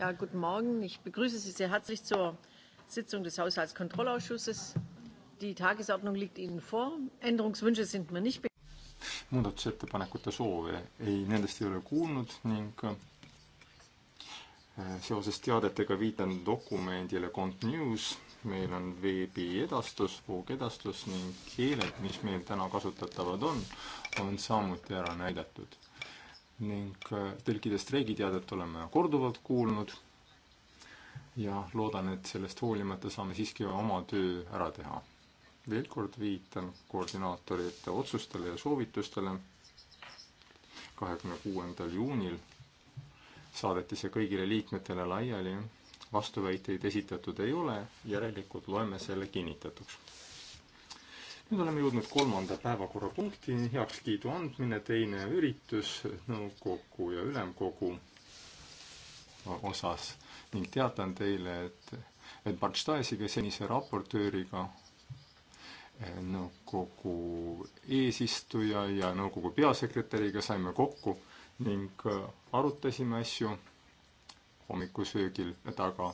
Ja, guten Morgen. Ich begrüße Sie sehr herzlich zur Sitzung des Haushaltskontrollausschusses. Die Tagesordnung liegt Ihnen vor. Änderungswünsche sind mir nicht muudatusettepanekute soove ei, nendest ei ole kuulnud ning äh, seoses teadetega viitan dokumendile Cont News, meil on veebi edastus, voogedastus ning keeled, mis meil täna kasutatavad on, on samuti ära näidatud ning äh, tõlkide streigiteadet oleme korduvalt kuulnud ja loodan, et sellest hoolimata saame siiski oma töö ära teha. veel kord viitan koordinaatorite otsustele ja soovitustele. kahekümne kuuendal juunil saadeti see kõigile liikmetele laiali, vastuväiteid esitatud ei ole, järelikult loeme selle kinnitatuks nüüd oleme jõudnud kolmanda päevakorrapunktini, heakskiidu andmine, teine üritus nõukogu ja ülemkogu osas ning teatan teile, et, et Bart Staesiga, senise raportööriga, eh, nõukogu eesistuja ja nõukogu peasekretäriga saime kokku ning eh, arutasime asju hommikusöögil taga.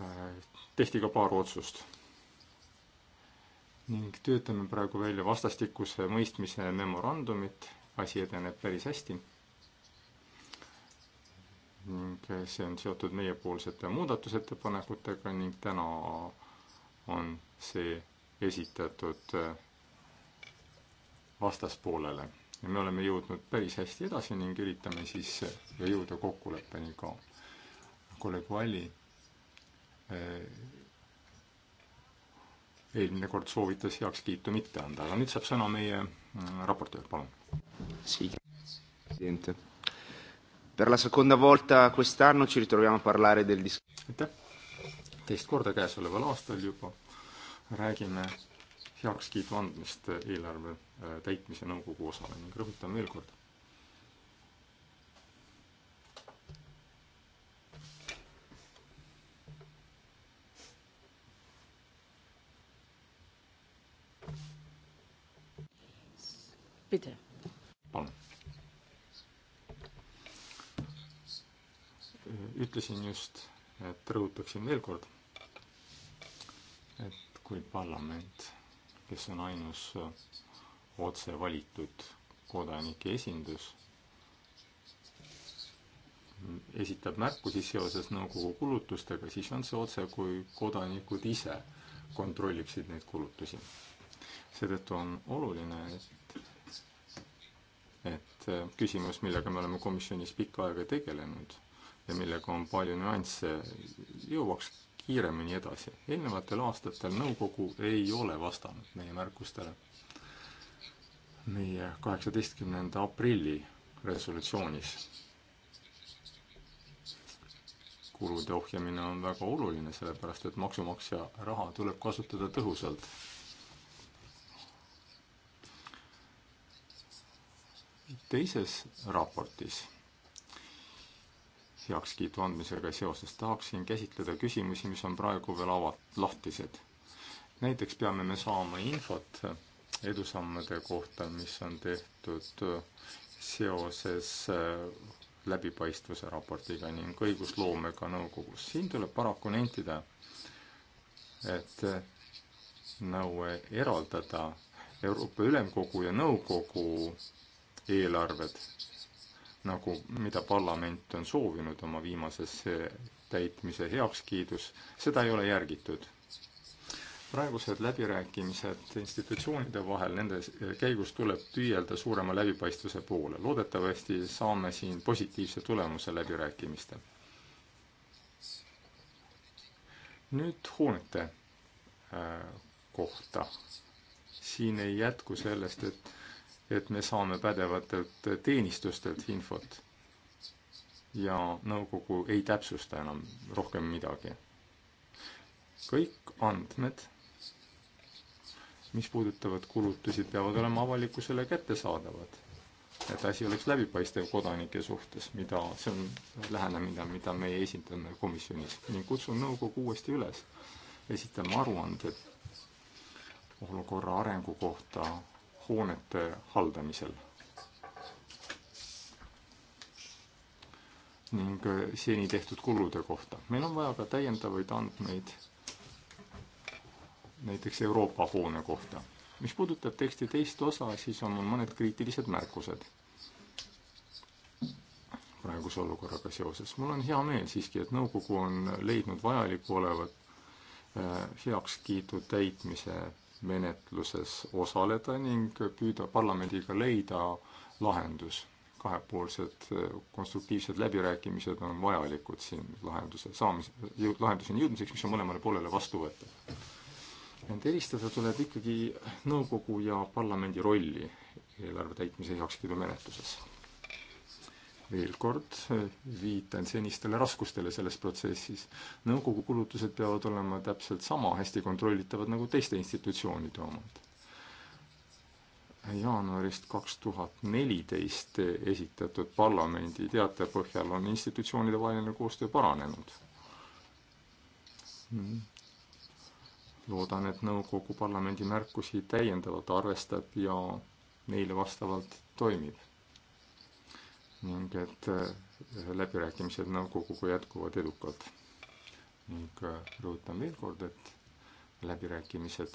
Eh, tehti ka paar otsust ning töötame praegu välja vastastikuse mõistmise memorandumit, asi edeneb päris hästi. ning see on seotud meiepoolsete muudatusettepanekutega ning täna on see esitatud vastaspoolele ja me oleme jõudnud päris hästi edasi ning üritame siis jõuda kokkuleppeni ka. kolleeg Valli eelmine kord soovitas heakskiitu mitte anda, aga nüüd saab sõna meie mm, raportöör, palun. aitäh, teist korda käesoleval aastal juba räägime heakskiidu andmist eelarve äh, täitmise nõukogu osale ning rõhutan veel kord palun. ütlesin just, et rõhutaksin veel kord, et kui parlament, kes on ainus otse valitud kodanike esindus, esitab märkusi seoses nõukogu kulutustega, siis on see otse, kui kodanikud ise kontrolliksid neid kulutusi. seetõttu on oluline, et et äh, küsimus, millega me oleme komisjonis pikka aega tegelenud ja millega on palju nüansse, jõuaks kiiremini edasi. eelnevatel aastatel nõukogu ei ole vastanud meie märkustele. meie kaheksateistkümnenda aprilli resolutsioonis kulude ohjamine on väga oluline, sellepärast et maksumaksja raha tuleb kasutada tõhusalt teises raportis heakskiidu andmisega seoses tahaksin käsitleda küsimusi, mis on praegu veel ava-, lahtised. näiteks peame me saama infot edusammude kohta, mis on tehtud seoses äh, läbipaistvuse raportiga ning õigusloomega nõukogus. siin tuleb paraku nentida, et nõue eraldada Euroopa Ülemkogu ja nõukogu eelarved, nagu, mida parlament on soovinud oma viimases eh, täitmise heakskiidus, seda ei ole järgitud. praegused läbirääkimised institutsioonide vahel, nende eh, käigus tuleb püüelda suurema läbipaistvuse poole. loodetavasti saame siin positiivse tulemuse läbirääkimistel. nüüd hoonete eh, kohta. siin ei jätku sellest, et et me saame pädevatelt teenistustelt infot ja nõukogu ei täpsusta enam rohkem midagi. kõik andmed, mis puudutavad kulutusi, peavad olema avalikkusele kättesaadavad, et asi oleks läbipaistev kodanike suhtes, mida, see on lähenemine, mida meie esindame komisjonis ning kutsun nõukogu uuesti üles esitama aruanded olukorra arengu kohta hoonete haldamisel. ning äh, seni tehtud kulude kohta. meil on vaja ka täiendavaid andmeid näiteks Euroopa hoone kohta. mis puudutab teksti teist osa, siis on mul mõned kriitilised märkused praeguse olukorraga seoses. mul on hea meel siiski, et nõukogu on leidnud vajaliku olevat äh, heakskiidu täitmise menetluses osaleda ning püüda parlamendiga leida lahendus. kahepoolsed äh, konstruktiivsed läbirääkimised on vajalikud siin lahenduse saamise, lahenduseni jõudmiseks, mis on mõlemale poolele vastuvõetav. ent eristada tuleb ikkagi nõukogu ja parlamendi rolli eelarve täitmise heakskiidu menetluses veel kord viitan senistele raskustele selles protsessis. nõukogu kulutused peavad olema täpselt sama hästi kontrollitavad nagu teiste institutsioonide omad. jaanuarist kaks tuhat neliteist esitatud parlamendi teate põhjal on institutsioonide vaheline koostöö paranenud. loodan, et nõukogu parlamendi märkusi täiendavalt arvestab ja neile vastavalt toimib ning et eh, läbirääkimised nõukoguga jätkuvad edukalt. ning eh, rõhutan veel kord, et läbirääkimised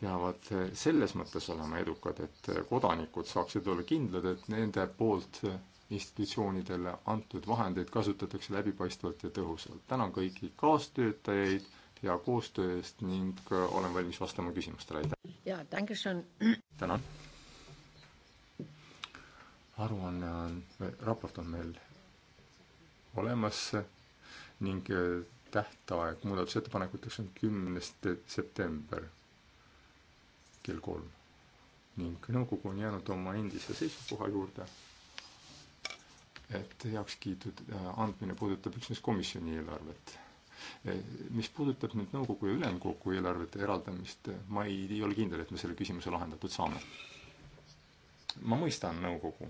peavad eh, selles mõttes olema edukad, et kodanikud saaksid olla kindlad, et nende poolt institutsioonidele antud vahendeid kasutatakse läbipaistvalt ja tõhusalt. tänan kõiki kaastöötajaid hea koostöö eest ning olen valmis vastama küsimustele, aitäh! jaa, tänan! aruanne on, raport on meil olemas ning eh, tähtaeg muudatusettepanekuteks on kümnes september kell kolm ning nõukogu on jäänud oma endise seisukoha juurde, et heakskiidu eh, andmine puudutab üksnes komisjoni eelarvet. Eh, mis puudutab nüüd nõukogu ja ülemkogu eelarvete eraldamist, ma ei, ei ole kindel, et me selle küsimuse lahendatud saame. ma mõistan nõukogu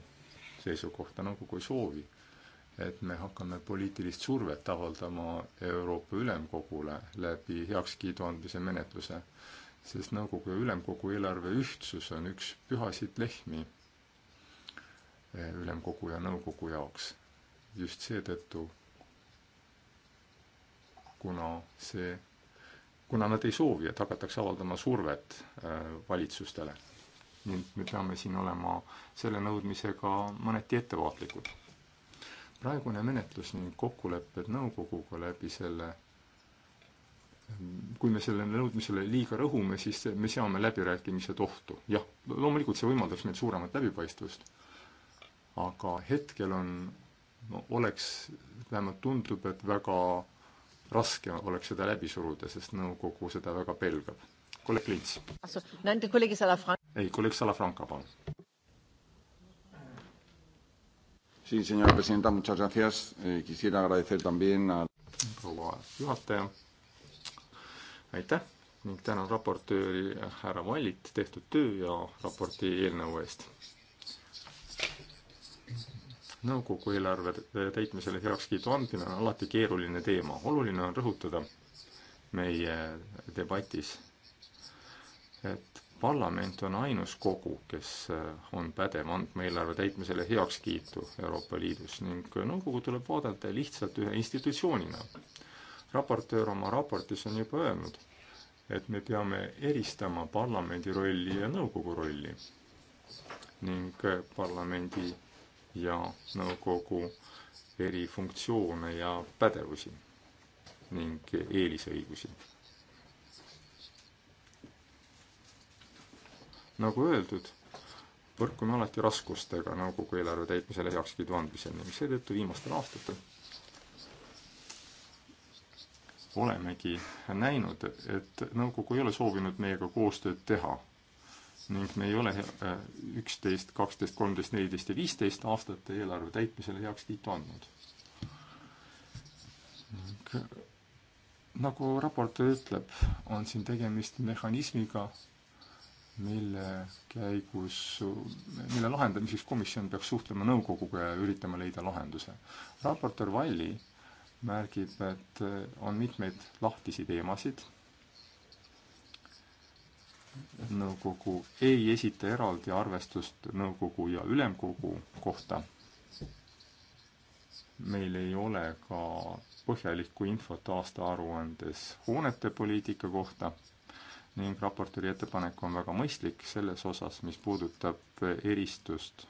seisukohta nõukogu ei soovi, et me hakkame poliitilist survet avaldama Euroopa Ülemkogule läbi heakskiidu andmise menetluse, sest nõukogu ja ülemkogu eelarve ühtsus on üks pühasid lehmi eh, ülemkogu ja nõukogu jaoks. just seetõttu, kuna see, kuna nad ei soovi, et hakatakse avaldama survet eh, valitsustele ning me peame siin olema selle nõudmisega mõneti ettevaatlikud. praegune menetlus ning kokkulepped nõukoguga läbi selle, kui me sellele nõudmisele liiga rõhume, siis me seame läbirääkimised ohtu. jah, loomulikult see võimaldaks meil suuremat läbipaistvust, aga hetkel on, no oleks, vähemalt tundub, et väga raske oleks seda läbi suruda, sest nõukogu seda väga pelgab. kolleeg Lints. kolleeg Salafranca ei, kolleeg Salafranca, palun. Sí, señora presidenta, muchas gracias. Eh, quisiera agradecer también a... proua juhataja, aitäh ning tänan raportööri härra Vallit tehtud töö ja raporti eelnõu eest. nõukogu eelarve täitmisele heakskiidu andmine on alati keeruline teema, oluline on rõhutada meie debatis, et parlament on ainus kogu, kes äh, on pädev andma eelarve täitmisele heakskiitu Euroopa Liidus ning äh, nõukogu tuleb vaadata lihtsalt ühe institutsioonina. raportöör oma raportis on juba öelnud, et me peame eristama parlamendi rolli ja nõukogu rolli ning äh, parlamendi ja nõukogu erifunktsioone ja pädevusi ning eelisõigusi nagu öeldud, põrkume alati raskustega nõukogu eelarve täitmisele heakskiidu andmiseni, seetõttu viimastel aastatel olemegi näinud, et nõukogu ei ole soovinud meiega koostööd teha ning me ei ole äh, üksteist, kaksteist, kolmteist, neliteist ja viisteist aastate eelarve täitmisele heakskiitu andnud. ning nagu raport ütleb, on siin tegemist mehhanismiga, mille käigus, mille lahendamiseks komisjon peaks suhtlema nõukoguga ja üritama leida lahenduse. raportöör Valli märgib, et äh, on mitmeid lahtisi teemasid, nõukogu ei esita eraldi arvestust nõukogu ja ülemkogu kohta. meil ei ole ka põhjalikku infot aastaaruandes hoonete poliitika kohta ning raportööri ettepanek on väga mõistlik selles osas, mis puudutab eristust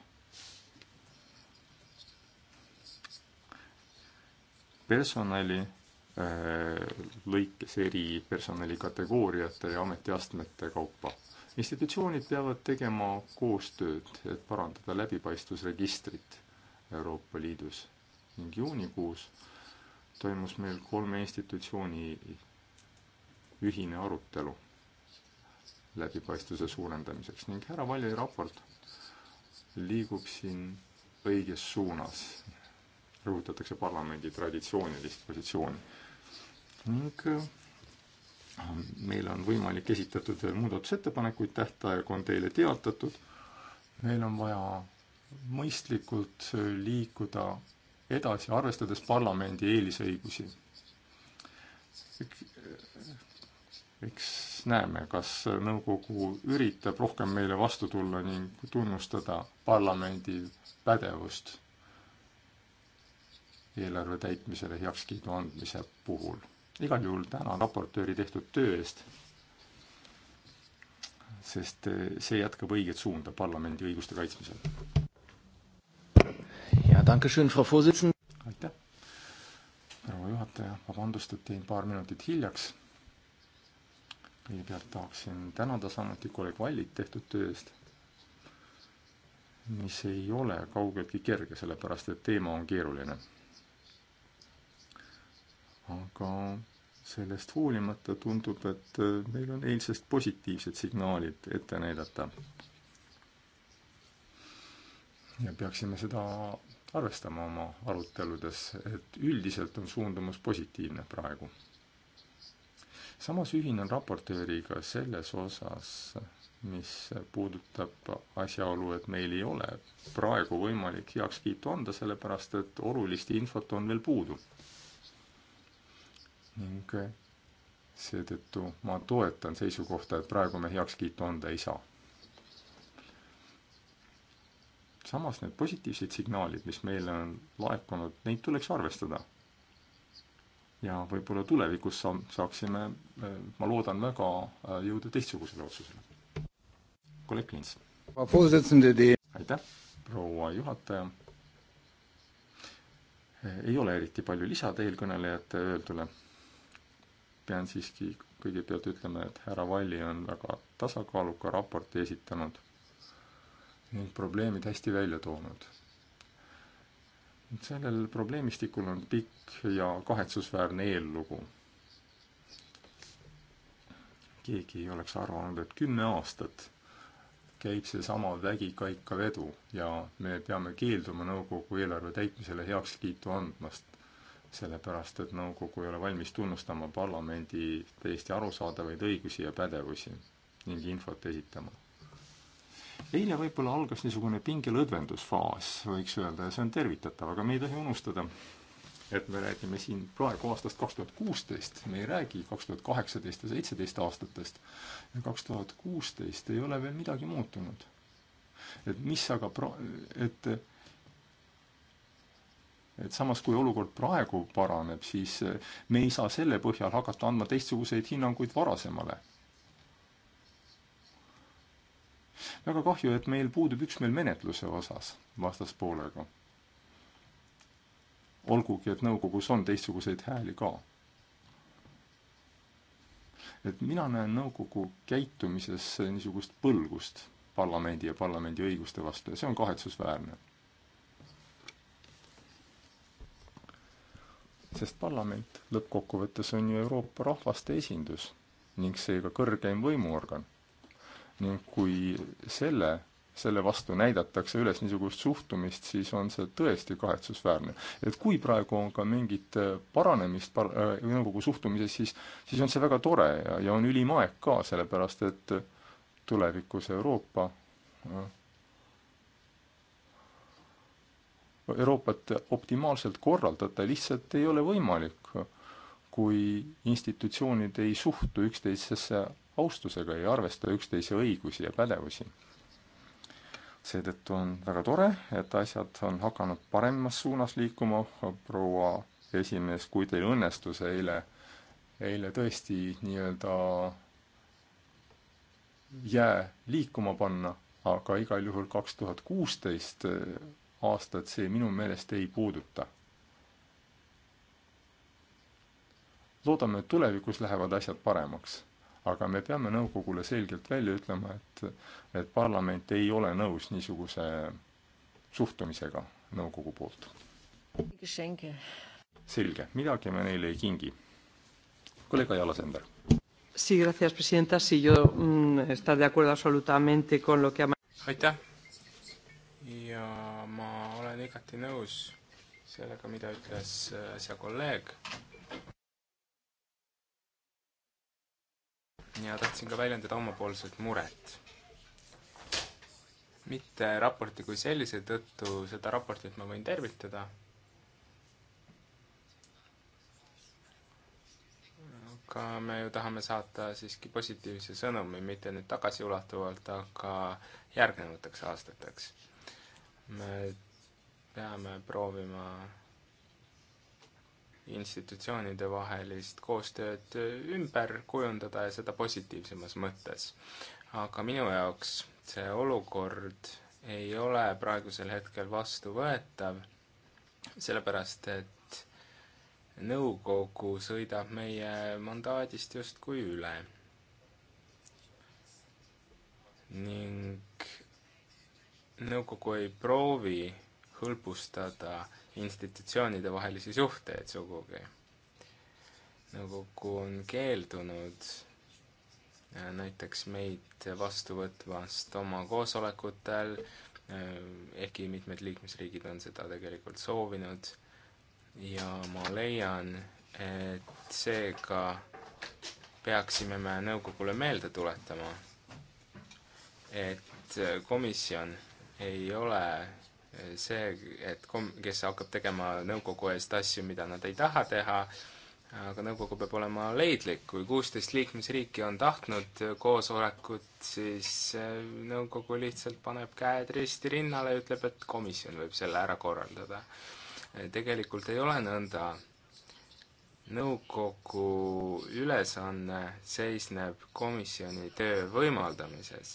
personali äh, lõikes eri personalikategooriate ja ametiastmete kaupa. institutsioonid peavad tegema koostööd, et parandada läbipaistvusregistrit Euroopa Liidus ning juunikuus toimus meil kolme institutsiooni ühine arutelu läbipaistvuse suurendamiseks ning härra Valjai raport liigub siin õiges suunas, rõhutatakse parlamendi traditsioonilist positsiooni. ning äh, meil on võimalik esitatud muudatusettepanekuid, tähtaeg on teile teatatud, meil on vaja mõistlikult liikuda edasi, arvestades parlamendi eelisõigusi eks näeme, kas nõukogu üritab rohkem meile vastu tulla ning tunnustada parlamendi pädevust eelarve täitmisele heakskiidu andmise puhul. igal juhul tänan raportööri tehtud töö eest, sest see jätkab õiget suunda parlamendi õiguste kaitsmisel. ja dankeschön, Frau Vorsitzende. aitäh, proua juhataja, vabandust, et jäin paar minutit hiljaks kõigepealt tahaksin tänada samuti kolleeg Vallit tehtud töö eest, mis ei ole kaugeltki kerge, sellepärast et teema on keeruline. aga sellest hoolimata tundub, et meil on eilsest positiivsed signaalid ette näidata. ja peaksime seda arvestama oma aruteludes, et üldiselt on suundumus positiivne praegu samas ühinen raportööriga selles osas, mis puudutab asjaolu, et meil ei ole praegu võimalik heakskiitu anda, sellepärast et olulist infot on veel puudu. ning seetõttu ma toetan seisukohta, et praegu me heakskiitu anda ei saa. samas need positiivsed signaalid, mis meile on laekunud, neid tuleks arvestada ja võib-olla tulevikus sa-, saaksime, äh, ma loodan väga, äh, jõuda teistsugusele otsusele. kolleeg Klints. aitäh, proua juhataja. Äh, ei ole eriti palju lisada eelkõnelejate öeldule. pean siiski kõigepealt ütlema, et härra Valli on väga tasakaaluka raporti esitanud ning probleemid hästi välja toonud sellel probleemistikul on pikk ja kahetsusväärne eellugu. keegi ei oleks arvanud, et kümme aastat käib seesama vägikaikavedu ja me peame keelduma nõukogu eelarve täitmisele heakskiitu andmast, sellepärast et nõukogu ei ole valmis tunnustama parlamendi täiesti arusaadavaid õigusi ja pädevusi ning infot esitama eile võib-olla algas niisugune pinge lõdvendusfaas, võiks öelda, ja see on tervitatav, aga me ei tohi unustada, et me räägime siin praegu aastast kaks tuhat kuusteist, me ei räägi kaks tuhat kaheksateist ja seitseteist aastatest. ja kaks tuhat kuusteist ei ole veel midagi muutunud. et mis aga pra-, et et samas, kui olukord praegu paraneb, siis me ei saa selle põhjal hakata andma teistsuguseid hinnanguid varasemale väga kahju, et meil puudub üksmeel menetluse osas vastaspoolega. olgugi, et nõukogus on teistsuguseid hääli ka. et mina näen nõukogu käitumises niisugust põlgust parlamendi ja parlamendi õiguste vastu ja see on kahetsusväärne sest parlament lõppkokkuvõttes on ju Euroopa rahvaste esindus ning seega kõrgeim võimuorgan ning kui selle, selle vastu näidatakse üles niisugust suhtumist, siis on see tõesti kahetsusväärne. et kui praegu on ka mingit äh, paranemist par-, äh, nõukogu suhtumises, siis, siis on see väga tore ja, ja on ülim aeg ka, sellepärast et tulevikus Euroopa äh, Euroopat optimaalselt korraldada lihtsalt ei ole võimalik, kui institutsioonid ei suhtu üksteisesse austusega ei arvesta üksteise õigusi ja pädevusi. seetõttu on väga tore, et asjad on hakanud paremas suunas liikuma, proua esimees, kui teil õnnestus eile, eile tõesti nii-öelda jää liikuma panna, aga igal juhul kaks tuhat kuusteist aastat see minu meelest ei puuduta. loodame, et tulevikus lähevad asjad paremaks aga me peame nõukogule selgelt välja ütlema, et, et parlament ei ole nõus niisuguse suhtumisega nõukogu poolt. selge, midagi me neile ei kingi. kolleeg Ajala Sender. Sí, gracias, presidenta. Sí, yo mm, estoy de acuerdo absolutamente con lo que ha... Aitäh! Ja ma olen igati nõus sellega, mida ütles äsja äh, kolleeg ja tahtsin ka väljendada omapoolset muret. mitte raporti kui sellise tõttu, seda raportit ma võin tervitada, aga me ju tahame saata siiski positiivse sõnumi, mitte nüüd tagasiulatuvalt, aga järgnevateks aastateks. me peame proovima institutsioonide vahelist koostööd äh, ümber kujundada ja seda positiivsemas mõttes. aga minu jaoks see olukord ei ole praegusel hetkel vastuvõetav, sellepärast et nõukogu sõidab meie mandaadist justkui üle. ning nõukogu ei proovi hõlbustada äh, institutsioonide vahelisi suhteid sugugi. nõukogu on keeldunud äh, näiteks meid vastu võtvast oma koosolekutel, äh, ehkki mitmed liikmesriigid on seda tegelikult soovinud, ja ma leian, et seega peaksime me nõukogule meelde tuletama, et äh, komisjon ei ole see, et kom-, kes hakkab tegema nõukogu eest asju, mida nad ei taha teha, aga nõukogu peab olema leidlik, kui kuusteist liikmesriiki on tahtnud koosolekut, siis äh, nõukogu lihtsalt paneb käed risti rinnale ja ütleb, et komisjon võib selle ära korraldada. tegelikult ei ole nõnda. nõukogu ülesanne seisneb komisjoni töö võimaldamises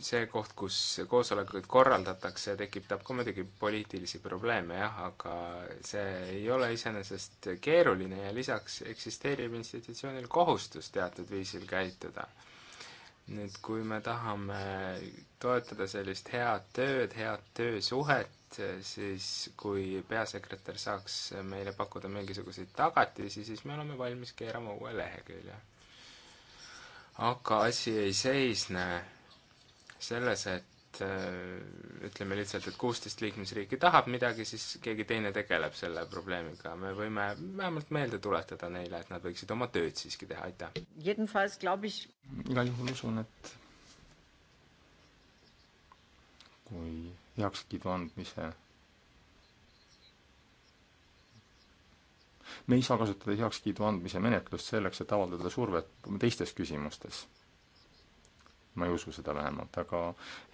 see koht, kus koosolekuid korraldatakse, tekitab ka muidugi poliitilisi probleeme jah, aga see ei ole iseenesest keeruline ja lisaks eksisteerib institutsioonil kohustus teatud viisil käituda. nüüd, kui me tahame toetada sellist head tööd, head töösuhet, siis kui peasekretär saaks meile pakkuda mingisuguseid tagatisi, siis me oleme valmis keerama uue lehekülje. aga asi ei seisne selles, et äh, ütleme lihtsalt, et kuusteist liikmesriiki tahab midagi, siis keegi teine tegeleb selle probleemiga. me võime vähemalt meelde tuletada neile, et nad võiksid oma tööd siiski teha, aitäh. igal juhul usun, et kui heakskiidu andmise me ei saa kasutada heakskiidu andmise menetlust selleks, et avaldada survet teistes küsimustes ma ei usu seda vähemalt, aga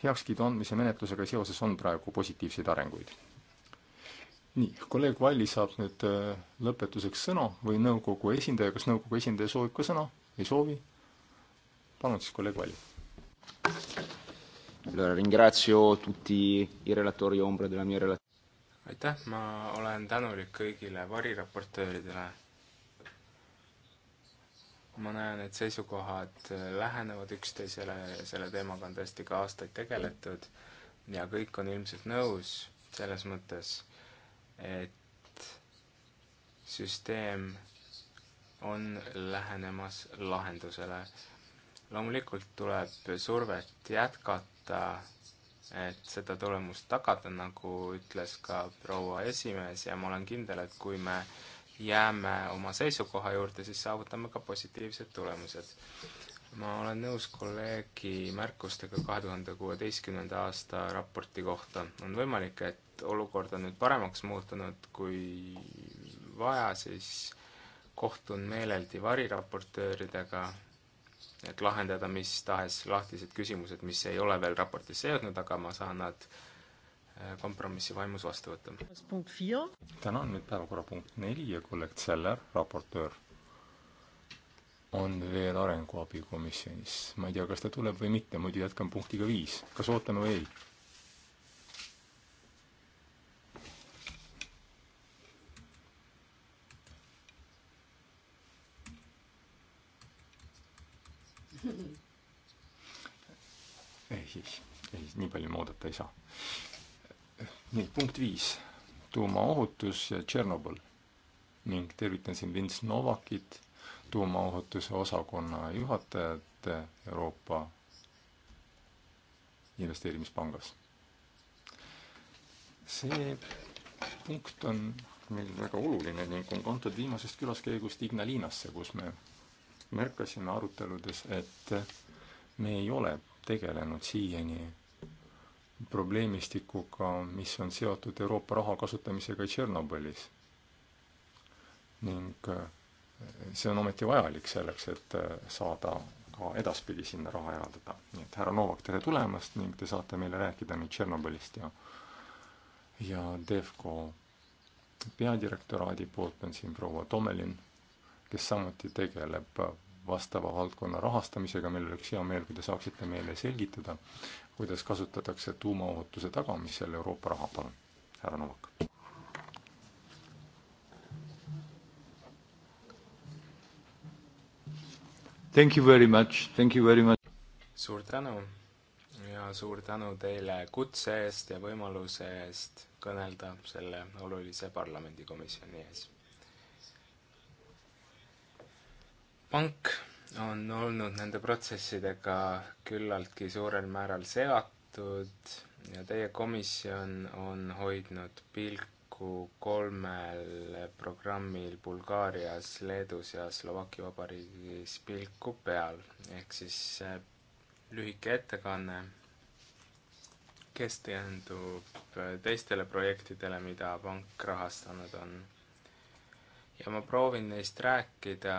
heakskiidu andmise menetlusega seoses on praegu positiivseid arenguid. nii, kolleeg Valli saab nüüd äh, lõpetuseks sõna või nõukogu esindaja, kas nõukogu esindaja soovib ka sõna? ei soovi? palun siis, kolleeg Valli. aitäh, ma olen tänulik kõigile variraportööridele ma näen, et seisukohad äh, lähenevad üksteisele ja selle teemaga on tõesti ka aastaid tegeletud ja kõik on ilmselt nõus selles mõttes, et süsteem on lähenemas lahendusele. loomulikult tuleb survet jätkata, et seda tulemust tagada, nagu ütles ka proua esimees ja ma olen kindel, et kui me äh, jääme oma seisukoha juurde, siis saavutame ka positiivsed tulemused. ma olen nõus kolleegi märkustega kahe tuhande kuueteistkümnenda aasta raporti kohta. on võimalik, et olukord on nüüd paremaks muutunud, kui vaja, siis kohtun meeleldi variraportööridega, et lahendada mis tahes lahtised küsimused, mis ei ole veel raportisse jõudnud, aga ma saan nad äh, Äh, kompromissi vaimus vastu võtta. tänan, nüüd päevakorrapunkt neli ja kolleeg Zeller, raportöör, on veel Arenguabi komisjonis. ma ei tea, kas ta tuleb või mitte, muidu jätkame punktiga viis. kas ootame või ei? ei, ei, nii palju me oodata ei saa nii, punkt viis, tuumaohutus ja Tšernobõl ning tervitan siin Vince Novakit, tuumaohutuse osakonna juhatajat Euroopa Investeerimispangas. see punkt on meil väga oluline ning on kantud viimasest külaskäigust Ignalinasse, kus me märkasime aruteludes, et me ei ole tegelenud siiani probleemistikuga, mis on seotud Euroopa raha kasutamisega Tšernobõlis. ning eh, see on ometi vajalik selleks, et eh, saada ka edaspidi sinna raha eraldada. nii et härra Novak, tere tulemast ning te saate meile rääkida nüüd Tšernobõlist ja ja Devco peadirektoraadi poolt on siin proua Tomelin, kes samuti tegeleb vastava valdkonna rahastamisega, meil oleks hea meel, kui te saaksite meile selgitada, kuidas kasutatakse tuumaohutuse tagamisel Euroopa raha, palun, härra Novak. Thank you very much, thank you very much. suur tänu ja suur tänu teile kutse eest ja võimaluse eest kõnelda selle olulise parlamendikomisjoni ees. pank on olnud nende protsessidega küllaltki suurel määral seatud ja teie komisjon on hoidnud pilku kolmel programmil Bulgaarias, Leedus ja Slovakkia Vabariigis pilku peal, ehk siis äh, lühike ettekanne, keskendub äh, teistele projektidele, mida pank rahastanud on. ja ma proovin neist rääkida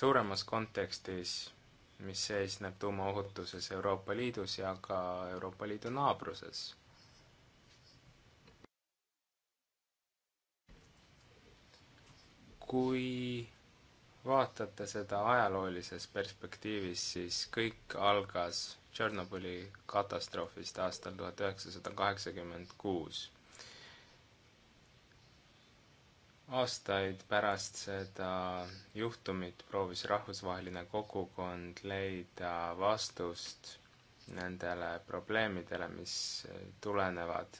suuremas kontekstis, mis seisneb tuumaohutuses Euroopa Liidus ja ka Euroopa Liidu naabruses kui vaatate seda ajaloolises perspektiivis, siis kõik algas Tšernobõli katastroofist aastal tuhat üheksasada kaheksakümmend kuus. aastaid pärast seda juhtumit proovis rahvusvaheline kogukond leida vastust nendele probleemidele, mis tulenevad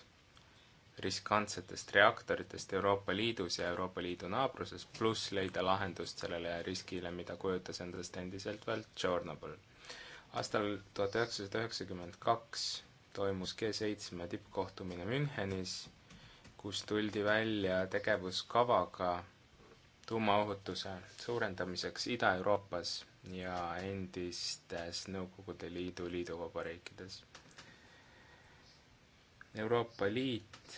riskantsetest reaktoritest Euroopa Liidus ja Euroopa Liidu naabruses, pluss leida lahendust sellele riskile, mida kujutas endast endiselt veel Tšornobõl. aastal tuhat üheksasada üheksakümmend kaks toimus G7 tippkohtumine Münchenis kus tuldi välja tegevuskavaga tuumaohutuse suurendamiseks Ida-Euroopas ja endistes Nõukogude Liidu liiduvabariikides. Euroopa Liit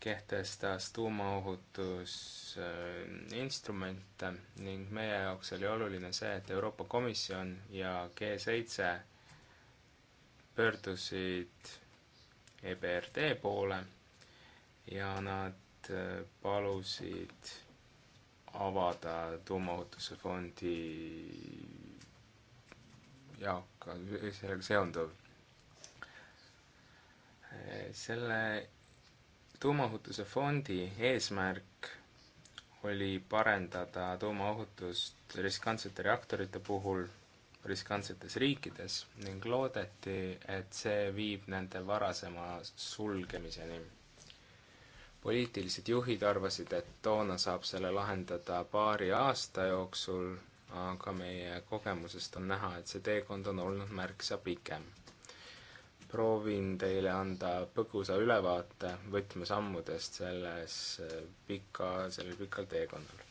kehtestas tuumaohutusinstrumente äh, ning meie jaoks oli oluline see, et Euroopa Komisjon ja G7 pöördusid EBRD poole ja nad äh, palusid avada tuumaohutuse fondi jaoka, sellega seonduv. Äh, selle tuumaohutuse fondi eesmärk oli parendada tuumaohutust riskantsete reaktorite puhul riskantsetes riikides ning loodeti, et see viib nende varasema sulgemiseni poliitilised juhid arvasid, et toona saab selle lahendada paari aasta jooksul, aga meie kogemusest on näha, et see teekond on olnud märksa pikem. proovin teile anda põgusa ülevaate võtmesammudest selles äh, pika, sellel pikal teekonnal.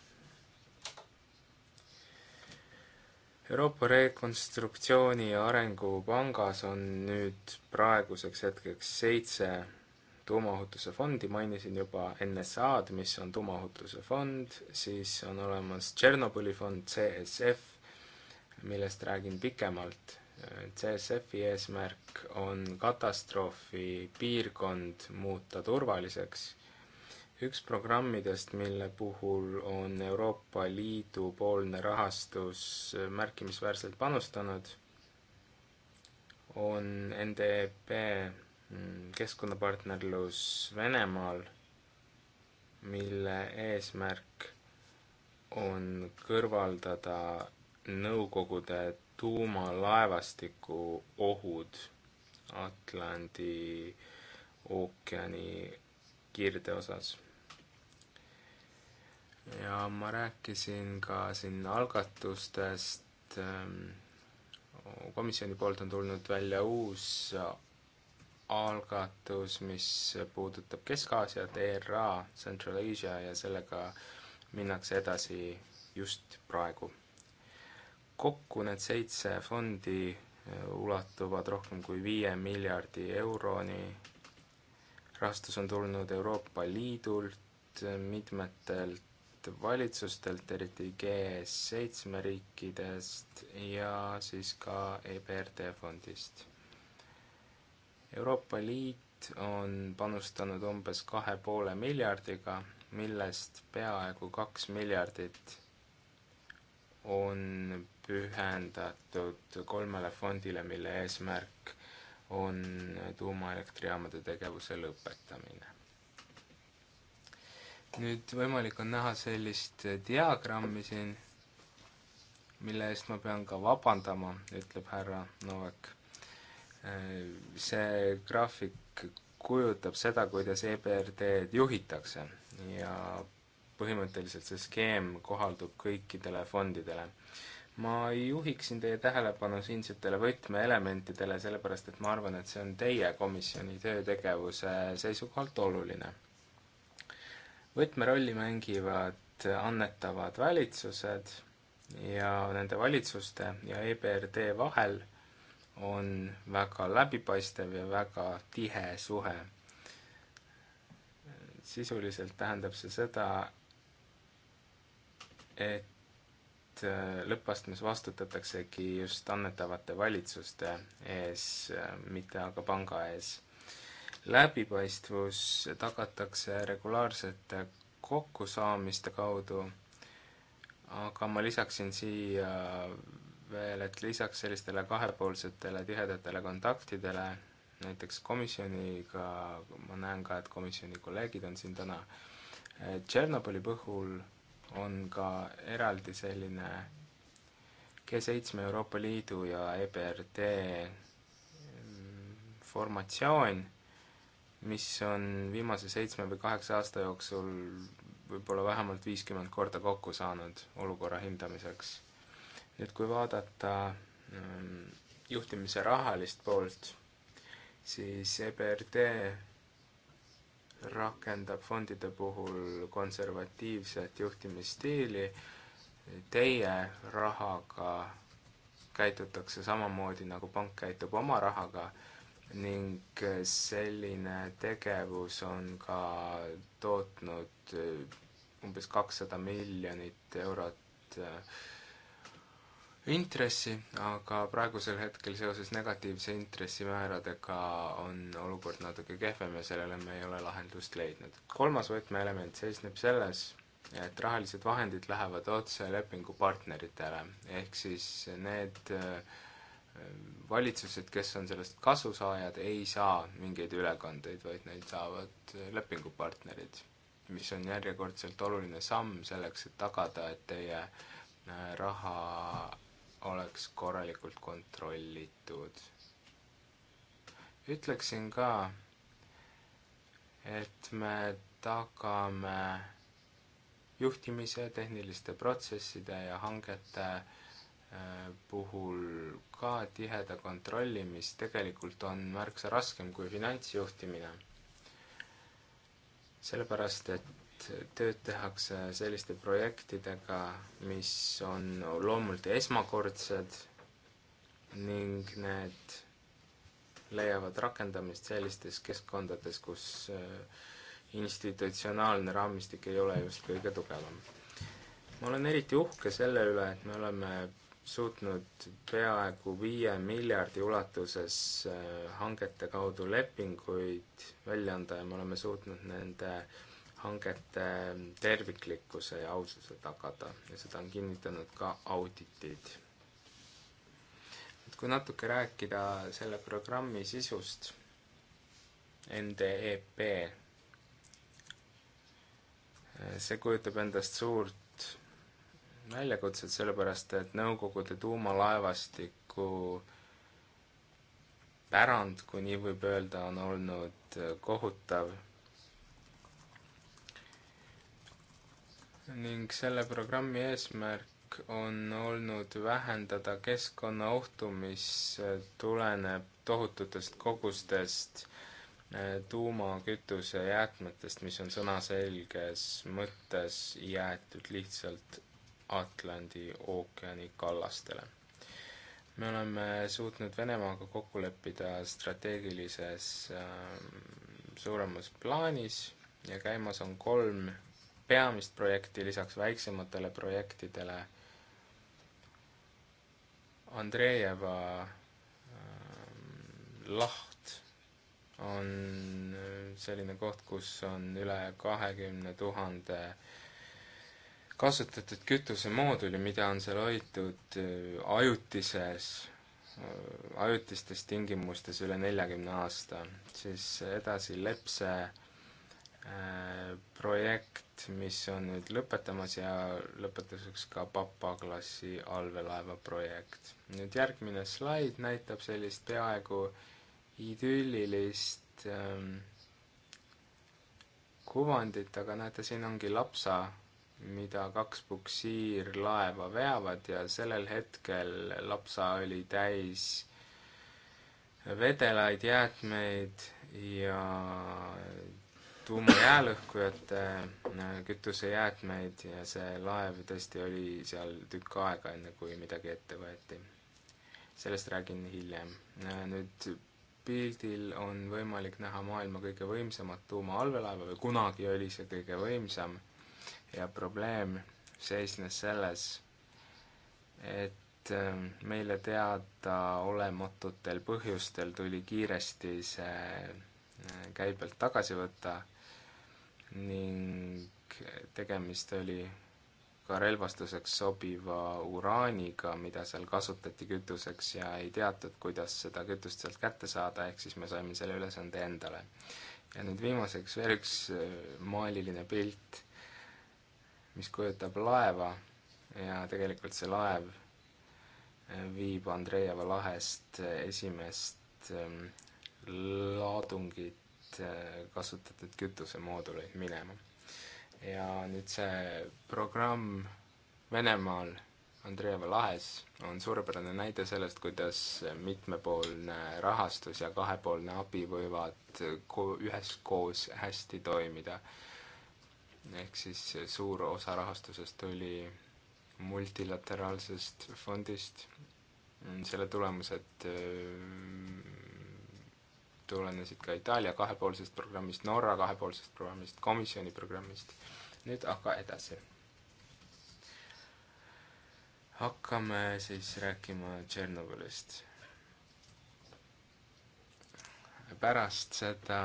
Euroopa Rekonstruktsiooni ja Arengupangas on nüüd praeguseks hetkeks seitse tuumaohutuse fondi, mainisin juba NSA-d, mis on tuumaohutuse fond, siis on olemas Tšernobõli fond, CSF, millest räägin pikemalt. CSF-i eesmärk on katastroofi piirkond muuta turvaliseks. üks programmidest, mille puhul on Euroopa Liidu poolne rahastus märkimisväärselt panustanud, on NDP e Mm, keskkonnapartnerlus Venemaal, mille eesmärk on kõrvaldada Nõukogude tuumalaevastiku ohud Atlandi ookeani kirdeosas. ja ma rääkisin ka siin algatustest, ähm, komisjoni poolt on tulnud välja uus algatus, mis puudutab Kesk-Aasiat, ERA, Central Asia ja sellega minnakse edasi just praegu. kokku need seitse fondi äh, ulatuvad rohkem kui viie miljardi euroni. rahastus on tulnud Euroopa Liidult, mitmetelt valitsustelt, eriti G7 riikidest ja siis ka EBRD fondist Euroopa Liit on panustanud umbes kahe poole miljardiga, millest peaaegu kaks miljardit on pühendatud kolmele fondile, mille eesmärk on tuumaelektrijaamade tegevuse lõpetamine. nüüd võimalik on näha sellist diagrammi siin, mille eest ma pean ka vabandama, ütleb härra Novak see graafik kujutab seda, kuidas EBRD-d juhitakse ja põhimõtteliselt see skeem kohaldub kõikidele fondidele. ma juhiksin teie tähelepanu siinsetele võtmeelementidele, sellepärast et ma arvan, et see on teie komisjoni töötegevuse seisukohalt oluline. võtmerolli mängivad annetavad valitsused ja nende valitsuste ja EBRD vahel on väga läbipaistev ja väga tihe suhe. sisuliselt tähendab see seda, et äh, lõppastmes vastutataksegi just annetavate valitsuste ees, äh, mitte aga panga ees. läbipaistvus tagatakse regulaarsete kokkusaamiste kaudu, aga ma lisaksin siia veel, et lisaks sellistele kahepoolsetele tihedatele kontaktidele, näiteks komisjoniga, ma näen ka, et komisjoni kolleegid on siin täna, Tšernobõli puhul on ka eraldi selline G7 Euroopa Liidu ja EBRD mm, formatsioon, mis on viimase seitsme või kaheksa aasta jooksul võib-olla vähemalt viiskümmend korda kokku saanud olukorra hindamiseks nüüd kui vaadata ähm, juhtimise rahalist poolt, siis EBRD rakendab fondide puhul konservatiivset juhtimisstiili, teie rahaga käitutakse samamoodi, nagu pank käitub oma rahaga ning selline tegevus on ka tootnud äh, umbes kakssada miljonit eurot äh, intressi, aga praegusel hetkel seoses negatiivse intressimääradega on olukord natuke kehvem ja sellele me ei ole lahendust leidnud. kolmas võtmeelement seisneb selles, et rahalised vahendid lähevad otse lepingupartneritele, ehk siis need äh, valitsused, kes on sellest kasusaajad, ei saa mingeid ülekandeid, vaid neid saavad lepingupartnerid, mis on järjekordselt oluline samm selleks, et tagada, et teie äh, raha oleks korralikult kontrollitud. ütleksin ka, et me tagame juhtimise, tehniliste protsesside ja hangete äh, puhul ka tiheda kontrolli, mis tegelikult on märksa raskem kui finantsjuhtimine. sellepärast, et tööd tehakse selliste projektidega, mis on loomult esmakordsed ning need leiavad rakendamist sellistes keskkondades, kus äh, institutsionaalne raamistik ei ole just kõige tugevam. ma olen eriti uhke selle üle, et me oleme suutnud peaaegu viie miljardi ulatuses äh, hangete kaudu lepinguid välja anda ja me oleme suutnud nende äh, hangete ähm, terviklikkuse ja aususe tagada ja seda on kinnitanud ka auditid. et kui natuke rääkida selle programmi sisust, NDEP, äh, see kujutab endast suurt väljakutset, sellepärast et Nõukogude tuumalaevastiku pärand, kui nii võib öelda, on olnud äh, kohutav ning selle programmi eesmärk on olnud vähendada keskkonnaohtu, mis äh, tuleneb tohututest kogustest äh, tuumakütuse jäätmetest, mis on sõnaselges mõttes jäetud lihtsalt Atlandi ookeani kallastele. me oleme suutnud Venemaaga kokku leppida strateegilises äh, suuremas plaanis ja käimas on kolm peamist projekti lisaks väiksematele projektidele Andreeva ähm, laht on äh, selline koht, kus on üle kahekümne tuhande kasutatud kütusemooduli, mida on seal hoitud äh, ajutises, äh, ajutistes tingimustes üle neljakümne aasta. siis edasi Lepse Äh, projekt, mis on nüüd lõpetamas ja lõpetuseks ka Papa-klassi allveelaeva projekt. nüüd järgmine slaid näitab sellist peaaegu idüllilist ähm, kuvandit, aga näete, siin ongi lapsa, mida kaks puksiirlaeva veavad ja sellel hetkel lapsa oli täis vedelaid jäätmeid ja tuumajäälõhkujate äh, kütusejäätmeid ja see laev tõesti oli seal tükk aega, enne kui midagi ette võeti. sellest räägin hiljem. Äh, nüüd pildil on võimalik näha maailma kõige võimsamat tuumaallveelaeva või kunagi oli see kõige võimsam ja probleem seisnes selles, et äh, meile teadaolematutel põhjustel tuli kiiresti see käibelt tagasi võtta ning tegemist oli ka relvastuseks sobiva uraaniga, mida seal kasutati kütuseks ja ei teatud, kuidas seda kütust sealt kätte saada, ehk siis me saime selle ülesande endale. ja nüüd viimaseks veel üks äh, maaliline pilt, mis kujutab laeva ja tegelikult see laev äh, viib Andreeva lahest äh, esimest ähm, laadungid äh, kasutatud kütusemooduleid minema. ja nüüd see programm Venemaal, Andreeva lahes, on suurepärane näide sellest, kuidas mitmepoolne rahastus ja kahepoolne abi võivad ko-, üheskoos hästi toimida. ehk siis suur osa rahastusest tuli multilateraalsest fondist, selle tulemused äh, tulenesid ka Itaalia kahepoolsest programmist, Norra kahepoolsest programmist, komisjoni programmist. nüüd aga edasi. hakkame siis rääkima Tšernobõlist. pärast seda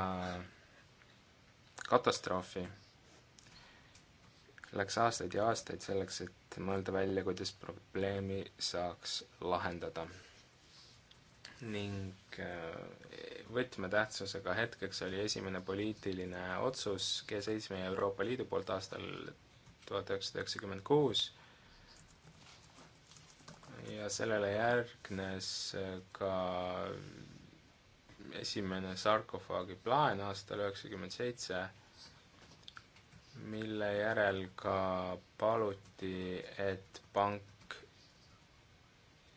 katastroofi läks aastaid ja aastaid selleks, et mõelda välja, kuidas probleemi saaks lahendada. ning äh, võtmetähtsusega hetkeks oli esimene poliitiline otsus G7 ja Euroopa Liidu poolt aastal tuhat üheksasada üheksakümmend kuus ja sellele järgnes äh, ka esimene sarkofaagi plaan aastal üheksakümmend seitse, mille järel ka paluti, et pank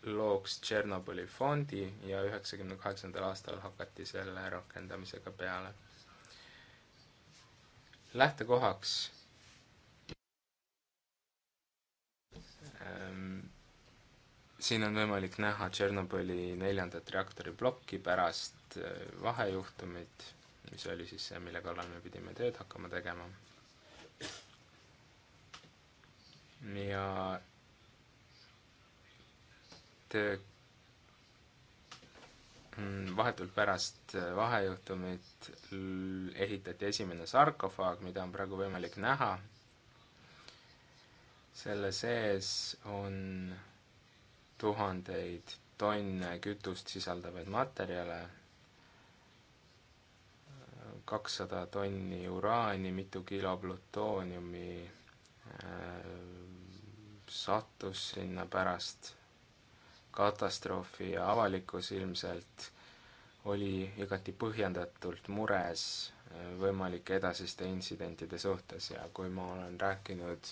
looks Tšernobõli fondi ja üheksakümne kaheksandal aastal hakati selle rakendamisega peale. lähtekohaks ähm, siin on võimalik näha Tšernobõli neljandat reaktori plokki pärast äh, vahejuhtumit, mis oli siis see, mille kallal me pidime tööd hakkama tegema. ja et mm, vahetult pärast äh, vahejuhtumit ehitati esimene sarkofaag, mida on praegu võimalik näha. selle sees on tuhandeid tonne kütust sisaldavaid materjale, kakssada tonni uraani, mitu kilo plutooniumi äh, sattus sinna pärast katastroofi ja avalikkus ilmselt oli igati põhjendatult mures äh, võimalike edasiste intsidentide suhtes ja kui ma olen rääkinud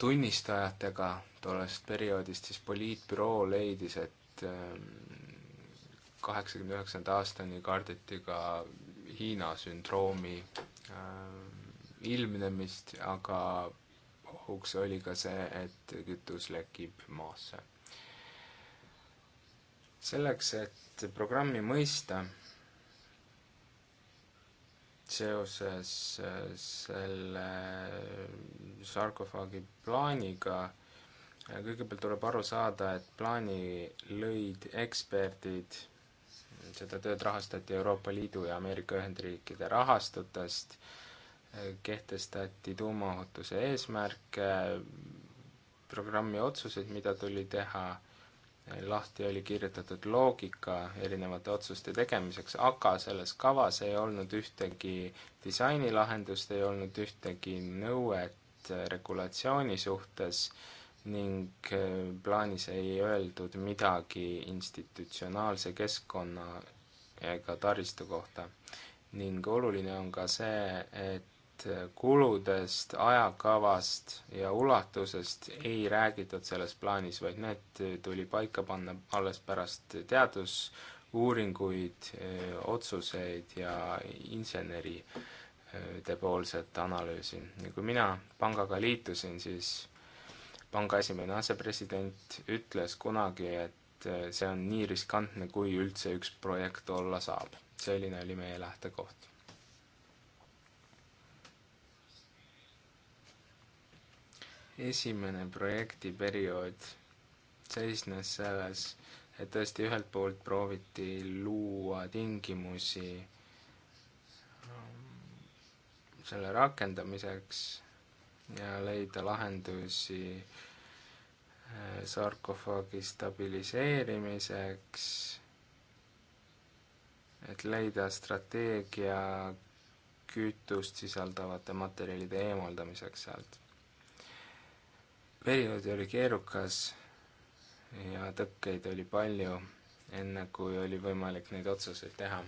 tunnistajatega tollest perioodist, siis poliitbüroo leidis, et ähm, kaheksakümne üheksanda aastani kardeti ka Hiina sündroomi äh, ilmnemist, aga ohuks oli ka see, et kütus lekib maasse selleks, et programmi mõista seoses äh, selle sarkofaagi plaaniga, äh, kõigepealt tuleb aru saada, et plaani lõid eksperdid, seda tööd rahastati Euroopa Liidu ja Ameerika Ühendriikide rahastutest, äh, kehtestati tuumaohutuse eesmärke, programmi otsused, mida tuli teha Äh, lahti oli kirjutatud loogika erinevate otsuste tegemiseks, aga selles kavas ei olnud ühtegi disainilahendust, ei olnud ühtegi nõuet äh, regulatsiooni suhtes ning äh, plaanis ei öeldud midagi institutsionaalse keskkonna ega taristu kohta. ning oluline on ka see, et kuludest, ajakavast ja ulatusest ei räägitud selles plaanis, vaid need tuli paika panna alles pärast teadusuuringuid, otsuseid ja inseneride poolset analüüsi. ja kui mina pangaga liitusin, siis panga esimene asepresident ütles kunagi, et see on nii riskantne, kui üldse üks projekt olla saab. selline oli meie lähtekoht esimene projektiperiood seisnes selles, et tõesti ühelt poolt prooviti luua tingimusi ähm, selle rakendamiseks ja leida lahendusi äh, sarkofaagi stabiliseerimiseks, et leida strateegia kütust sisaldavate materjalide eemaldamiseks sealt periood oli keerukas ja tõkkeid oli palju, enne kui oli võimalik neid otsuseid teha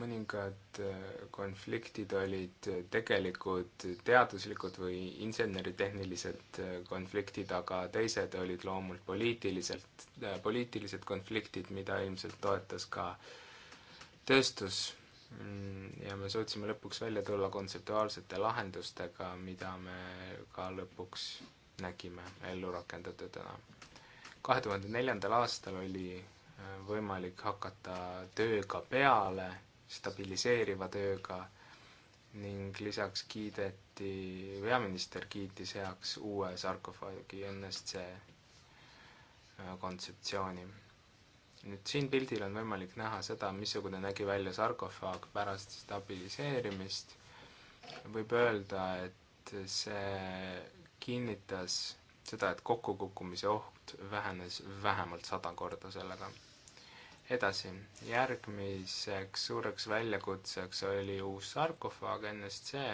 mõningad äh, konfliktid olid tegelikud teaduslikud või inseneritehnilised äh, konfliktid, aga teised olid loomult poliitiliselt, äh, poliitilised konfliktid, mida ilmselt toetas ka tööstus Mm, ja me suutsime lõpuks välja tulla kontseptuaalsete lahendustega, mida me ka lõpuks nägime ellu rakendatudena. kahe tuhande neljandal aastal oli äh, võimalik hakata tööga peale, stabiliseeriva tööga ning lisaks kiideti, peaminister kiitis heaks uue sarkofaagi NSC äh, kontseptsiooni nüüd siin pildil on võimalik näha seda, missugune nägi välja sarkofaag pärast stabiliseerimist. võib öelda, et see kinnitas seda, et kokkukukkumise oht vähenes vähemalt sada korda sellega. edasi, järgmiseks suureks väljakutseks oli uus sarkofaag NSC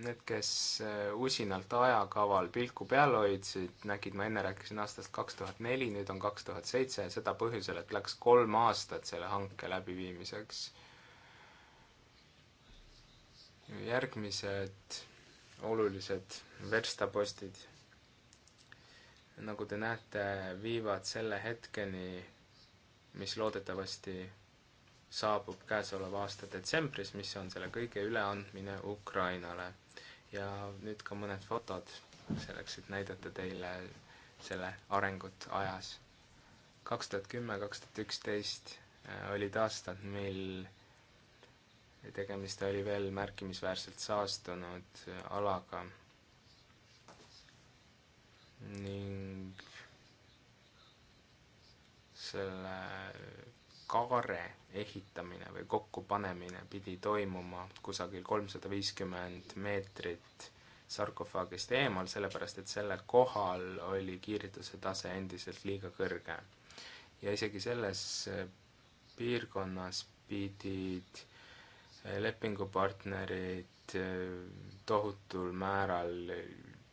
Need, kes äh, usinalt ajakaval pilku peal hoidsid, nägid, ma enne rääkisin aastast kaks tuhat neli, nüüd on kaks tuhat seitse ja seda põhjusel, et läks kolm aastat selle hanke läbiviimiseks. järgmised olulised verstapostid, nagu te näete, viivad selle hetkeni, mis loodetavasti saabub käesoleva aasta detsembris, mis on selle kõige üleandmine Ukrainale ja nüüd ka mõned fotod selleks, et näidata teile selle arengut ajas. kaks tuhat kümme, kaks tuhat üksteist äh, olid aastad, mil tegemist oli veel märkimisväärselt saastunud äh, alaga ning selle kaare ehitamine või kokkupanemine pidi toimuma kusagil kolmsada viiskümmend meetrit sarkofaagist eemal, sellepärast et selle kohal oli kiirituse tase endiselt liiga kõrge. ja isegi selles äh, piirkonnas pidid äh, lepingupartnerid äh, tohutul määral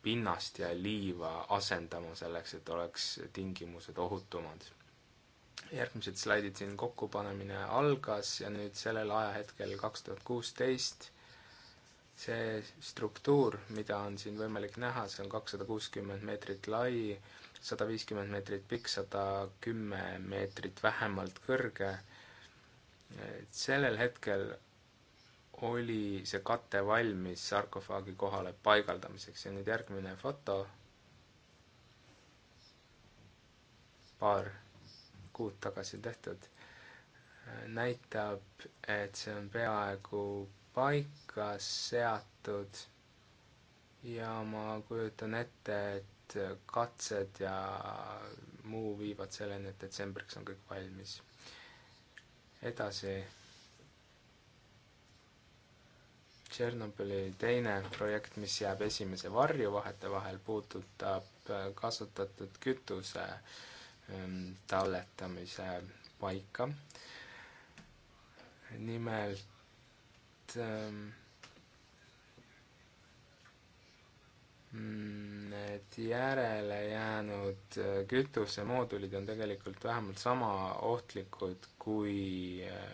pinnast ja liiva asendama selleks, et oleks tingimused ohutumad järgmised slaidid siin kokkupanemine algas ja nüüd sellel ajahetkel, kaks tuhat kuusteist, see struktuur, mida on siin võimalik näha, see on kakssada kuuskümmend meetrit lai, sada viiskümmend meetrit pikk, sada kümme meetrit vähemalt kõrge, et sellel hetkel oli see kate valmis sarkofaagi kohale paigaldamiseks ja nüüd järgmine foto, paar kuud tagasi tehtud, näitab, et see on peaaegu paika seatud ja ma kujutan ette, et katsed ja muu viivad selleni, et detsembriks on kõik valmis. edasi. Tšernobõli teine projekt, mis jääb esimese varju vahetevahel, puudutab kasutatud kütuse äh, Ähm, talletamise paika. nimelt need ähm, mm, järele jäänud äh, kütusemoodulid on tegelikult vähemalt sama ohtlikud kui äh,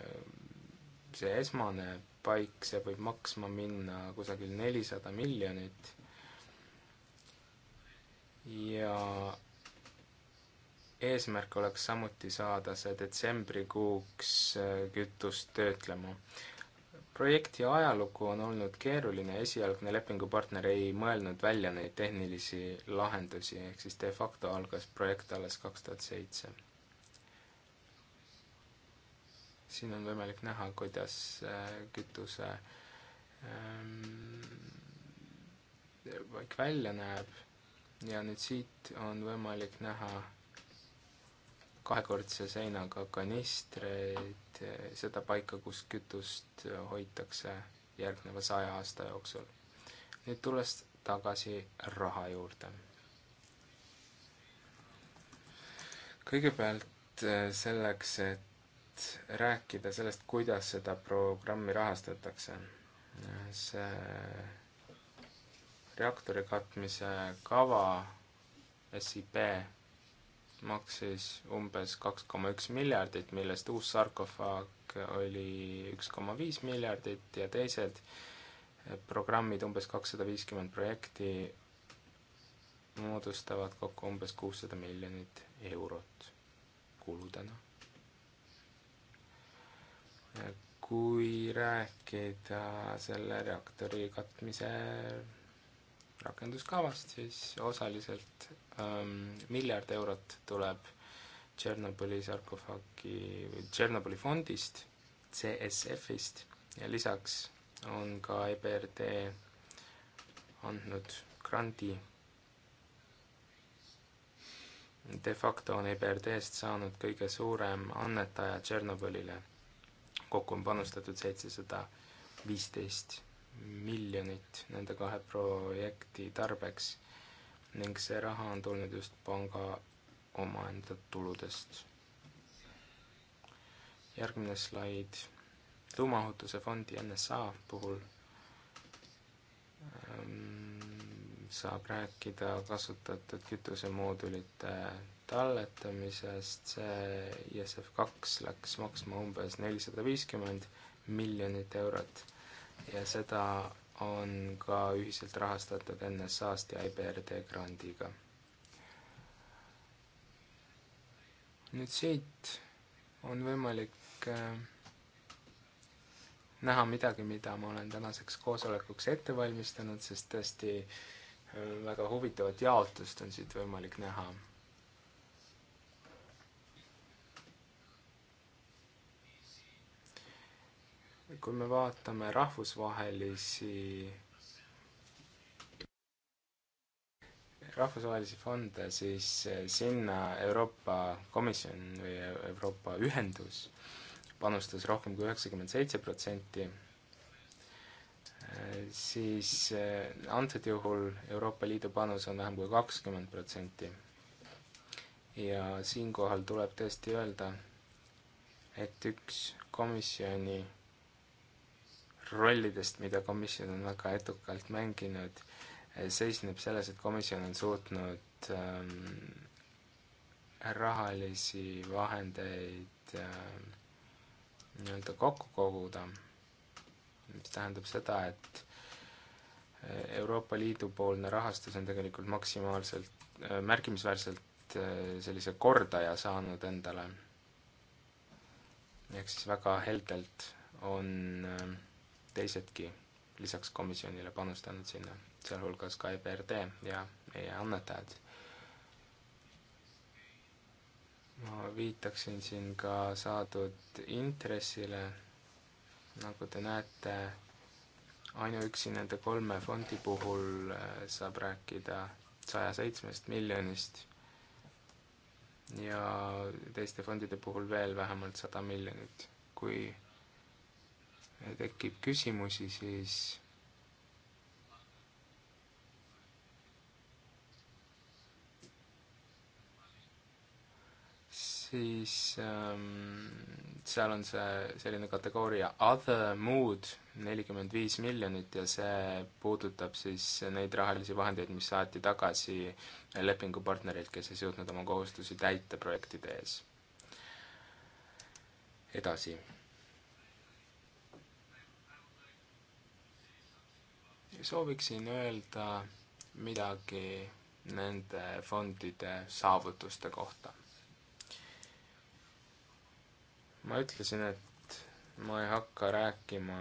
see esmane paik, see võib maksma minna kusagil nelisada miljonit ja eesmärk oleks samuti saada see detsembrikuuks äh, kütust töötlema. projekti ajalugu on olnud keeruline, esialgne lepingupartner ei mõelnud välja neid tehnilisi lahendusi, ehk siis de facto algas projekt alles kaks tuhat seitse. siin on võimalik näha, kuidas äh, kütuse ähm, paik välja näeb ja nüüd siit on võimalik näha kahekordse seinaga kanistreid, eh, seda paika, kus kütust hoitakse järgneva saja aasta jooksul. nüüd tulles tagasi raha juurde. kõigepealt eh, selleks, et rääkida sellest, kuidas seda programmi rahastatakse. Eh, see reaktori katmise kava, SIP maksis umbes kaks koma üks miljardit, millest uus sarkofaag oli üks koma viis miljardit ja teised programmid, umbes kakssada viiskümmend projekti, moodustavad kokku umbes kuussada miljonit eurot kuludena. kui rääkida selle reaktori katmise rakenduskavast, siis osaliselt ähm, miljard eurot tuleb Tšernobõli sarkofaagi, Tšernobõli fondist, CSF-ist ja lisaks on ka EBRD andnud grandi. de facto on EBRD-st saanud kõige suurem annetaja Tšernobõlile, kokku on panustatud seitsesada viisteist miljonit nende kahe projekti tarbeks ning see raha on tulnud just panga omaenda tuludest. järgmine slaid. tuumaohutuse fondi NSA puhul ähm, saab rääkida kasutatud kütusemoodulite talletamisest, see ISF kaks läks maksma umbes nelisada viiskümmend miljonit eurot ja seda on ka ühiselt rahastatud NSA-st ja IBRD grandiga. nüüd siit on võimalik äh, näha midagi, mida ma olen tänaseks koosolekuks ette valmistanud, sest tõesti äh, väga huvitavat jaotust on siit võimalik näha kui me vaatame rahvusvahelisi, rahvusvahelisi fonde, siis eh, sinna Euroopa Komisjon või Euroopa Ühendus panustas rohkem kui üheksakümmend seitse protsenti, eh, siis eh, antud juhul Euroopa Liidu panus on vähem kui kakskümmend protsenti. ja siinkohal tuleb tõesti öelda, et üks komisjoni rollidest, mida komisjon on väga edukalt mänginud, seisneb selles, et komisjon on suutnud ähm, rahalisi vahendeid ähm, nii-öelda kokku koguda, mis tähendab seda, et äh, Euroopa Liidu poolne rahastus on tegelikult maksimaalselt äh,, märkimisväärselt äh, sellise kordaja saanud endale. ehk siis väga heldelt on äh, teisedki lisaks komisjonile panustanud sinna, sealhulgas ka EBRD ja meie annetajad. ma viitaksin siin ka saadud intressile, nagu te näete, ainuüksi nende kolme fondi puhul äh, saab rääkida saja seitsmest miljonist ja teiste fondide puhul veel vähemalt sada miljonit, kui tekib küsimusi, siis siis ähm, seal on see selline kategooria other mood, nelikümmend viis miljonit ja see puudutab siis neid rahalisi vahendeid, mis saati tagasi lepingupartnerilt, kes ei suutnud oma kohustusi täita projektide ees. edasi sooviksin öelda midagi nende fondide saavutuste kohta. ma ütlesin, et ma ei hakka rääkima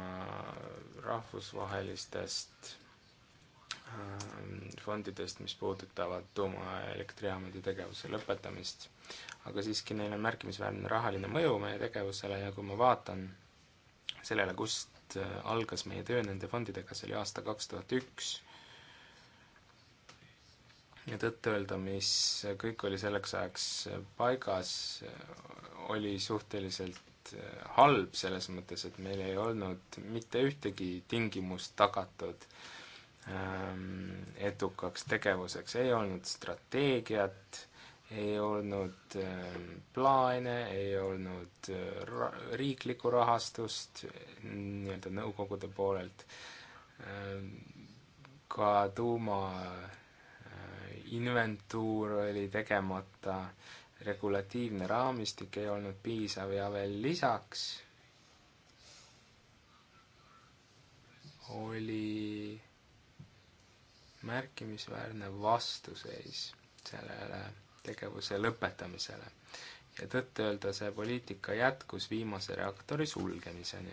rahvusvahelistest ähm, fondidest, mis puudutavad tuumaelektrijaamade tegevuse lõpetamist, aga siiski neil on märkimisväärne rahaline mõju meie tegevusele ja kui ma vaatan sellele, kust Äh, algas meie töö nende fondidega, see oli aasta kaks tuhat üks, ja tõtt-öelda, mis kõik oli selleks ajaks äh, paigas, äh, oli suhteliselt halb selles mõttes, et meil ei olnud mitte ühtegi tingimust tagatud ähm, edukaks tegevuseks, ei olnud strateegiat, ei olnud ähm, plaane, ei olnud äh, ra-, riiklikku rahastust nii-öelda nõukogude poolelt, ähm, ka tuumainventuur äh, oli tegemata, regulatiivne raamistik ei olnud piisav ja veel lisaks oli märkimisväärne vastuseis sellele tegevuse lõpetamisele. ja tõtt-öelda see poliitika jätkus viimase reaktori sulgemiseni.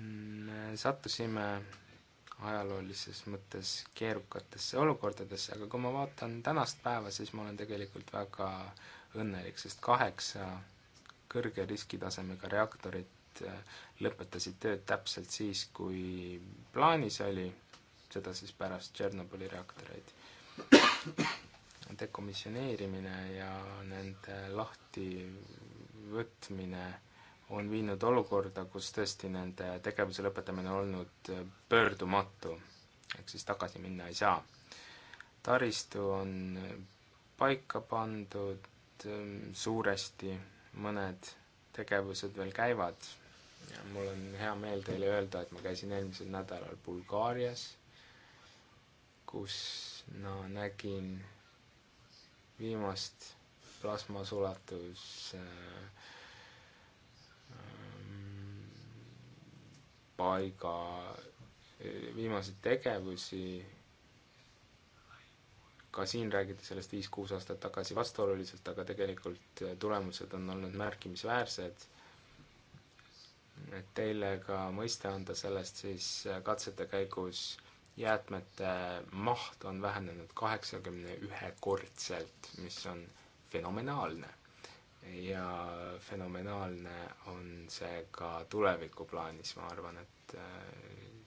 me mm, sattusime ajaloolises mõttes keerukatesse olukordadesse, aga kui ma vaatan tänast päeva, siis ma olen tegelikult väga õnnelik, sest kaheksa kõrge riskitasemega reaktorit äh, lõpetasid tööd täpselt siis, kui plaanis oli, seda siis pärast Tšernobõli reaktoreid dekomisjoneerimine ja nende lahtivõtmine on viinud olukorda, kus tõesti nende tegevuse lõpetamine on olnud pöördumatu, ehk siis tagasi minna ei saa. taristu on paika pandud suuresti, mõned tegevused veel käivad ja mul on hea meel teile öelda, et ma käisin eelmisel nädalal Bulgaarias, kus ma nägin viimast plasmasulatus äh, ähm, paiga eh, viimaseid tegevusi, ka siin räägiti sellest viis-kuus aastat tagasi vastuoluliselt, aga tegelikult eh, tulemused on olnud märkimisväärsed. et teile ka mõiste anda sellest, siis eh, katsete käigus jäätmete maht on vähenenud kaheksakümne ühe kordselt, mis on fenomenaalne. ja fenomenaalne on see ka tulevikuplaanis, ma arvan, et äh,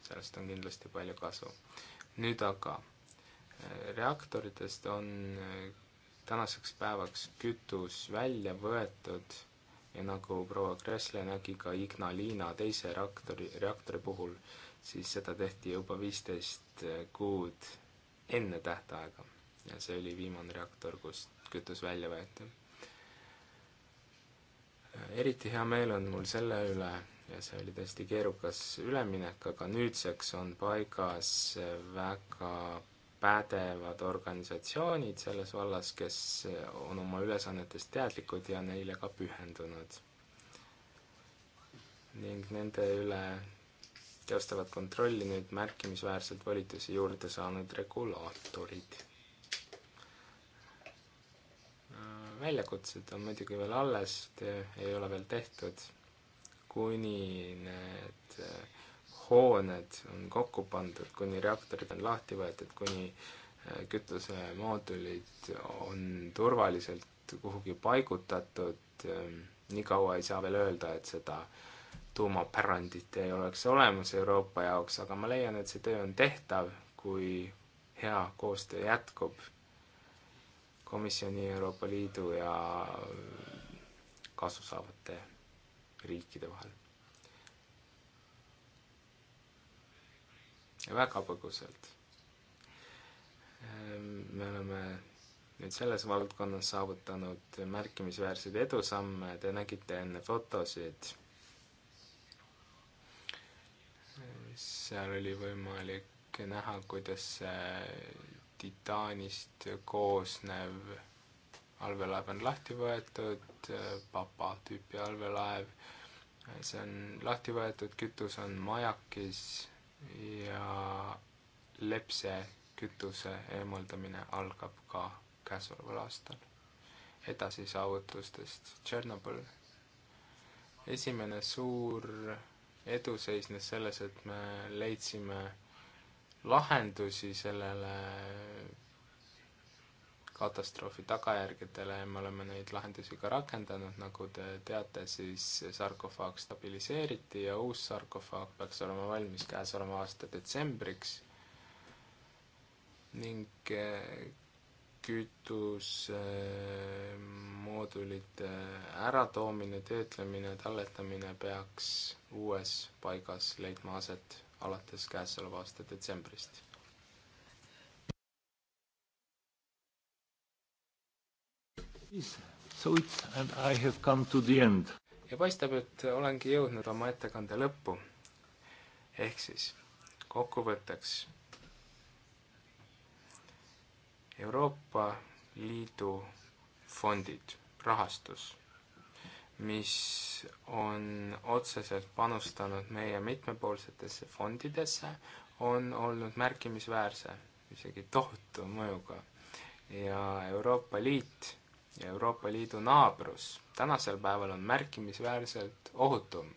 sellest on kindlasti palju kasu. nüüd aga, äh, reaktoritest on äh, tänaseks päevaks kütus välja võetud ja nagu proua Kressle nägi ka Ignalina teise reaktori, reaktori puhul, siis seda tehti juba viisteist kuud enne tähtaega ja see oli viimane reaktor, kust kütus välja võeti. eriti hea meel on mul selle üle ja see oli tõesti keerukas üleminek, aga nüüdseks on paigas väga pädevad organisatsioonid selles vallas, kes on oma ülesannetest teadlikud ja neile ka pühendunud. ning nende üle teostavad kontrolli nüüd märkimisväärselt volitusi juurde saanud regulaatorid. väljakutsed on muidugi veel alles, töö ei ole veel tehtud, kuni need äh, hooned on kokku pandud, kuni reaktorid on lahti võetud, kuni äh, kütusemoodulid on turvaliselt kuhugi paigutatud, ähm, nii kaua ei saa veel öelda, et seda tuumapärandit ei oleks olemas Euroopa jaoks, aga ma leian, et see töö on tehtav, kui hea koostöö jätkub komisjoni, Euroopa Liidu ja kasu saavate riikide vahel. väga põgusalt. Ehm, me oleme nüüd selles valdkonnas saavutanud märkimisväärseid edusamme, te nägite enne fotosid. seal oli võimalik näha, kuidas see titaanist koosnev allveelaev on lahti võetud, papa tüüpi allveelaev, see on lahti võetud, kütus on majakis ja lepsekütuse eemaldamine algab ka käesoleval aastal. edasi saavutustest Tšernobõl. esimene suur edu seisnes selles, et me leidsime lahendusi sellele katastroofi tagajärgedele ja me oleme neid lahendusi ka rakendanud, nagu te teate, siis sarkofaag stabiliseeriti ja uus sarkofaag peaks olema valmis käesoleva aasta detsembriks ning eh, kütusemoodulite äratoomine, töötlemine, talletamine peaks uues paigas leidma aset alates käesoleva aasta detsembrist ja paistab, et olengi jõudnud oma ettekande lõppu. ehk siis kokkuvõtteks. Euroopa Liidu fondid, rahastus, mis on otseselt panustanud meie mitmepoolsetesse fondidesse, on olnud märkimisväärse, isegi tohutu mõjuga. ja Euroopa Liit ja Euroopa Liidu naabrus tänasel päeval on märkimisväärselt ohutum,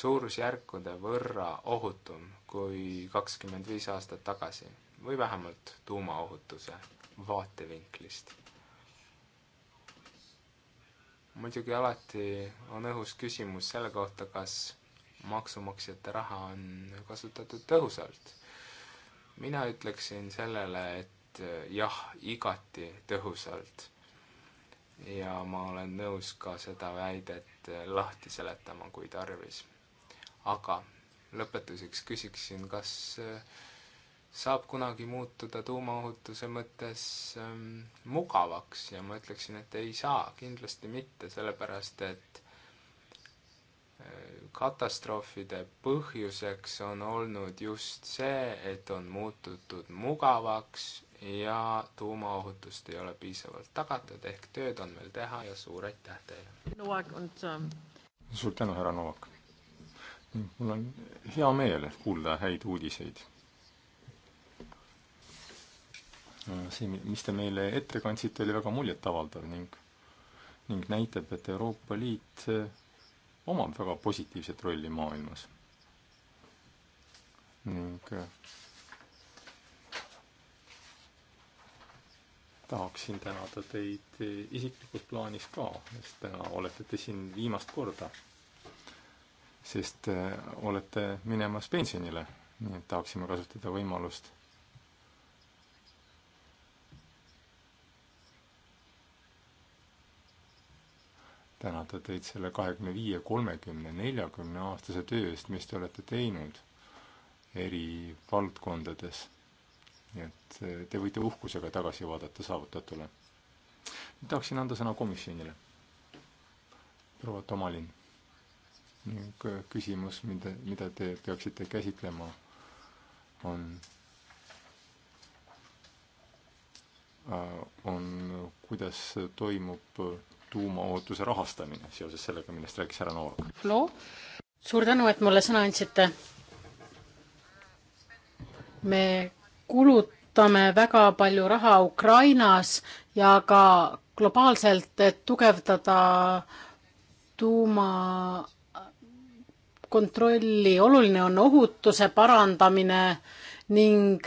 suurusjärkude võrra ohutum kui kakskümmend viis aastat tagasi või vähemalt tuumaohutuse vaatevinklist. muidugi alati on õhus küsimus selle kohta, kas maksumaksjate raha on kasutatud tõhusalt. mina ütleksin sellele, et Eh, jah, igati tõhusalt. ja ma olen nõus ka seda väidet eh, lahti seletama, kui tarvis. aga lõpetuseks küsiksin, kas eh, saab kunagi muutuda tuumaohutuse mõttes ähm, mugavaks ja ma ütleksin, et ei saa, kindlasti mitte, sellepärast et katastroofide põhjuseks on olnud just see, et on muututud mugavaks, ja tuumaohutust ei ole piisavalt tagatud, ehk tööd on veel teha ja suur aitäh teile! Ähm, suur tänu, härra Novak! mul on hea meel kuulda häid uudiseid. see, mis te meile ette kandsite, oli väga muljetavaldav ning, ning näitab, et Euroopa Liit äh, omab väga positiivset rolli maailmas. ning äh, tahaksin tänada teid isiklikus plaanis ka, sest täna olete te siin viimast korda. sest äh, olete minemas pensionile, nii et tahaksime kasutada võimalust tänada teid selle kahekümne viie, kolmekümne, neljakümne aastase töö eest, mis te olete teinud eri valdkondades nii et eh, te võite uhkusega tagasi vaadata saavutatule. tahaksin anda sõna komisjonile. proua Tomalin, eh, küsimus, mida, mida te peaksite käsitlema, on eh, on, kuidas toimub tuumaohutuse rahastamine seoses sellega, millest rääkis härra Novak. Flo, suur tänu, et mulle sõna andsite. me kulutame väga palju raha Ukrainas ja ka globaalselt, et tugevdada tuumakontrolli. oluline on ohutuse parandamine ning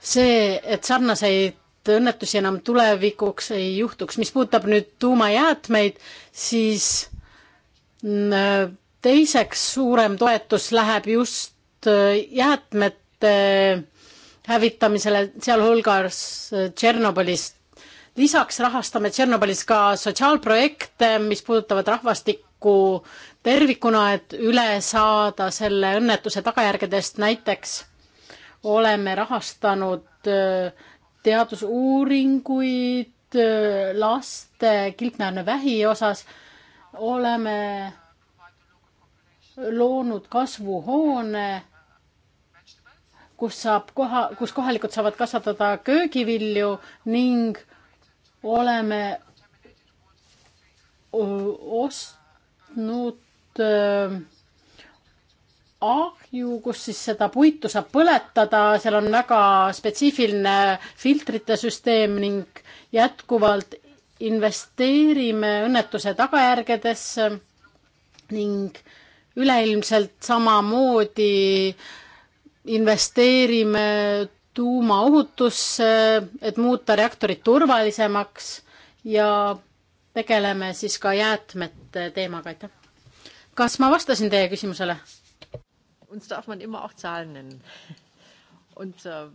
see, et sarnaseid õnnetusi enam tulevikuks ei juhtuks. mis puudutab nüüd tuumajäätmeid, siis teiseks suurem toetus läheb just äh, jäätmete hävitamisele, sealhulgas äh, Tšernobõlis. lisaks rahastame Tšernobõlis ka sotsiaalprojekte, mis puudutavad rahvastikku tervikuna, et üle saada selle õnnetuse tagajärgedest. näiteks oleme rahastanud äh, teadusuuringuid laste kilpnäärmevähi osas, oleme loonud kasvuhoone, kus saab koha, kus kohalikud saavad kasvatada köögivilju ning oleme ostnud ahju, kus siis seda puitu saab põletada, seal on väga spetsiifiline filtrite süsteem ning jätkuvalt investeerime õnnetuse tagajärgedesse ning äh, üleilmselt samamoodi investeerime tuumaohutusse, et muuta reaktorid turvalisemaks ja tegeleme siis ka jäätmete teemaga, aitäh. kas ma vastasin teie küsimusele? Uns darf man immer auch Zahlen nennen. Und äh,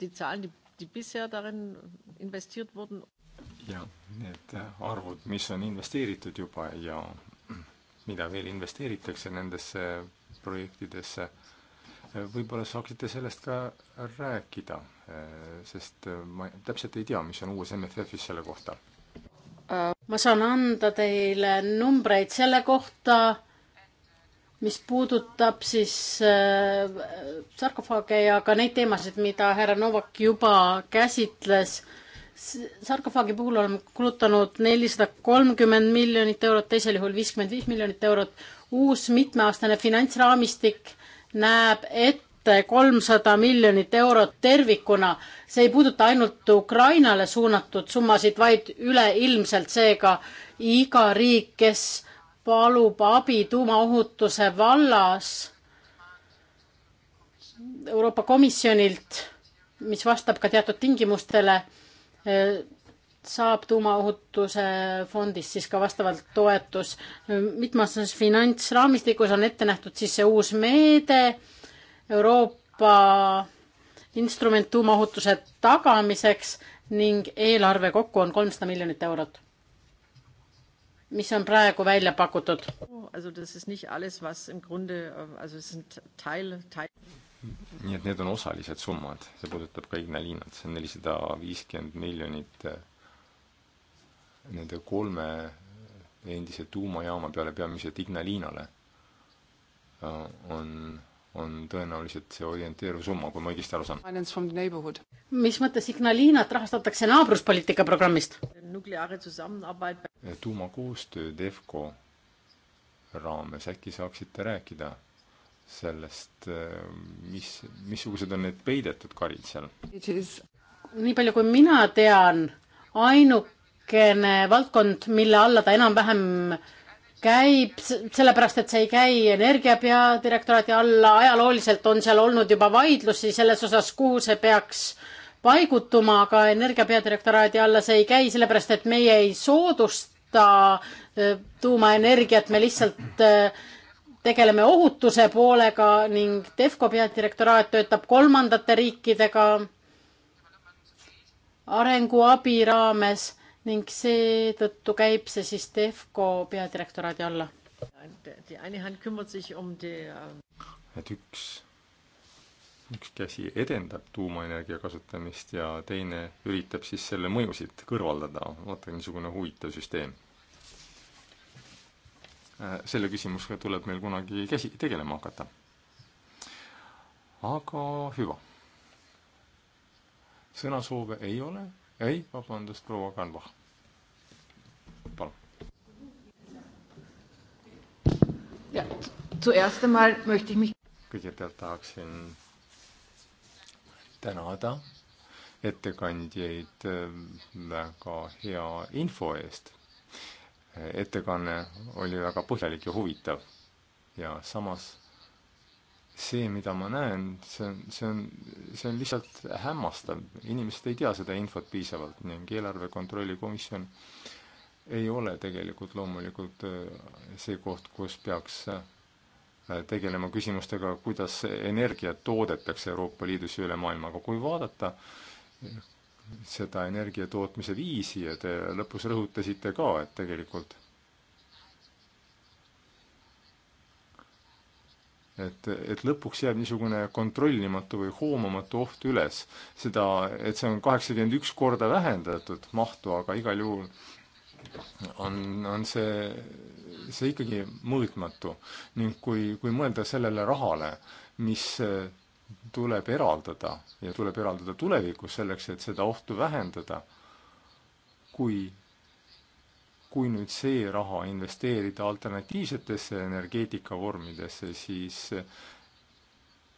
die Zahlen, die, die bisher darin investiert wurden. ja, need arvud, mis on investeeritud juba ja mida veel investeeritakse nendesse projektidesse. võib-olla saaksite sellest ka rääkida, sest ma täpselt ei tea, mis on uues MFF-is selle kohta. ma saan anda teile numbreid selle kohta, mis puudutab siis äh, sarkofaage ja ka neid teemasid, mida härra Novak juba käsitles sarkofaagi puhul oleme kulutanud nelisada kolmkümmend miljonit eurot, teisel juhul viiskümmend viis miljonit eurot. uus mitmeaastane finantsraamistik näeb ette kolmsada miljonit eurot tervikuna. see ei puuduta ainult Ukrainale suunatud summasid, vaid üleilmselt, seega iga riik, kes palub abi tuumaohutuse vallas Euroopa Komisjonilt, mis vastab ka teatud tingimustele saab tuumaohutuse fondist siis ka vastavalt toetus. mitmes finantsraamistikus on ette nähtud siis see uus meede Euroopa instrument tuumaohutuse tagamiseks ning eelarve kokku on kolmsada miljonit eurot, mis on praegu välja pakutud nii et need on osalised summad, see puudutab ka Ignalinat, see on nelisada viiskümmend miljonit eh, nende kolme endise tuumajaama peale, peamiselt Ignalinale, eh, on, on tõenäoliselt see orienteeruv summa, kui ma õigesti aru saan. mis mõttes Ignalinat rahastatakse naabruspoliitika programmist? Eh, tuumakoostöö DEFCO raames, äkki saaksite rääkida sellest, ähm, mis, missugused on need peidetud karid seal? nii palju, kui mina tean, ainukene valdkond, mille alla ta enam-vähem käib, sellepärast et see ei käi Energia peadirektoraadi alla, ajalooliselt on seal olnud juba vaidlusi selles osas, kuhu see peaks paigutuma, aga Energia peadirektoraadi alla see ei käi, sellepärast et meie ei soodusta äh, tuumaenergiat, me lihtsalt äh, tegeleme ohutuse poolega ning Defco peadirektoraat töötab kolmandate riikidega arenguabi raames ning seetõttu käib see siis Defco peadirektoraadi alla. Um äh, et üks, üks käsi edendab tuumaenergia kasutamist ja teine üritab siis selle mõjusid kõrvaldada. vaata, niisugune huvitav süsteem Äh, selle küsimusega tuleb meil kunagi käsi, tegelema hakata. aga hüva. sõnasoove ei ole? ei, vabandust, proua Kanvah. palun. kõigepealt tahaksin tänada ettekandjaid äh, väga hea info eest ettekanne oli väga põhjalik ja huvitav. ja samas see, mida ma näen, see on, see on, see on lihtsalt hämmastav. inimesed ei tea seda infot piisavalt ning eelarve kontrolli komisjon ei ole tegelikult loomulikult äh, see koht, kus peaks äh, tegelema küsimustega, kuidas energiat toodetakse Euroopa Liidus ja üle maailma, aga kui vaadata seda energia tootmise viisi ja te lõpus rõhutasite ka, et tegelikult et, et lõpuks jääb niisugune kontrollimatu või hoomamatu oht üles. seda, et see on kaheksakümmend üks korda vähendatud mahtu, aga igal juhul on, on see, see ikkagi mõõtmatu. ning kui, kui mõelda sellele rahale, mis tuleb eraldada ja tuleb eraldada tulevikus selleks, et seda ohtu vähendada. kui, kui nüüd see raha investeerida alternatiivsetesse energeetikavormidesse, siis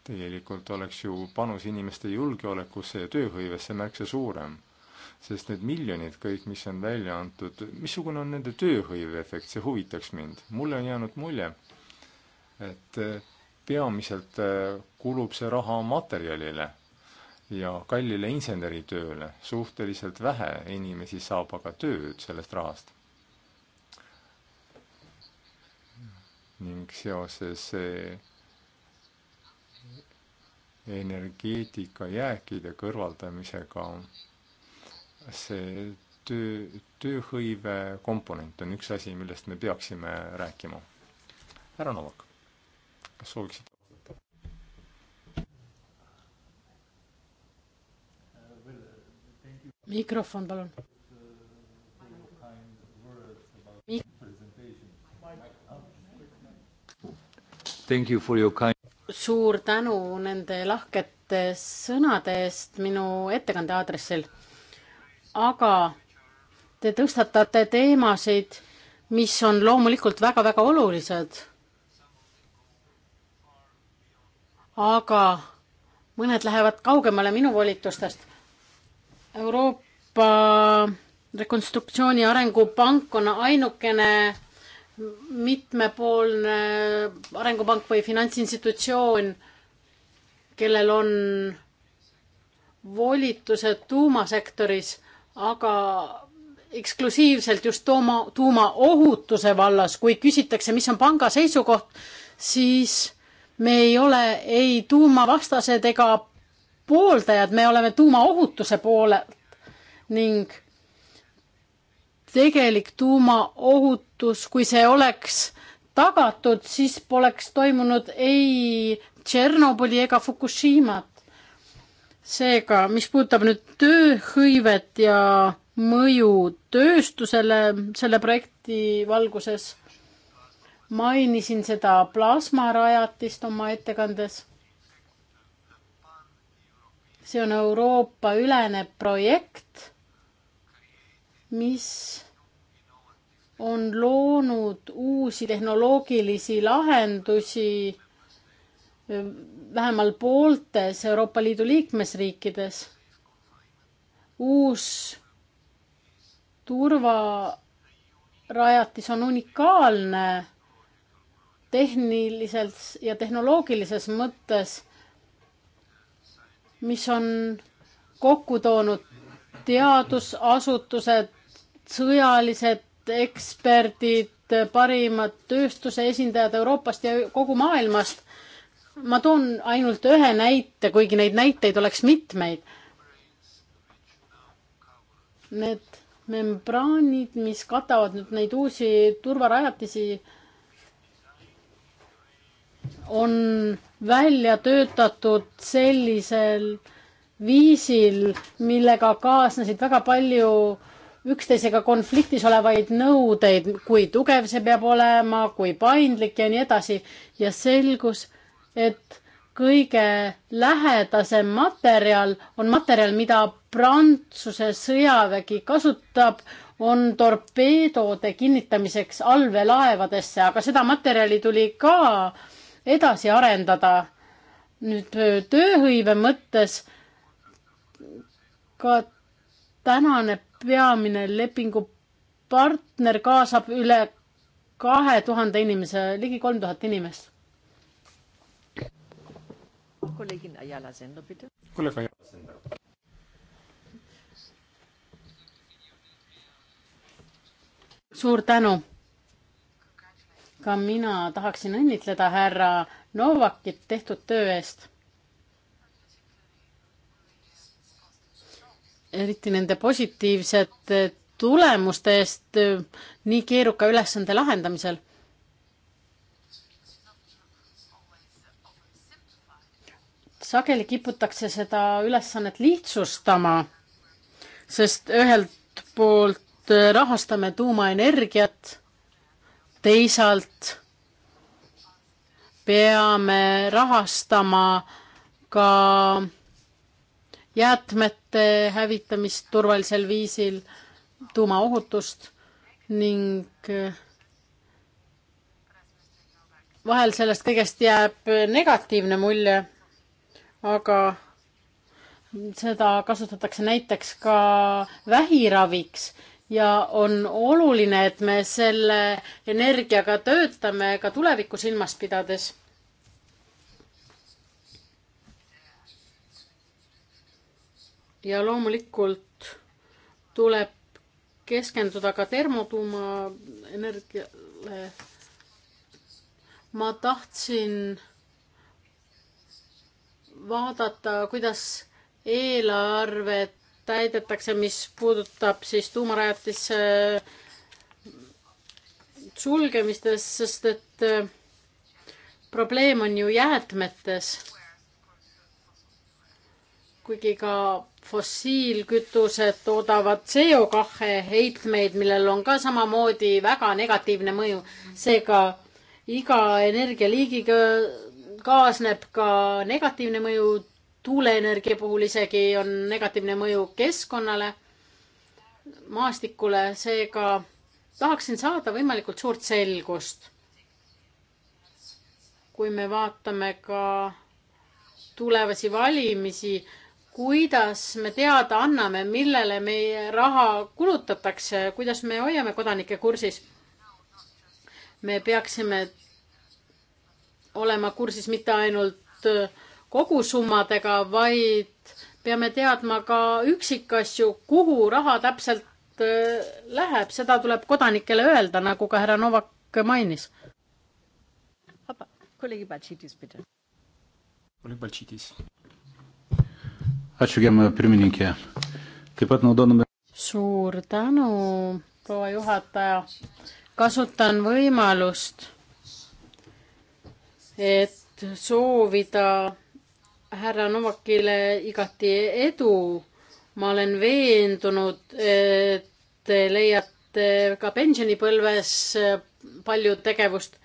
tegelikult oleks ju panus inimeste julgeolekusse ja tööhõivesse märksa suurem. sest need miljonid kõik, mis on välja antud, missugune on nende tööhõive efekt, see huvitaks mind. mulle on jäänud mulje, et peamiselt eh, kulub see raha materjalile ja kallile inseneritööle, suhteliselt vähe inimesi saab aga tööd sellest rahast. ning seoses energeetika jääkide kõrvaldamisega see töö, tööhõive komponent on üks asi, millest me peaksime rääkima. härra Novak kas sooviksite? mikrofon, palun. Thank you for your kind suur tänu nende lahkete sõnade eest minu ettekande aadressil. aga te tõstatate teemasid, mis on loomulikult väga-väga olulised. aga mõned lähevad kaugemale minu volitustest. Euroopa Rekonstruktsiooni Arengupank on ainukene mitmepoolne arengupank või finantsinstitutsioon, kellel on volitused tuumasektoris, aga eksklusiivselt just tuuma, tuumaohutuse vallas, kui küsitakse, mis on panga seisukoht, siis me ei ole ei tuumavastased ega pooldajad, me oleme tuumaohutuse poolelt ning tegelik tuumaohutus, kui see oleks tagatud, siis poleks toimunud ei Tšernobõli ega Fukushimat. seega, mis puudutab nüüd tööhõivet ja mõju tööstusele selle projekti valguses mainisin seda plasmarajatist oma ettekandes. see on Euroopa ülene projekt, mis on loonud uusi tehnoloogilisi lahendusi eh, vähemalt pooltes Euroopa Liidu liikmesriikides. uus turvarajatis on unikaalne tehniliselt ja tehnoloogilises mõttes, mis on kokku toonud teadusasutused, sõjalised eksperdid, parimad tööstuse esindajad Euroopast ja kogu maailmast. ma toon ainult ühe näite, kuigi neid näiteid oleks mitmeid. Need membraanid, mis katavad nüüd neid uusi turvarajatisi, on välja töötatud sellisel viisil, millega kaasnesid väga palju üksteisega konfliktis olevaid nõudeid, kui tugev see peab olema, kui paindlik ja nii edasi. ja selgus, et kõige lähedasem materjal on materjal, mida Prantsuse sõjavägi kasutab, on torpeedode kinnitamiseks allveelaevadesse, aga seda materjali tuli ka äh, edasi arendada. nüüd tööhõive mõttes ka tänane peamine lepingupartner kaasab üle kahe tuhande inimese, ligi kolm tuhat inimest. kolleegin Ayala Sendo, bitte. kolleeg Ayala Sendo. suur tänu ka mina tahaksin õnnitleda härra Novakit tehtud töö eest. eriti nende positiivsete tulemuste eest eh, nii keeruka ülesande lahendamisel. sageli kiputakse seda ülesannet lihtsustama, sest ühelt poolt eh, rahastame tuumaenergiat teisalt peame rahastama ka jäätmete hävitamist turvalisel viisil, tuumaohutust ning vahel sellest kõigest jääb negatiivne mulje, aga seda kasutatakse näiteks ka vähiraviks ja on oluline, et me selle energiaga töötame ka tulevikku silmas pidades. ja loomulikult tuleb keskenduda ka termotuumaenergiale. ma tahtsin vaadata, kuidas eelarvet täidetakse, mis puudutab siis tuumarajatise sulgemistes, sest et eh, probleem on ju jäätmetes. kuigi ka fossiilkütused toodavad CO kahe heitmeid, millel on ka samamoodi väga negatiivne mõju. seega iga energialiigiga kaasneb ka negatiivne mõju tuuleenergia puhul isegi on negatiivne mõju keskkonnale, maastikule, seega tahaksin saada võimalikult suurt selgust. kui me vaatame ka tulevasi valimisi, kuidas me teada anname, millele meie raha kulutatakse, kuidas me hoiame kodanikke kursis? me peaksime olema kursis mitte ainult äh, kogusummadega, vaid peame teadma ka üksikasju, kuhu raha täpselt äh, läheb, seda tuleb kodanikele öelda, nagu ka härra Novak mainis. kolleeg Baltšiitis, pidi. kolleeg Baltšiitis. suur tänu, proua juhataja. kasutan võimalust, et soovida härra Novakile igati edu. ma olen veendunud, et te leiate ka pensionipõlves palju tegevust.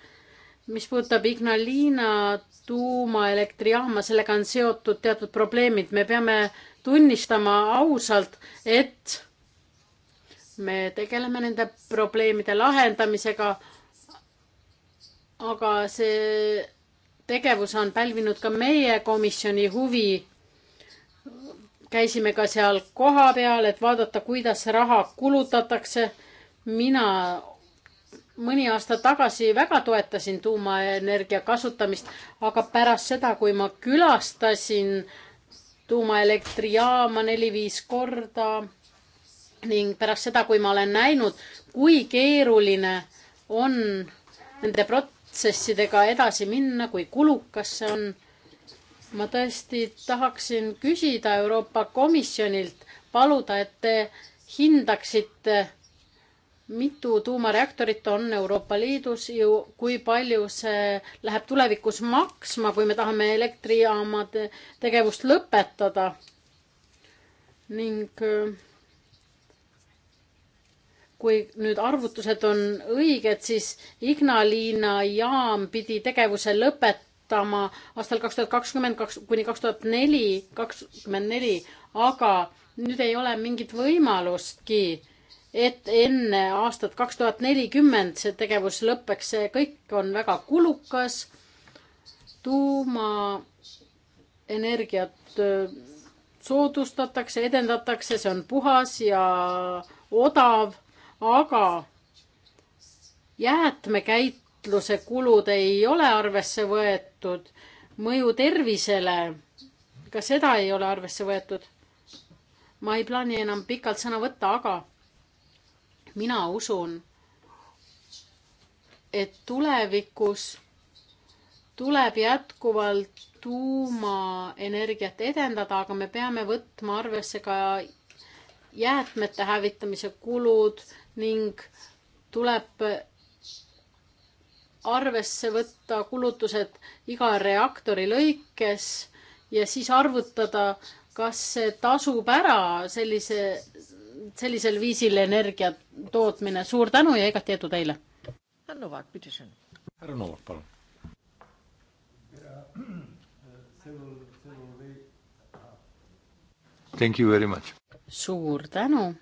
mis puudutab Ignalina tuumaelektrijaama, sellega on seotud teatud probleemid, me peame tunnistama ausalt, et me tegeleme nende probleemide lahendamisega. aga see tegevus on pälvinud ka meie komisjoni huvi. käisime ka seal kohapeal, et vaadata, kuidas raha kulutatakse. mina mõni aasta tagasi väga toetasin tuumaenergia kasutamist, aga pärast seda, kui ma külastasin tuumaelektrijaama neli-viis korda ning pärast seda, kui ma olen näinud, kui keeruline on nende prot-, protsessidega edasi minna, kui kulukas see on. ma tõesti tahaksin küsida Euroopa Komisjonilt, paluda, et te hindaksite, mitu tuumareaktorit on Euroopa Liidus ja kui palju see läheb tulevikus maksma, kui me tahame elektrijaamade tegevust lõpetada. ning äh, kui nüüd arvutused on õiged, siis Ignalina jaam pidi tegevuse lõpetama aastal kaks tuhat kakskümmend kaks kuni kaks tuhat neli, kakskümmend neli, aga nüüd ei ole mingit võimalustki, et enne aastat kaks tuhat nelikümmend see tegevus lõpeks, see kõik on väga kulukas. tuumaenergiat soodustatakse, edendatakse, see on puhas ja odav aga jäätmekäitluse kulud ei ole arvesse võetud, mõju tervisele, ka seda ei ole arvesse võetud. ma ei plaani enam pikalt sõna võtta, aga mina usun, et tulevikus tuleb jätkuvalt tuumaenergiat edendada, aga me peame võtma arvesse ka jäätmete hävitamise kulud ning tuleb arvesse võtta kulutused iga reaktori lõikes ja siis arvutada, kas see tasub ära sellise, sellisel viisil energia tootmine. suur tänu ja igati edu teile! härra Novak, pidisen. härra Novak, palun. Thank you very much. suur tänu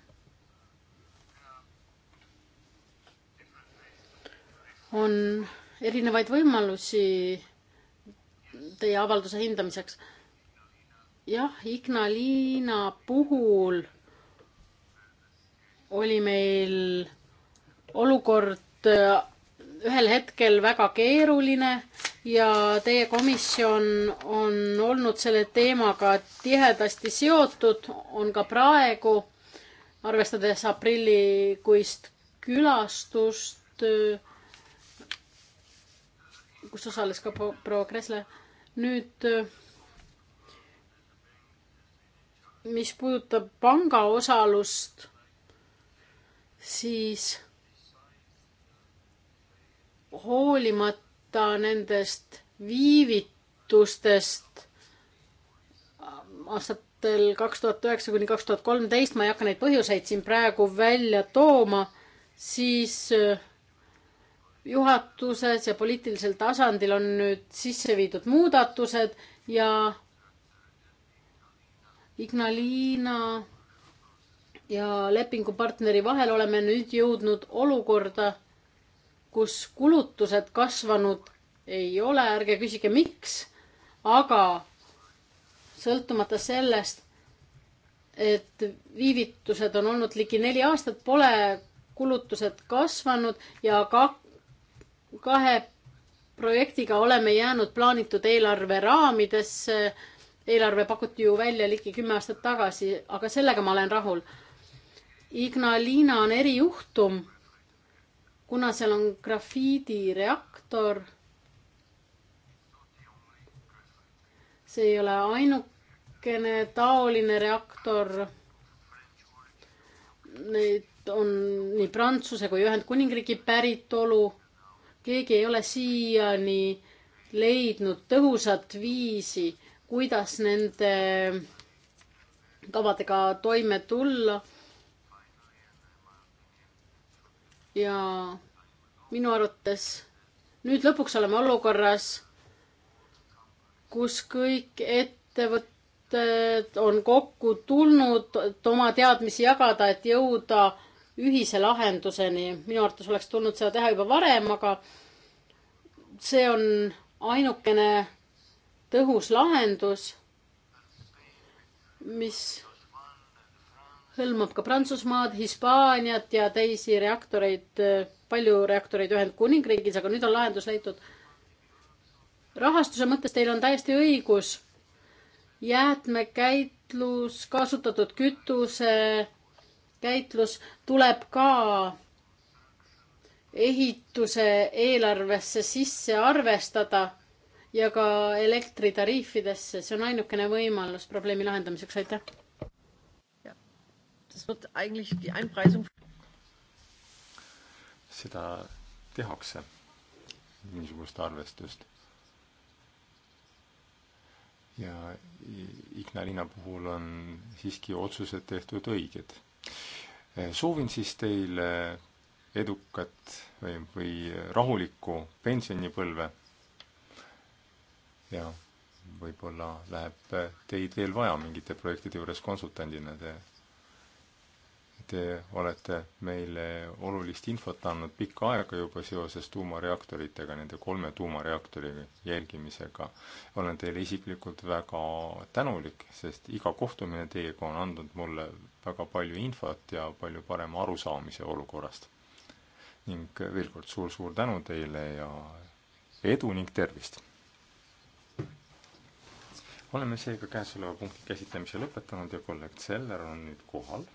on erinevaid võimalusi teie avalduse hindamiseks. jah, Ignalina puhul oli meil olukord äh, ühel hetkel väga keeruline ja teie komisjon on olnud selle teemaga tihedasti seotud, on ka praegu, arvestades aprillikuist külastust äh, kus osales ka proua Kresle. nüüd, äh, mis puudutab panga osalust, siis hoolimata nendest viivitustest äh, aastatel kaks tuhat üheksa kuni kaks tuhat kolmteist, ma ei hakka neid põhjuseid siin praegu välja tooma, siis äh, juhatuses ja poliitilisel tasandil on nüüd sisse viidud muudatused ja Ignalina ja lepingupartneri vahel oleme nüüd jõudnud olukorda, kus kulutused kasvanud ei ole, ärge küsige, miks, aga sõltumata sellest, et viivitused on olnud ligi neli aastat, pole kulutused kasvanud ja kaks kahe projektiga oleme jäänud plaanitud eelarve raamidesse. eelarve pakuti ju välja ligi kümme aastat tagasi, aga sellega ma olen rahul. Ignalina on erijuhtum, kuna seal on grafiidireaktor. see ei ole ainukene taoline reaktor. Neid on nii Prantsuse kui Ühendkuningriigi päritolu keegi ei ole siiani leidnud tõhusat viisi, kuidas nende kavadega toime tulla. ja minu arvates nüüd lõpuks oleme olukorras, kus kõik ettevõtted on kokku tulnud, et oma teadmisi jagada, et jõuda ühise lahenduseni. minu arvates oleks tulnud seda teha juba varem, aga see on ainukene tõhus lahendus, mis hõlmab ka Prantsusmaad, Hispaaniat ja teisi reaktoreid, palju reaktoreid Ühendkuningriigis, aga nüüd on lahendus leitud. rahastuse mõttes teil on täiesti õigus. jäätmekäitlus, kasutatud kütuse käitlus tuleb ka ehituse eelarvesse sisse arvestada ja ka elektritariifidesse, see on ainukene võimalus probleemi lahendamiseks, aitäh. seda tehakse, niisugust arvestust. ja Ignalina puhul on siiski otsused tehtud õiged soovin siis teile edukat või, või rahulikku pensionipõlve ja võib-olla läheb teid veel vaja mingite projektide juures konsultandina, te Te olete meile olulist infot andnud pikka aega juba seoses tuumareaktoritega, nende kolme tuumareaktori jälgimisega. olen teile isiklikult väga tänulik, sest iga kohtumine teiega on andnud mulle väga palju infot ja palju parema arusaamise olukorrast. ning veel kord suur-suur tänu teile ja edu ning tervist! oleme seega käesoleva punkti käsitlemise lõpetanud ja kolleeg Zeller on nüüd kohal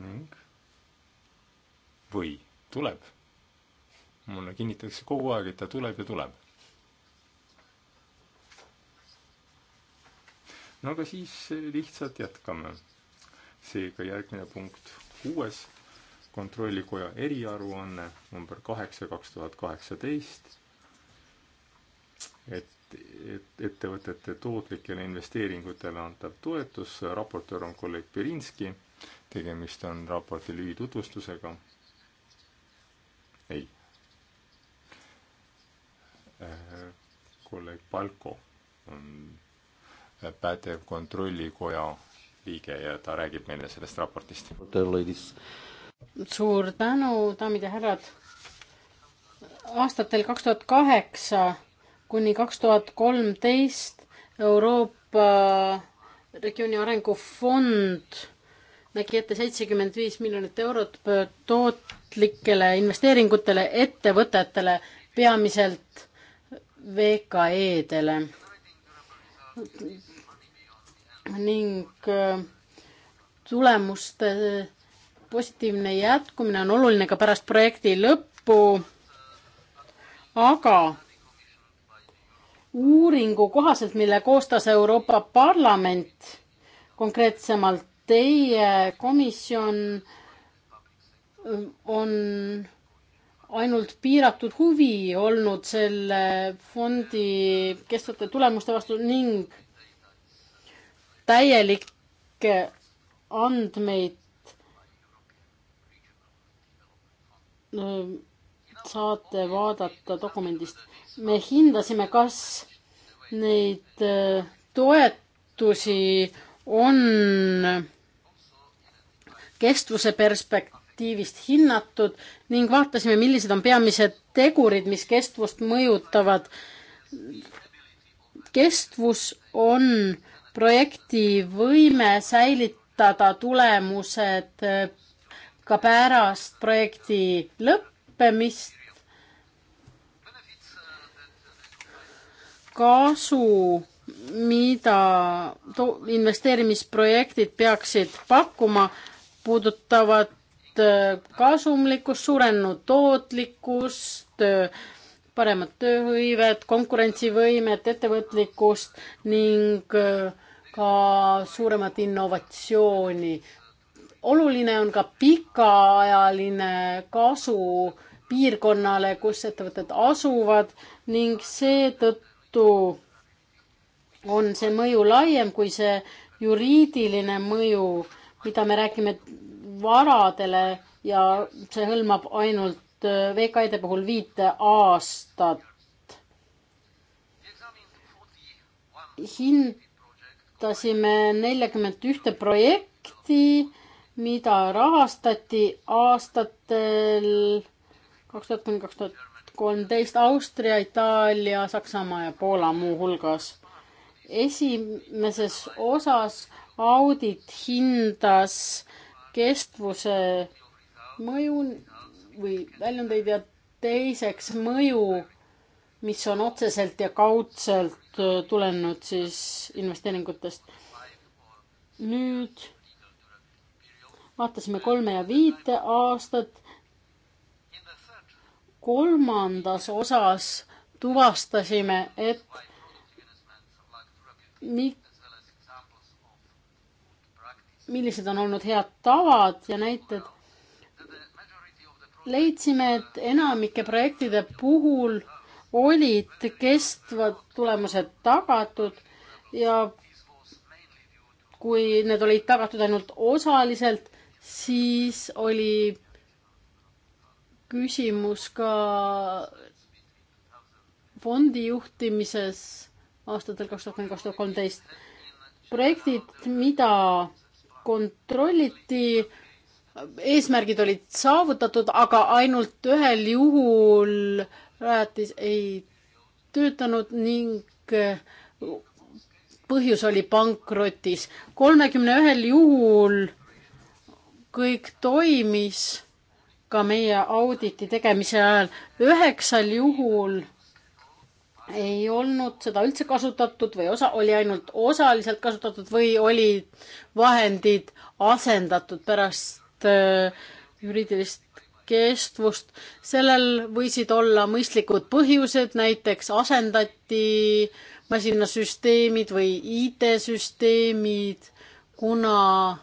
ning või tuleb. mulle kinnitatakse kogu aeg, et ta tuleb ja tuleb. no aga siis lihtsalt jätkame. seega järgmine punkt kuues, kontrollikoja eriaruanne number kaheksa, kaks tuhat kaheksateist. et et ettevõtete tootlikele investeeringutele antav toetus, raportöör on kolleeg Pirinski tegemist on raporti lühitutvustusega. ei. Äh, kolleeg Palko on pädev kontrollikoja liige ja ta räägib meile sellest raportist. suur tänu, daamid ja härrad. aastatel kaks tuhat kaheksa kuni kaks tuhat kolmteist Euroopa regiooni arengufond nägi ette seitsekümmend viis miljonit eurot tootlikele investeeringutele ettevõtetele, peamiselt VKE-dele. ning tulemuste positiivne jätkumine on oluline ka pärast projekti lõppu, aga uuringu kohaselt, mille koostas Euroopa Parlament konkreetsemalt teie komisjon ähm, on ainult piiratud huvi olnud selle fondi kestvate tulemuste vastu ning täielikke andmeid ähm, saate vaadata dokumendist. me hindasime, kas neid äh, toetusi on kestvuse perspektiivist hinnatud ning vaatasime, millised on peamised tegurid, mis kestvust mõjutavad. kestvus on projekti võime säilitada tulemused ka pärast projekti lõppemist. kasu, mida investeerimisprojektid peaksid pakkuma, puudutavad äh, kasumlikkust, suurenenud tootlikkust, äh, paremat tööhõivet, konkurentsivõimet, ettevõtlikkust ning äh, ka suuremat innovatsiooni. oluline on ka pikaajaline kasu piirkonnale, kus ettevõtted asuvad ning seetõttu on see mõju laiem kui see juriidiline mõju mida me räägime varadele ja see hõlmab ainult äh, VKD e puhul viite aastat. hindasime neljakümmet ühte projekti, mida rahastati aastatel kaks tuhat kuni kaks tuhat kolmteist Austria, Itaalia, Saksamaa ja Poola muuhulgas. esimeses osas audit hindas kestvuse mõju või väljundeid ja teiseks mõju, mis on otseselt ja kaudselt tulenenud siis investeeringutest. nüüd vaatasime kolme ja viite aastat. kolmandas osas tuvastasime, et millised on olnud head tavad ja näited. leidsime, et enamike projektide puhul olid kestvad tulemused tagatud ja kui need olid tagatud ainult osaliselt, siis oli küsimus ka fondi juhtimises aastatel kaks tuhat kolm, kaks tuhat kolmteist. projektid, mida kontrolliti, eesmärgid olid saavutatud, aga ainult ühel juhul rajatis ei töötanud ning põhjus oli pankrotis. kolmekümne ühel juhul kõik toimis ka meie auditi tegemise ajal. üheksal juhul ei olnud seda üldse kasutatud või osa, oli ainult osaliselt kasutatud või olid vahendid asendatud pärast äh, juriidilist kestvust. sellel võisid olla mõistlikud põhjused, näiteks asendati masinasüsteemid või IT-süsteemid, kuna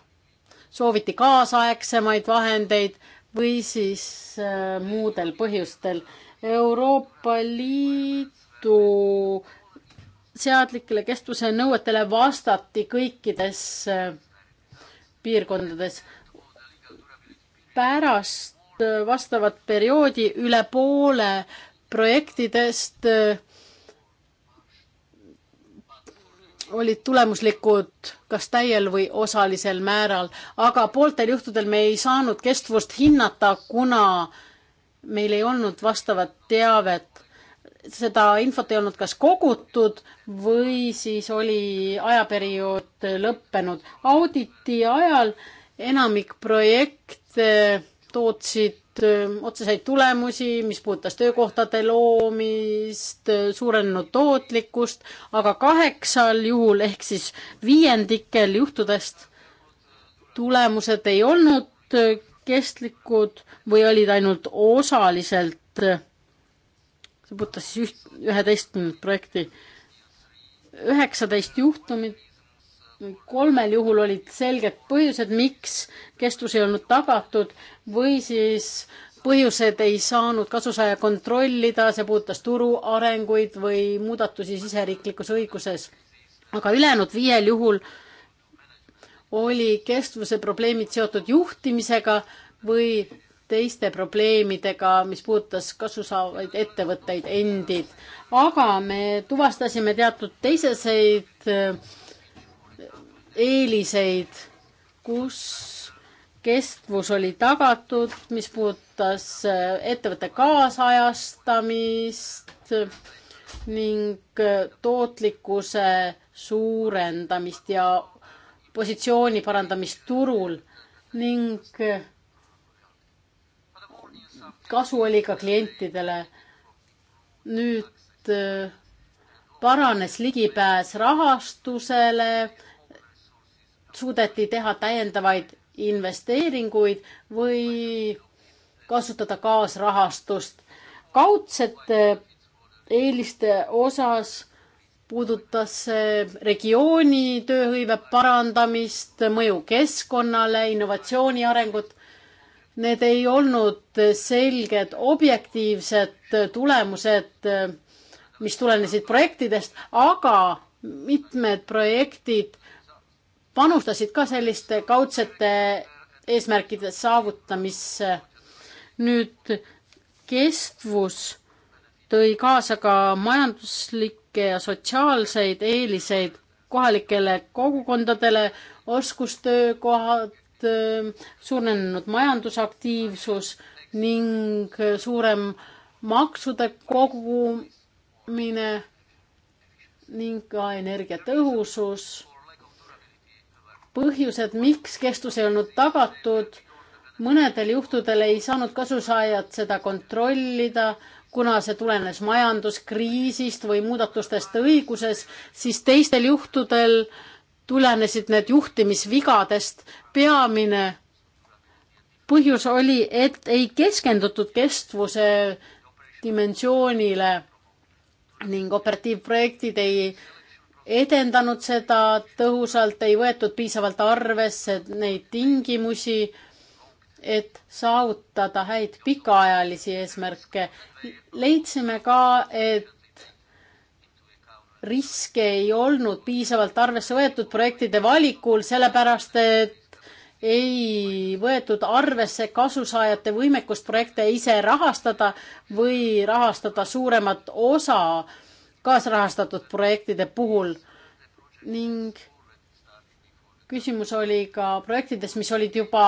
sooviti kaasaegsemaid vahendeid või siis äh, muudel põhjustel. Euroopa Liit vastu seadlikele kestvuse nõuetele vastati kõikides äh, piirkondades. pärast äh, vastavat perioodi üle poole projektidest äh, olid tulemuslikud kas täiel või osalisel määral, aga pooltel juhtudel me ei saanud kestvust hinnata, kuna meil ei olnud vastavat teavet seda infot ei olnud kas kogutud või siis oli ajaperiood lõppenud. auditi ajal enamik projekte tootsid otseseid tulemusi, mis puudutas töökohtade loomist, suurenenud tootlikkust, aga kaheksal juhul ehk siis viiendikel juhtudest tulemused ei olnud kestlikud või olid ainult osaliselt see puudutas siis üht, üheteistkümnendat projekti. üheksateist juhtumit, kolmel juhul olid selged põhjused, miks kestvus ei olnud tagatud või siis põhjused ei saanud kasusaaja kontrollida, see puudutas turu arenguid või muudatusi siseriiklikus õiguses. aga ülejäänud viiel juhul oli kestvuse probleemid seotud juhtimisega või teiste probleemidega, mis puudutas kasusaavaid ettevõtteid endid. aga me tuvastasime teatud teiseseid äh, eeliseid, kus kestvus oli tagatud, mis puudutas äh, ettevõtte kaasajastamist äh, ning tootlikkuse suurendamist ja positsiooni parandamist turul ning kasu oli ka klientidele. nüüd äh, paranes ligipääs rahastusele, suudeti teha täiendavaid investeeringuid või kasutada kaasrahastust. kaudsete eeliste osas puudutas see regiooni tööhõive parandamist, mõju keskkonnale, innovatsiooni arengut need ei olnud selged objektiivsed tulemused, mis tulenesid projektidest, aga mitmed projektid panustasid ka selliste kaudsete eesmärkide saavutamisse. nüüd kestvus tõi kaasa ka majanduslikke ja sotsiaalseid eeliseid kohalikele kogukondadele, oskustöökohad, Äh, suurenenud majandusaktiivsus ning äh, suurem maksude kogumine ning ka energiatõhusus. põhjused, miks kestus ei olnud tagatud, mõnedel juhtudel ei saanud kasusaajad seda kontrollida, kuna see tulenes majanduskriisist või muudatustest õiguses, siis teistel juhtudel äh, tulenesid need juhtimisvigadest. peamine põhjus oli, et ei keskendutud kestvuse dimensioonile ning operatiivprojektid ei edendanud seda tõhusalt, ei võetud piisavalt arvesse neid tingimusi, et saavutada häid pikaajalisi eesmärke. leidsime ka, et riske ei olnud piisavalt arvesse võetud projektide valikul, sellepärast et ei võetud arvesse kasusaajate võimekust projekte ise rahastada või rahastada suuremat osa kaasrahastatud projektide puhul ning küsimus oli ka projektides, mis olid juba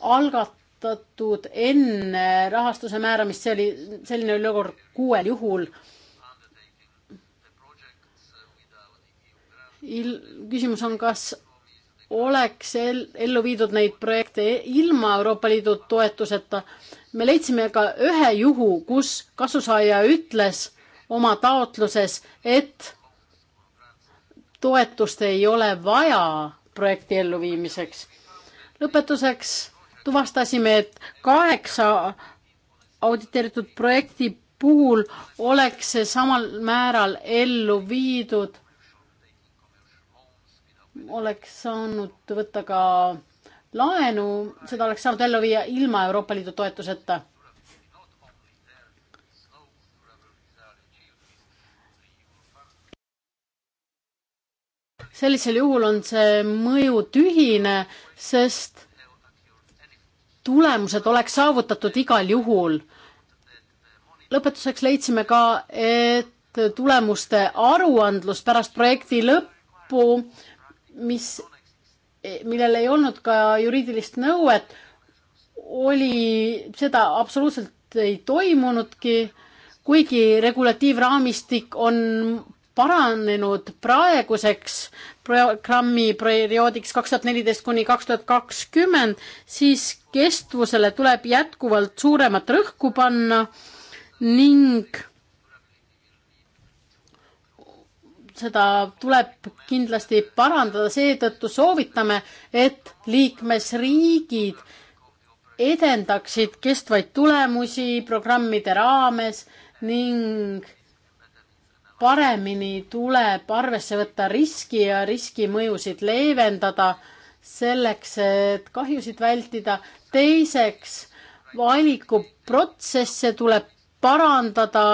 algatatud enne rahastuse määramist, see oli, selline oli olukord kuuel juhul il-, küsimus on, kas oleks el-, ellu viidud neid projekte ilma Euroopa Liidu toetuseta. me leidsime ka ühe juhu, kus kasusaaja ütles oma taotluses, et toetust ei ole vaja projekti elluviimiseks. lõpetuseks tuvastasime, et kaheksa auditeeritud projekti puhul oleks see samal määral ellu viidud oleks saanud võtta ka laenu, seda oleks saanud ellu viia ilma Euroopa Liidu toetuseta. sellisel juhul on see mõju tühine, sest tulemused oleks saavutatud igal juhul. lõpetuseks leidsime ka, et tulemuste aruandlus pärast projekti lõppu mis, millel ei olnud ka juriidilist nõuet, oli, seda absoluutselt ei toimunudki, kuigi regulatiivraamistik on paranenud praeguseks programmi perioodiks kaks tuhat neliteist kuni kaks tuhat kakskümmend, siis kestvusele tuleb jätkuvalt suuremat rõhku panna ning seda tuleb kindlasti parandada, seetõttu soovitame, et liikmesriigid edendaksid kestvaid tulemusi programmide raames ning paremini tuleb arvesse võtta riski ja riski mõjusid leevendada selleks, et kahjusid vältida. teiseks, valikuprotsesse tuleb parandada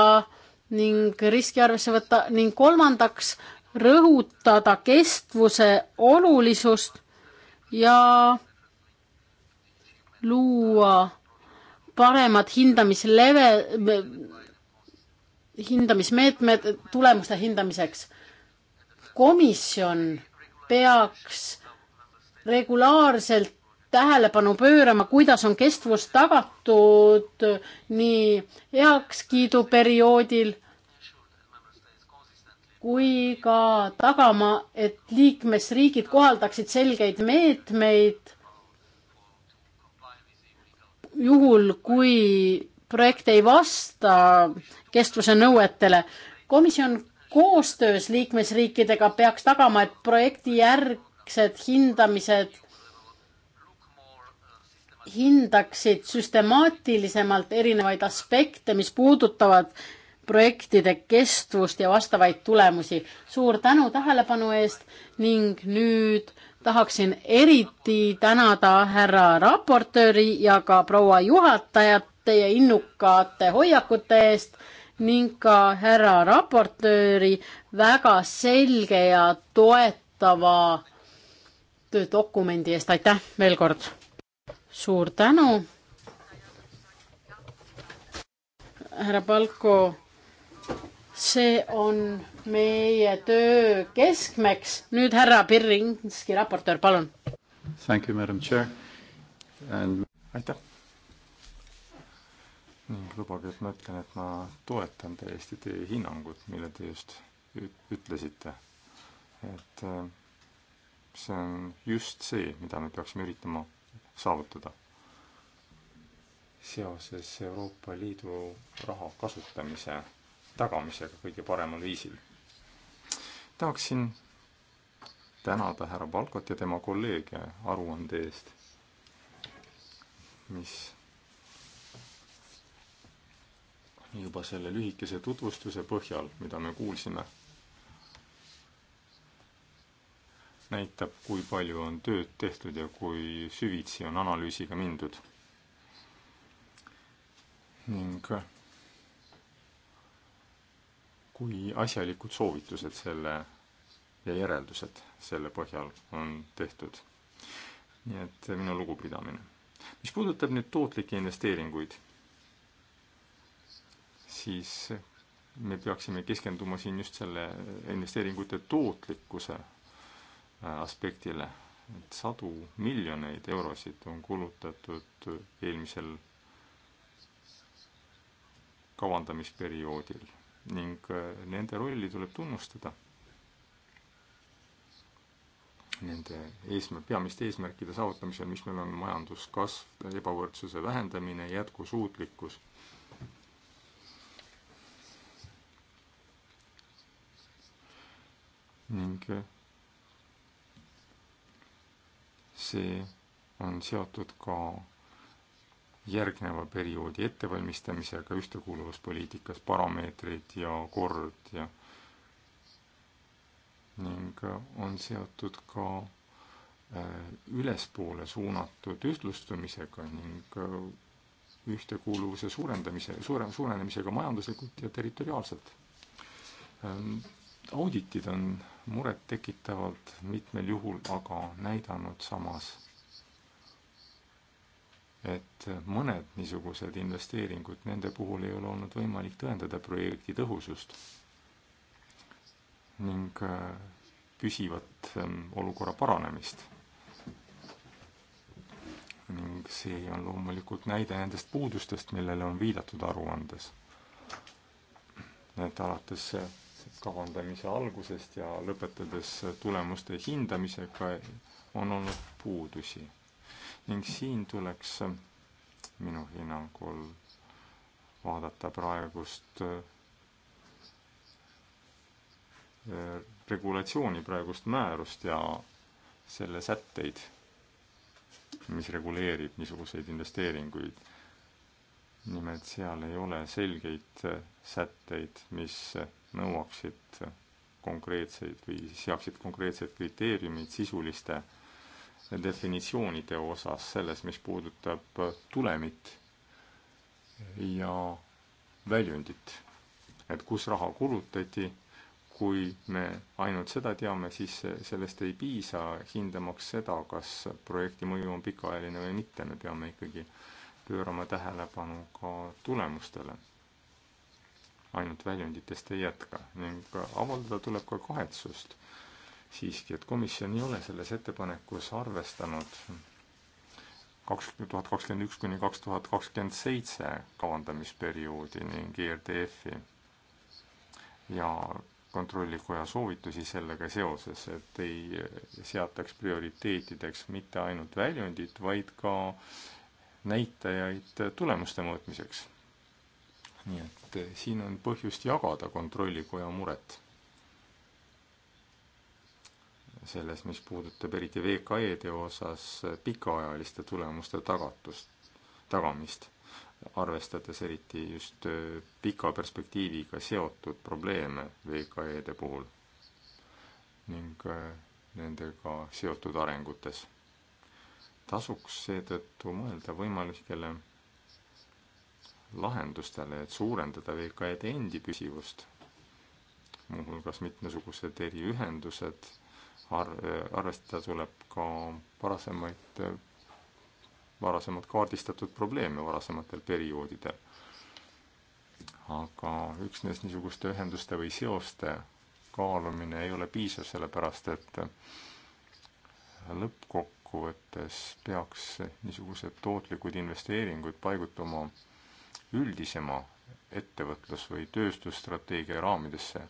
ning riski arvesse võtta ning kolmandaks rõhutada kestvuse olulisust ja luua paremad hindamisleve, hindamismeetmed tulemuste hindamiseks. komisjon peaks regulaarselt tähelepanu pöörama, kuidas on kestvus tagatud nii heakskiiduperioodil kui ka tagama, et liikmesriigid kohaldaksid selgeid meetmeid juhul, kui projekt ei vasta kestvuse nõuetele. komisjon koostöös liikmesriikidega peaks tagama, et projektijärgsed hindamised hindaksid süstemaatilisemalt erinevaid aspekte, mis puudutavad projektide kestvust ja vastavaid tulemusi. suur tänu tähelepanu eest ning nüüd tahaksin eriti tänada härra raportööri ja ka proua juhatajat teie innukate hoiakute eest ning ka härra raportööri väga selge ja toetava töödokumendi eest, aitäh veel kord! suur tänu. härra Palko, see on meie töö keskmeks. nüüd härra Pirinski, raportöör, palun. Thank you, madam chair And.... aitäh ning lubage, et ma ütlen, et ma toetan täiesti teie hinnangut, mille te just ütlesite. et äh, see on just see, mida me peaksime üritama saavutada seoses Euroopa Liidu raha kasutamise tagamisega kõige paremal viisil. tahaksin tänada härra Balkot ja tema kolleege aruande eest, mis juba selle lühikese tutvustuse põhjal, mida me kuulsime näitab, kui palju on tööd tehtud ja kui süvitsi on analüüsiga mindud. ning kui asjalikud soovitused selle ja järeldused selle põhjal on tehtud. nii et minu lugupidamine. mis puudutab nüüd tootlikke investeeringuid, siis me peaksime keskenduma siin just selle investeeringute tootlikkuse Äh, aspektile, et sadu miljoneid eurosid on kulutatud eelmisel kavandamisperioodil ning äh, nende rolli tuleb tunnustada. Nende eesmärk, peamiste eesmärkide saavutamisel, mis meil on majanduskasv, ebavõrdsuse vähendamine, jätkusuutlikkus ning äh, see on seotud ka järgneva perioodi ettevalmistamisega, ühtekuuluvuspoliitikas parameetrid ja kord ja ning on seotud ka äh, ülespoole suunatud ühtlustumisega ning äh, ühtekuuluvuse suurendamise, suurem, suurenemisega majanduslikult ja territoriaalselt. Ähm, auditid on murettekitavalt, mitmel juhul aga näidanud samas, et mõned niisugused investeeringud, nende puhul ei ole olnud võimalik tõendada projekti tõhusust ning äh, püsivat ähm, olukorra paranemist. ning see on loomulikult näide nendest puudustest, millele on viidatud aruandes. et alates äh, kavandamise algusest ja lõpetades tulemuste hindamisega on olnud puudusi. ning siin tuleks minu hinnangul vaadata praegust eh, regulatsiooni, praegust määrust ja selle sätteid, mis reguleerib niisuguseid investeeringuid. nimelt seal ei ole selgeid sätteid, mis nõuaksid konkreetseid või seaksid konkreetsed kriteeriumid sisuliste definitsioonide osas selles, mis puudutab tulemit ja väljundit. et kus raha kulutati, kui me ainult seda teame, siis sellest ei piisa, hindamaks seda, kas projekti mõju on pikaajaline või mitte, me peame ikkagi pöörama tähelepanu ka tulemustele ainult väljunditest ei jätka ning avaldada tuleb ka kahetsust siiski, et komisjon ei ole selles ettepanekus arvestanud kaks tuhat kakskümmend üks kuni kaks tuhat kakskümmend seitse kavandamisperioodi ning ERDF-i ja kontrollikoja soovitusi sellega seoses, et ei seataks prioriteetideks mitte ainult väljundit, vaid ka näitajaid tulemuste mõõtmiseks nii et eh, siin on põhjust jagada Kontrollikoja muret selles, mis puudutab eriti VKE-de osas eh, pikaajaliste tulemuste tagatust, tagamist, arvestades eriti just eh, pika perspektiiviga seotud probleeme VKE-de puhul ning nendega seotud arengutes. tasuks seetõttu mõelda võimalikele lahendustele, et suurendada VKE-de endi püsivust, muuhulgas mitmesugused eriühendused, ar-, arvestada tuleb ka varasemaid, varasemalt kaardistatud probleeme varasematel perioodidel. aga üksnes niisuguste ühenduste või seoste kaalumine ei ole piisav, sellepärast et lõppkokkuvõttes peaks niisugused tootlikud investeeringud paigutuma üldisema ettevõtlus- või tööstusstrateegia raamidesse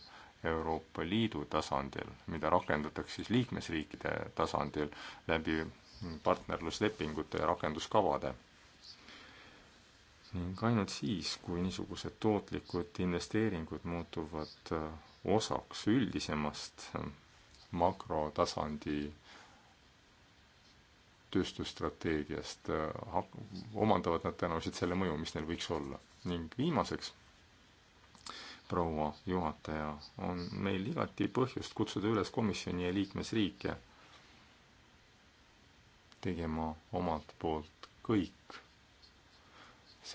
Euroopa Liidu tasandil, mida rakendatakse siis liikmesriikide tasandil läbi partnerluslepingute ja rakenduskavade. ning ainult siis, kui niisugused tootlikud investeeringud muutuvad äh, osaks üldisemast äh, makrotasandi tööstusstrateegiast, äh, omandavad nad tõenäoliselt selle mõju, mis neil võiks olla. ning viimaseks, proua juhataja, on meil igati põhjust kutsuda üles komisjoni ja liikmesriike tegema omalt poolt kõik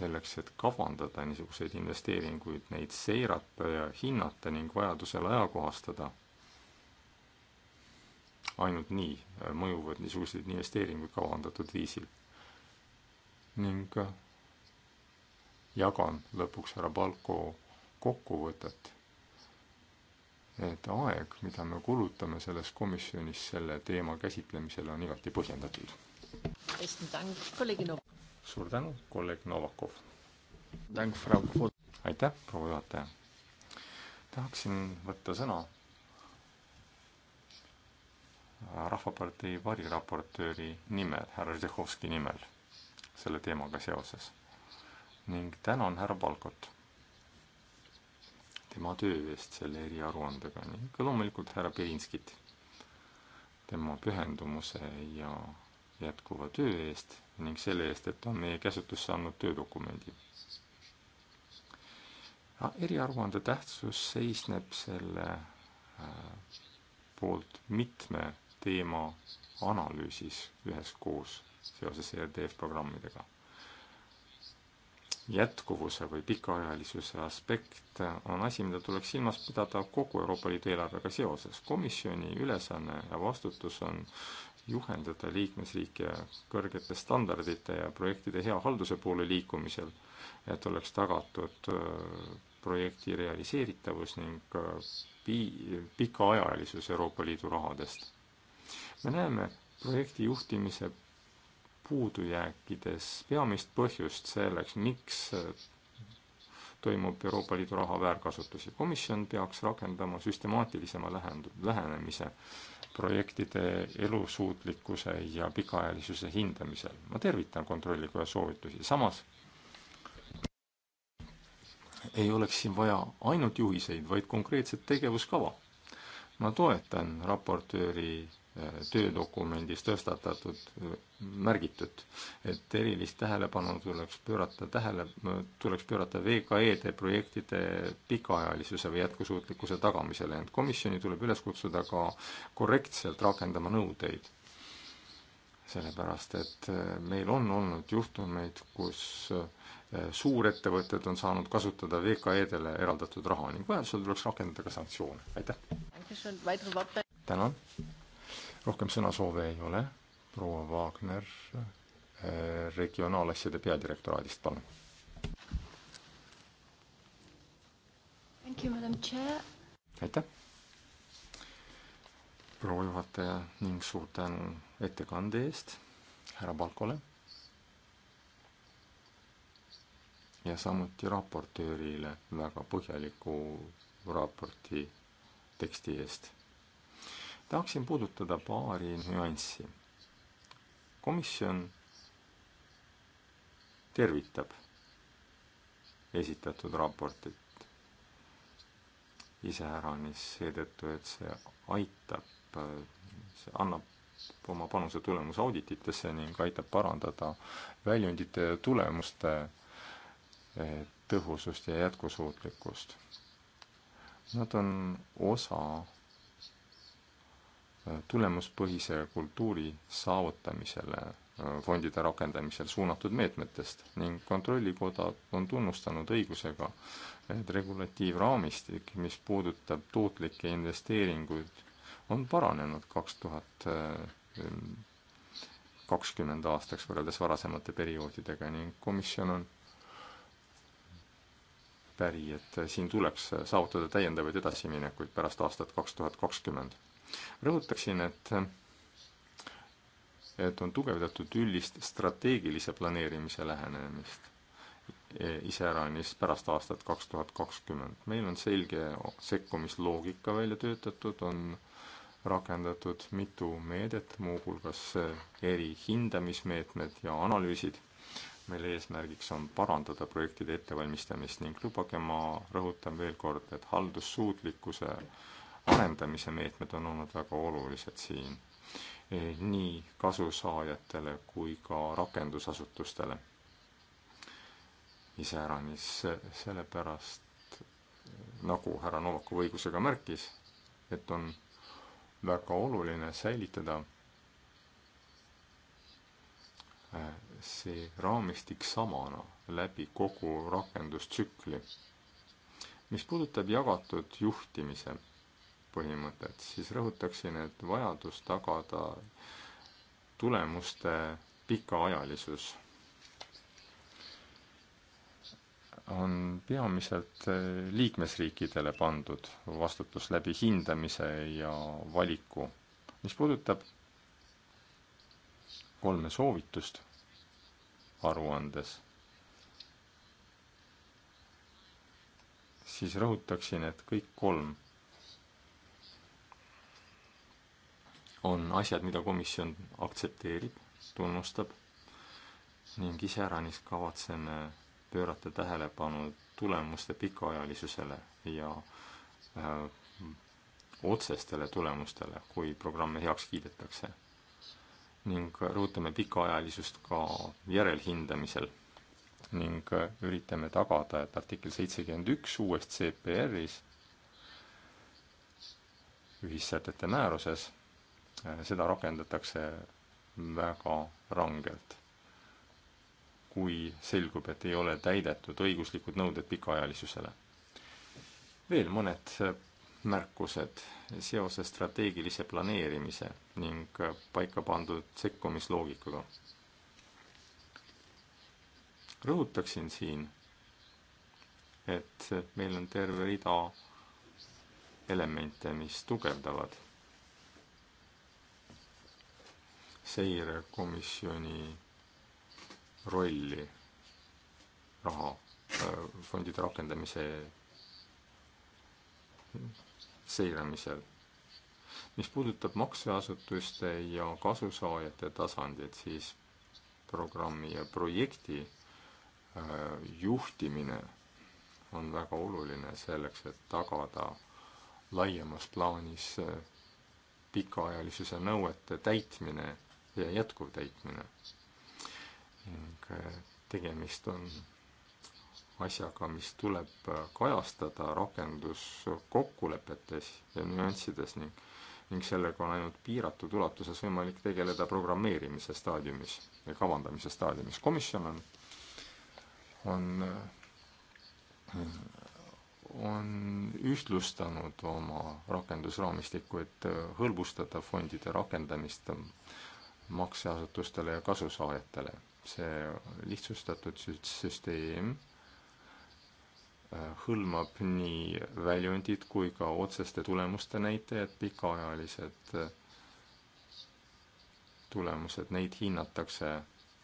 selleks, et kavandada niisuguseid investeeringuid, neid seirata ja hinnata ning vajadusel ajakohastada ainult nii äh, mõjuvad niisugused investeeringud kavandatud viisil. ning äh, jagan lõpuks härra Palko kokkuvõtet, et aeg, mida me kulutame selles komisjonis selle teema käsitlemisele, on igati põhjendatud. suur tänu, kolleeg Novakov. aitäh, proua juhataja. tahaksin võtta sõna Rahvapartei variraportööri nimel, härra Ždehovski nimel selle teemaga seoses. ning tänan härra Balkot tema töö eest selle eriaruandega ning ka loomulikult härra Pirinskit tema pühendumuse ja jätkuva töö eest ning selle eest, et ta on meie käsutusse andnud töödokumendi. eriaruande tähtsus seisneb selle äh, poolt mitme teema analüüsis üheskoos seoses ERDF programmidega. jätkuvuse või pikaajalisuse aspekt on asi, mida tuleks silmas pidada kogu Euroopa Liidu eelarvega seoses. komisjoni ülesanne ja vastutus on juhendada liikmesriike kõrgete standardite ja projektide hea halduse poole liikumisel, et oleks tagatud äh, projekti realiseeritavus ning äh, pi-, pikaajalisus Euroopa Liidu rahadest me näeme projekti juhtimise puudujääkides peamist põhjust selleks, miks toimub Euroopa Liidu raha väärkasutusi. komisjon peaks rakendama süstemaatilisema lähend-, lähenemise projektide elusuutlikkuse ja pikaajalisuse hindamisel. ma tervitan Kontrollikoja soovitusi, samas ei oleks siin vaja ainult juhiseid, vaid konkreetset tegevuskava. ma toetan raportööri töödokumendis tõstatatud, märgitud, et erilist tähelepanu tuleks pöörata tähele, tuleks pöörata VKE-de projektide pikaajalisuse või jätkusuutlikkuse tagamisele, ent komisjoni tuleb üles kutsuda ka korrektselt rakendama nõudeid. sellepärast, et äh, meil on olnud juhtumeid, kus äh, suurettevõtted on saanud kasutada VKE-dele eraldatud raha ning vajadusel tuleks rakendada ka sanktsioone, aitäh! tänan! rohkem sõnasoove ei ole. proua Wagner eh, regionaalasjade peadirektoraadist, palun. aitäh, proua juhataja ning suur tänu ettekande eest härra Balkole. ja samuti raportöörile väga põhjaliku raporti teksti eest tahaksin puudutada paari nüanssi. komisjon tervitab esitatud raportit iseäranis seetõttu, et see aitab, see annab oma panuse tulemusaudititesse ning aitab parandada väljundite tulemuste eh, tõhusust ja jätkusuutlikkust. Nad on osa tulemuspõhise kultuuri saavutamisele äh, fondide rakendamisel suunatud meetmetest ning Kontrollikoda on tunnustanud õigusega, et regulatiivraamistik, mis puudutab tootlikke investeeringuid, on paranenud kaks tuhat äh, kakskümmend aastaks võrreldes varasemate perioodidega ning komisjon on päri, et äh, siin tuleks saavutada täiendavaid edasiminekuid pärast aastat kaks tuhat kakskümmend rõhutaksin, et et on tugevdatud üldist strateegilise planeerimise lähenemist, e, iseäranis pärast aastat kaks tuhat kakskümmend. meil on selge sekkumisloogika välja töötatud, on rakendatud mitu meedet, muuhulgas erihindamismeetmed ja analüüsid, mille eesmärgiks on parandada projektide ettevalmistamist ning lubage, ma rõhutan veel kord, et haldussuutlikkuse äh, parendamise meetmed on olnud väga olulised siin eh, nii kasusaajatele kui ka rakendusasutustele. iseäranis eh, sellepärast, eh, nagu härra Novakov õigusega märkis, et on väga oluline säilitada see raamistik samana läbi kogu rakendustsükli. mis puudutab jagatud juhtimise põhimõtet, siis rõhutaksin, et vajadus tagada tulemuste pikaajalisus on peamiselt liikmesriikidele pandud vastutus läbi hindamise ja valiku. mis puudutab kolme soovitust aruandes, siis rõhutaksin, et kõik kolm on asjad, mida komisjon aktsepteerib, tunnustab ning iseäranis kavatseme pöörata tähelepanu tulemuste pikaajalisusele ja öö, äh, otsestele tulemustele, kui programme heaks kiidetakse. ning rõhutame pikaajalisust ka järelhindamisel ning äh, üritame tagada, et artikkel seitsekümmend üks uues CPR-is, ühissätete määruses Äh, seda rakendatakse väga rangelt. kui selgub, et ei ole täidetud õiguslikud nõuded pikaajalisusele. veel mõned äh, märkused seoses strateegilise planeerimise ning äh, paika pandud sekkumisloogikaga. rõhutaksin siin, et meil on terve rida elemente, mis tugevdavad seirekomisjoni rolli raha äh, fondide rakendamise seiramisel. mis puudutab makseasutuste ja kasusaajate tasandit, siis programmi ja projekti äh, juhtimine on väga oluline selleks, et tagada laiemas plaanis äh, pikaajalisuse nõuete täitmine ja jätkuv täitmine. ning äh, tegemist on asjaga, mis tuleb äh, kajastada rakenduskokkulepetes ja nüanssides ning, ning sellega on ainult piiratud ulatuses võimalik tegeleda programmeerimise staadiumis ja kavandamise staadiumis. komisjon on, on, on ühtlustanud oma rakendusraamistikku, et äh, hõlbustada fondide rakendamist makseasutustele ja kasusaajatele. see lihtsustatud süsteem äh, hõlmab nii väljundid kui ka otseste tulemuste näitajad, pikaajalised äh, tulemused, neid hinnatakse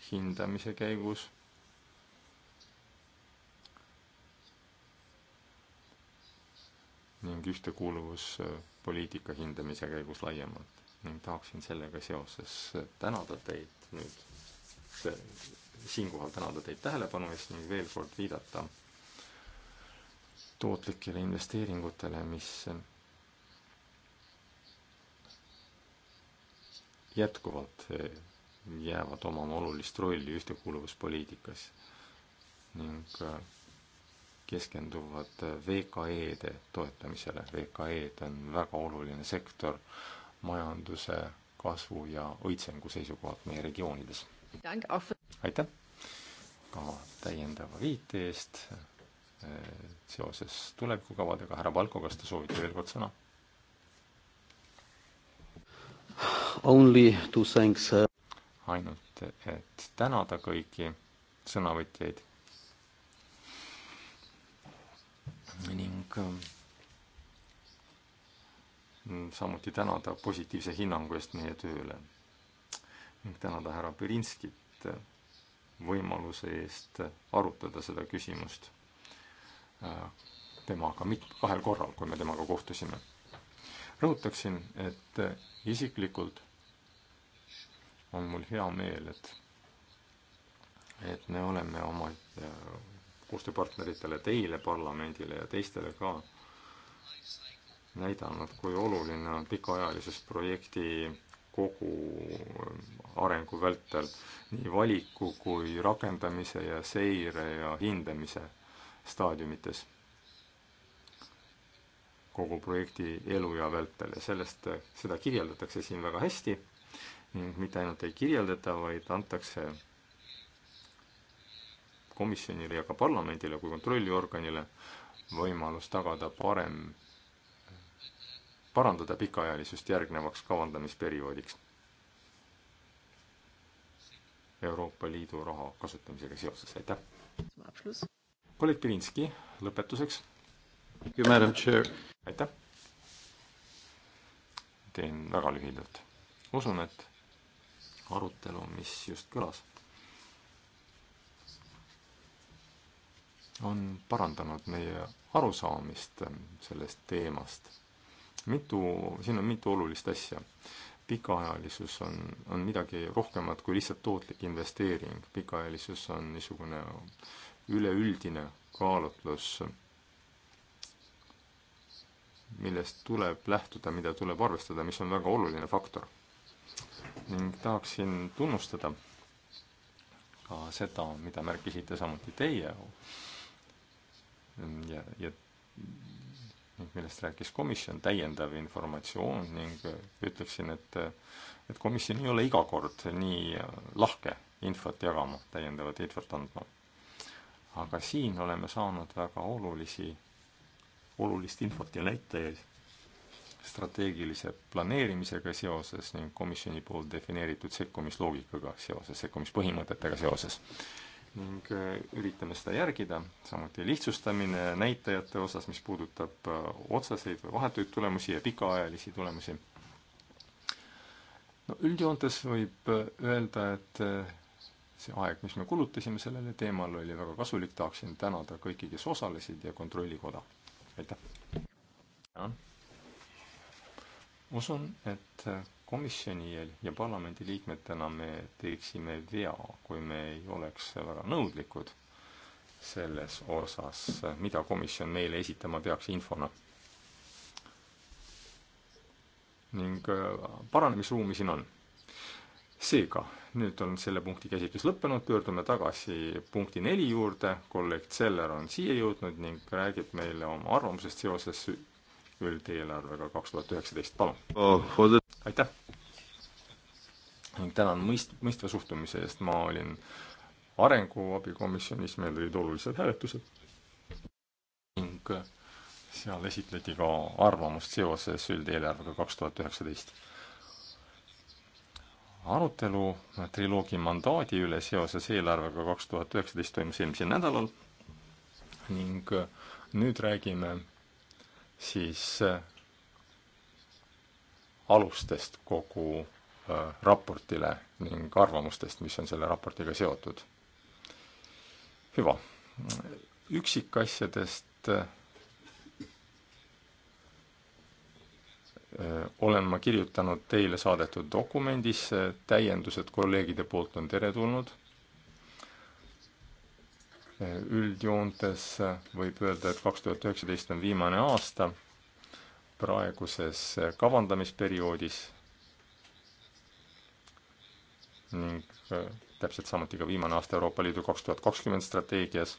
hindamise käigus ning ühtekuuluvuspoliitika äh, hindamise käigus laiemalt ning tahaksin sellega seoses tänada teid nüüd, siinkohal tänada teid tähelepanu eest ning veel kord viidata tootlikele investeeringutele, mis jätkuvalt jäävad omama olulist rolli ühtekuuluvuspoliitikas ning keskenduvad VKE-de toetamisele. VKE-d on väga oluline sektor majanduse kasvu ja õitsengu seisukohalt meie regioonides. aitäh ka täiendava viite eest eh, seoses tulevikukavadega. härra Valko, kas te soovite veel kord sõna? Only two thanks. ainult, et tänada kõiki sõnavõtjaid ning Mm, samuti tänada positiivse hinnangu eest meie tööle ning tänada härra Pirinskit äh, võimaluse eest äh, arutada seda küsimust äh, temaga mit-, kahel korral, kui me temaga kohtusime. rõhutaksin, et isiklikult on mul hea meel, et et me oleme oma koostööpartneritele, teile, parlamendile ja teistele ka näidanud, kui oluline on pikaajalises projekti kogu äh, arengu vältel nii valiku kui rakendamise ja seire ja hindamise staadiumites kogu projekti eluea vältel ja sellest, äh, seda kirjeldatakse siin väga hästi ning mitte ainult ei kirjeldata, vaid antakse komisjonile ja ka parlamendile kui kontrolliorganile võimalus tagada parem parandada pikaajalisust järgnevaks kavandamisperioodiks Euroopa Liidu raha kasutamisega seoses, aitäh! kolleeg Pirinski, lõpetuseks. aitäh! teen väga lühidalt. usun, et arutelu, mis just kõlas, on parandanud meie arusaamist sellest teemast mitu, siin on mitu olulist asja. pikaajalisus on, on midagi rohkemat kui lihtsalt tootlik investeering, pikaajalisus on niisugune üleüldine kaalutlus, millest tuleb lähtuda, mida tuleb arvestada, mis on väga oluline faktor. ning tahaksin tunnustada ka seda, mida märkisite samuti teie ja, ja millest rääkis komisjon, täiendav informatsioon ning ütleksin, et et komisjon ei ole iga kord nii lahke infot jagama, täiendavat infot andma. aga siin oleme saanud väga olulisi, olulist infot ja näitajaid strateegilise planeerimisega seoses ning komisjoni poolt defineeritud sekkumisloogikaga seoses, sekkumispõhimõtetega seoses ning äh, üritame seda järgida, samuti lihtsustamine näitajate osas, mis puudutab äh, otseseid või vahetuid tulemusi ja pikaajalisi tulemusi. no üldjoontes võib äh, öelda, et see aeg, mis me kulutasime sellele teemale, oli väga kasulik, tahaksin tänada kõiki, kes osalesid ja Kontrollikoda. aitäh! usun, et komisjoni ja parlamendi liikmetena me teeksime vea, kui me ei oleks väga nõudlikud selles osas, mida komisjon meile esitama peaks infona. ning äh, paranemisruumi siin on. seega, nüüd on selle punkti käsitlus lõppenud, pöördume tagasi punkti neli juurde, kolleeg Zeller on siia jõudnud ning räägib meile oma arvamusest seoses üldeelarvega kaks tuhat üheksateist, palun! Oh, aitäh! ning tänan mõist-, mõistva suhtumise eest, ma olin arenguabikomisjonis, meil olid olulised hääletused ning seal esitleti ka arvamust seoses üldeelarvega kaks tuhat üheksateist. arutelu triloogi mandaadi üle seoses eelarvega kaks tuhat üheksateist toimus eelmisel nädalal ning nüüd räägime siis äh, alustest kogu äh, raportile ning arvamustest, mis on selle raportiga seotud. hüva, üksikasjadest äh, olen ma kirjutanud teile saadetud dokumendis, täiendused kolleegide poolt on teretulnud üldjoontes võib öelda, et kaks tuhat üheksateist on viimane aasta praeguses kavandamisperioodis ning äh, täpselt samuti ka viimane aasta Euroopa Liidu kaks tuhat kakskümmend strateegias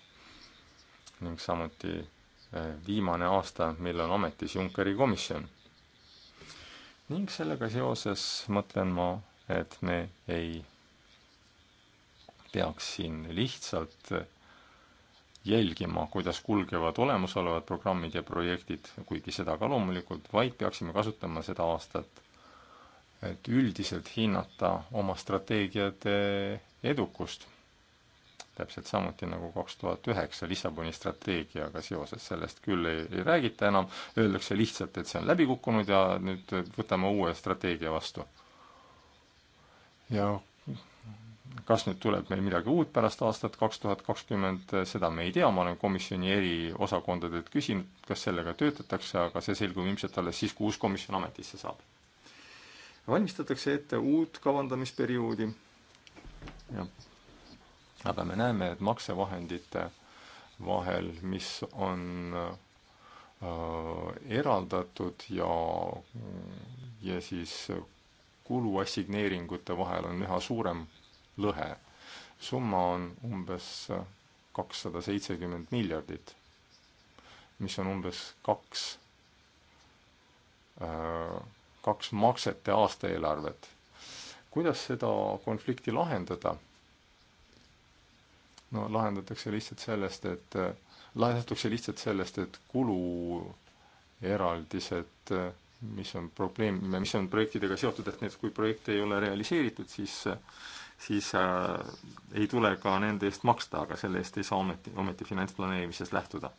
ning samuti äh, viimane aasta, mil on ametis Junckeri komisjon. ning sellega seoses mõtlen ma, et me ei peaks siin lihtsalt jälgima, kuidas kulgevad olemasolevad programmid ja projektid, kuigi seda ka loomulikult, vaid peaksime kasutama seda aastat, et üldiselt hinnata oma strateegiate edukust. täpselt samuti nagu kaks tuhat üheksa Lissaboni strateegiaga seoses, sellest küll ei, ei räägita enam, öeldakse lihtsalt, et see on läbi kukkunud ja nüüd võtame uue strateegia vastu. ja kas nüüd tuleb meil midagi uut pärast aastat kaks tuhat kakskümmend, seda me ei tea, ma olen komisjoni eri osakondadelt küsinud, kas sellega töötatakse, aga see selgub ilmselt alles siis, kui uus komisjon ametisse saab. valmistatakse ette uut kavandamisperioodi. aga me näeme, et maksevahendite vahel, mis on äh, eraldatud ja, ja siis kuluassigneeringute vahel on üha suurem lõhe. summa on umbes kakssada seitsekümmend miljardit, mis on umbes kaks, äh, kaks maksete aastaeelarvet. kuidas seda konflikti lahendada? no lahendatakse lihtsalt sellest, et, lahendatakse lihtsalt sellest, et kulueraldised, mis on probleem, mis on projektidega seotud, et need, kui projekte ei ole realiseeritud, siis äh, siis äh, ei tule ka nende eest maksta, aga selle eest ei saa ometi, ometi finantsplaneerimises lähtuda.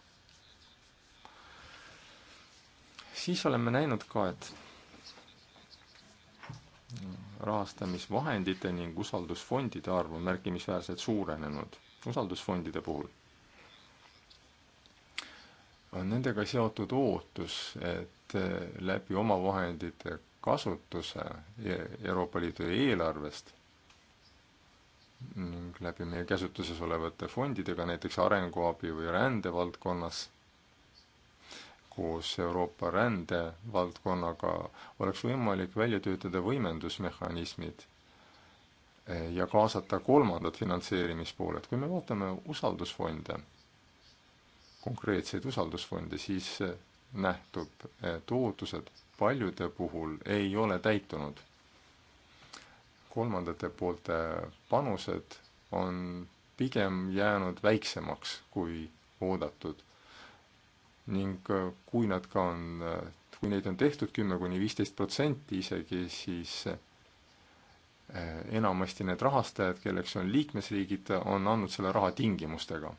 siis oleme näinud ka, et rahastamisvahendite ning usaldusfondide arv on märkimisväärselt suurenenud usaldusfondide puhul on nendega seotud ootus, et äh, läbi omavahendite kasutuse Euroopa Liidu eelarvest ning läbi meie käsutuses olevate fondidega, näiteks arenguabi või rändevaldkonnas, koos Euroopa rändevaldkonnaga oleks võimalik välja töötada võimendusmehhanismid eh, ja kaasata kolmandad finantseerimispooled. kui me vaatame usaldusfonde, konkreetseid usaldusfonde, siis eh, nähtub, et ootused paljude puhul ei ole täitunud kolmandate poolte panused on pigem jäänud väiksemaks kui oodatud. ning äh, kui nad ka on, äh, kui neid on tehtud kümme kuni viisteist protsenti isegi, siis äh, enamasti need rahastajad, kelleks on liikmesriigid, on andnud selle raha tingimustega.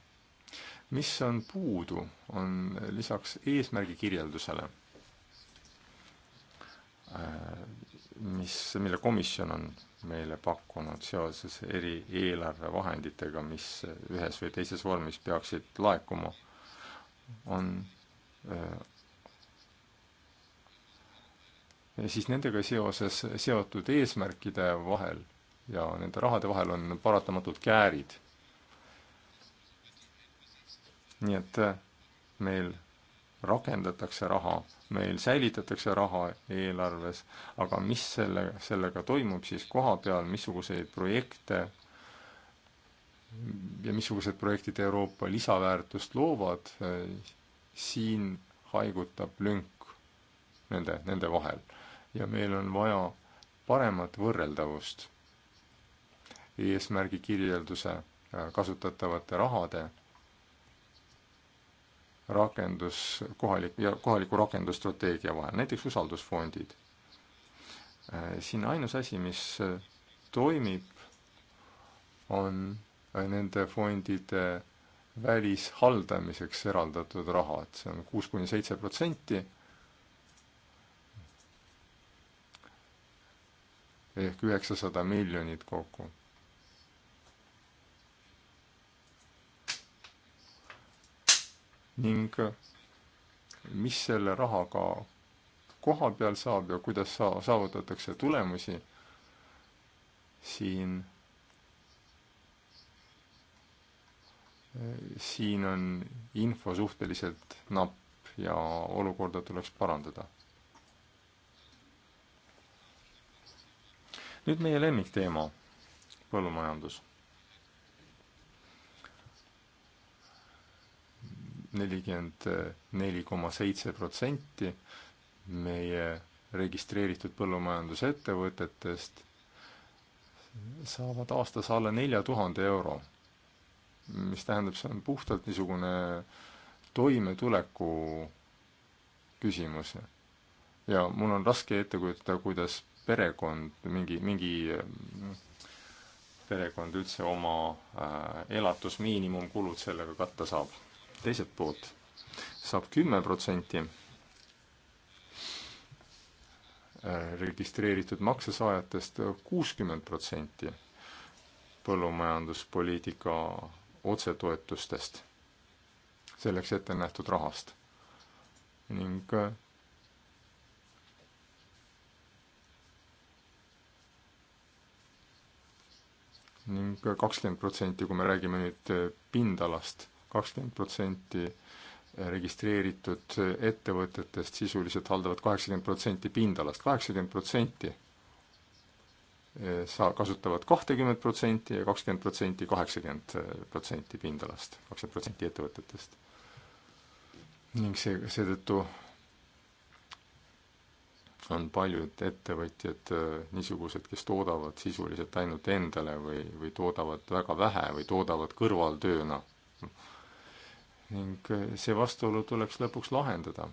mis on puudu, on lisaks eesmärgi kirjeldusele mis, mille komisjon on meile pakkunud seoses eri eelarvevahenditega, mis ühes või teises vormis peaksid laekuma, on ja siis nendega seoses seotud eesmärkide vahel ja nende rahade vahel on paratamatud käärid. nii et äh, meil rakendatakse raha meil säilitatakse raha eelarves, aga mis selle, sellega toimub siis koha peal, missuguseid projekte ja missugused projektid Euroopa lisaväärtust loovad, siin haigutab lünk nende, nende vahel. ja meil on vaja paremat võrreldavust eesmärgi kirjelduse äh, kasutatavate rahade rakendus, kohalik ja kohaliku rakendusstrateegia vahel, näiteks usaldusfondid. siin ainus asi, mis toimib, on nende fondide välishaldamiseks eraldatud raha, et see on kuus kuni seitse protsenti. ehk üheksasada miljonit kokku ning äh, mis selle rahaga koha peal saab ja kuidas saa-, saavutatakse tulemusi, siin, äh, siin on info suhteliselt napp ja olukorda tuleks parandada. nüüd meie lemmikteema, põllumajandus nelikümmend neli koma seitse protsenti meie registreeritud põllumajandusettevõtetest saavad aastas alla nelja tuhande euro. mis tähendab, see on puhtalt niisugune toimetuleku küsimus. ja mul on raske ette kujutada, kuidas perekond, mingi, mingi perekond üldse oma äh, elatusmiinimumkulud sellega katta saab teiselt poolt saab kümme protsenti äh, registreeritud maksesaajatest kuuskümmend protsenti põllumajanduspoliitika otsetoetustest, selleks ette nähtud rahast. ning äh, ning äh, kakskümmend protsenti, kui me räägime nüüd pindalast kakskümmend protsenti registreeritud ettevõtetest sisuliselt haldavad kaheksakümmend protsenti pindalast, kaheksakümmend protsenti eh, sa-, kasutavad kahtekümmet protsenti ja kakskümmend protsenti kaheksakümmend protsenti pindalast, kakskümmend protsenti ettevõtetest. ning see, seetõttu on paljud ettevõtjad eh, niisugused, kes toodavad sisuliselt ainult endale või, või toodavad väga vähe või toodavad kõrvaltööna ning äh, see vastuolu tuleks lõpuks lahendada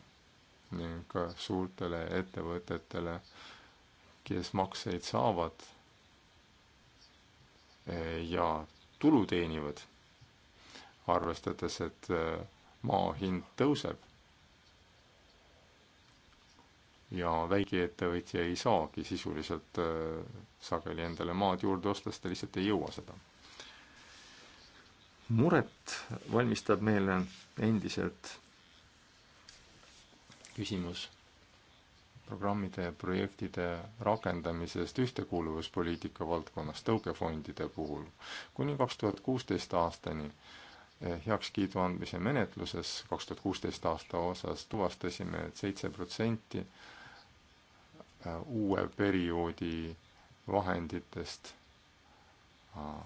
ning äh, suurtele ettevõtetele, kes makseid saavad äh, ja tulu teenivad, arvestades, et maa hind tõuseb ja väikeettevõtja ei saagi sisuliselt sageli endale maad juurde osta, sest ta lihtsalt ei jõua seda muret valmistab meile endiselt küsimus programmide ja projektide rakendamisest ühtekuuluvuspoliitika valdkonnas tõukefondide puhul. kuni kaks tuhat kuusteist aastani eh, heakskiidu andmise menetluses, kaks tuhat kuusteist aasta osas tuvastasime et, et seitse protsenti eh, uue perioodi vahenditest ah,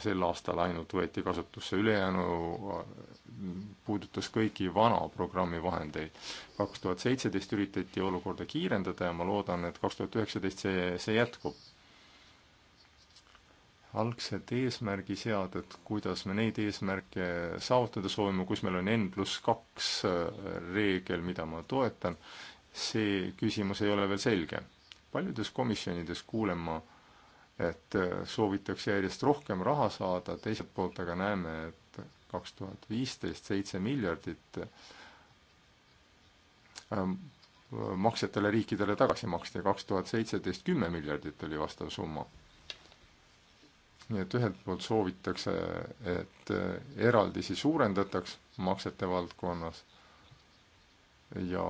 sel aastal ainult võeti kasutusse, ülejäänu äh, puudutas kõiki vana programmi vahendeid. kaks tuhat seitseteist üritati olukorda kiirendada ja ma loodan, et kaks tuhat üheksateist see, see jätkub. algsed eesmärgi seaded, kuidas me neid eesmärke saavutada soovime, kus meil on N pluss kaks äh, reegel, mida ma toetan, see küsimus ei ole veel selge. paljudes komisjonides kuulen ma et äh, soovitakse järjest rohkem raha saada, teiselt poolt aga näeme, et kaks tuhat viisteist seitse miljardit ähm, maksjatele riikidele tagasi maksti ja kaks tuhat seitseteist kümme miljardit oli vastav summa. nii et ühelt poolt soovitakse, et äh, eraldisi suurendataks maksete valdkonnas ja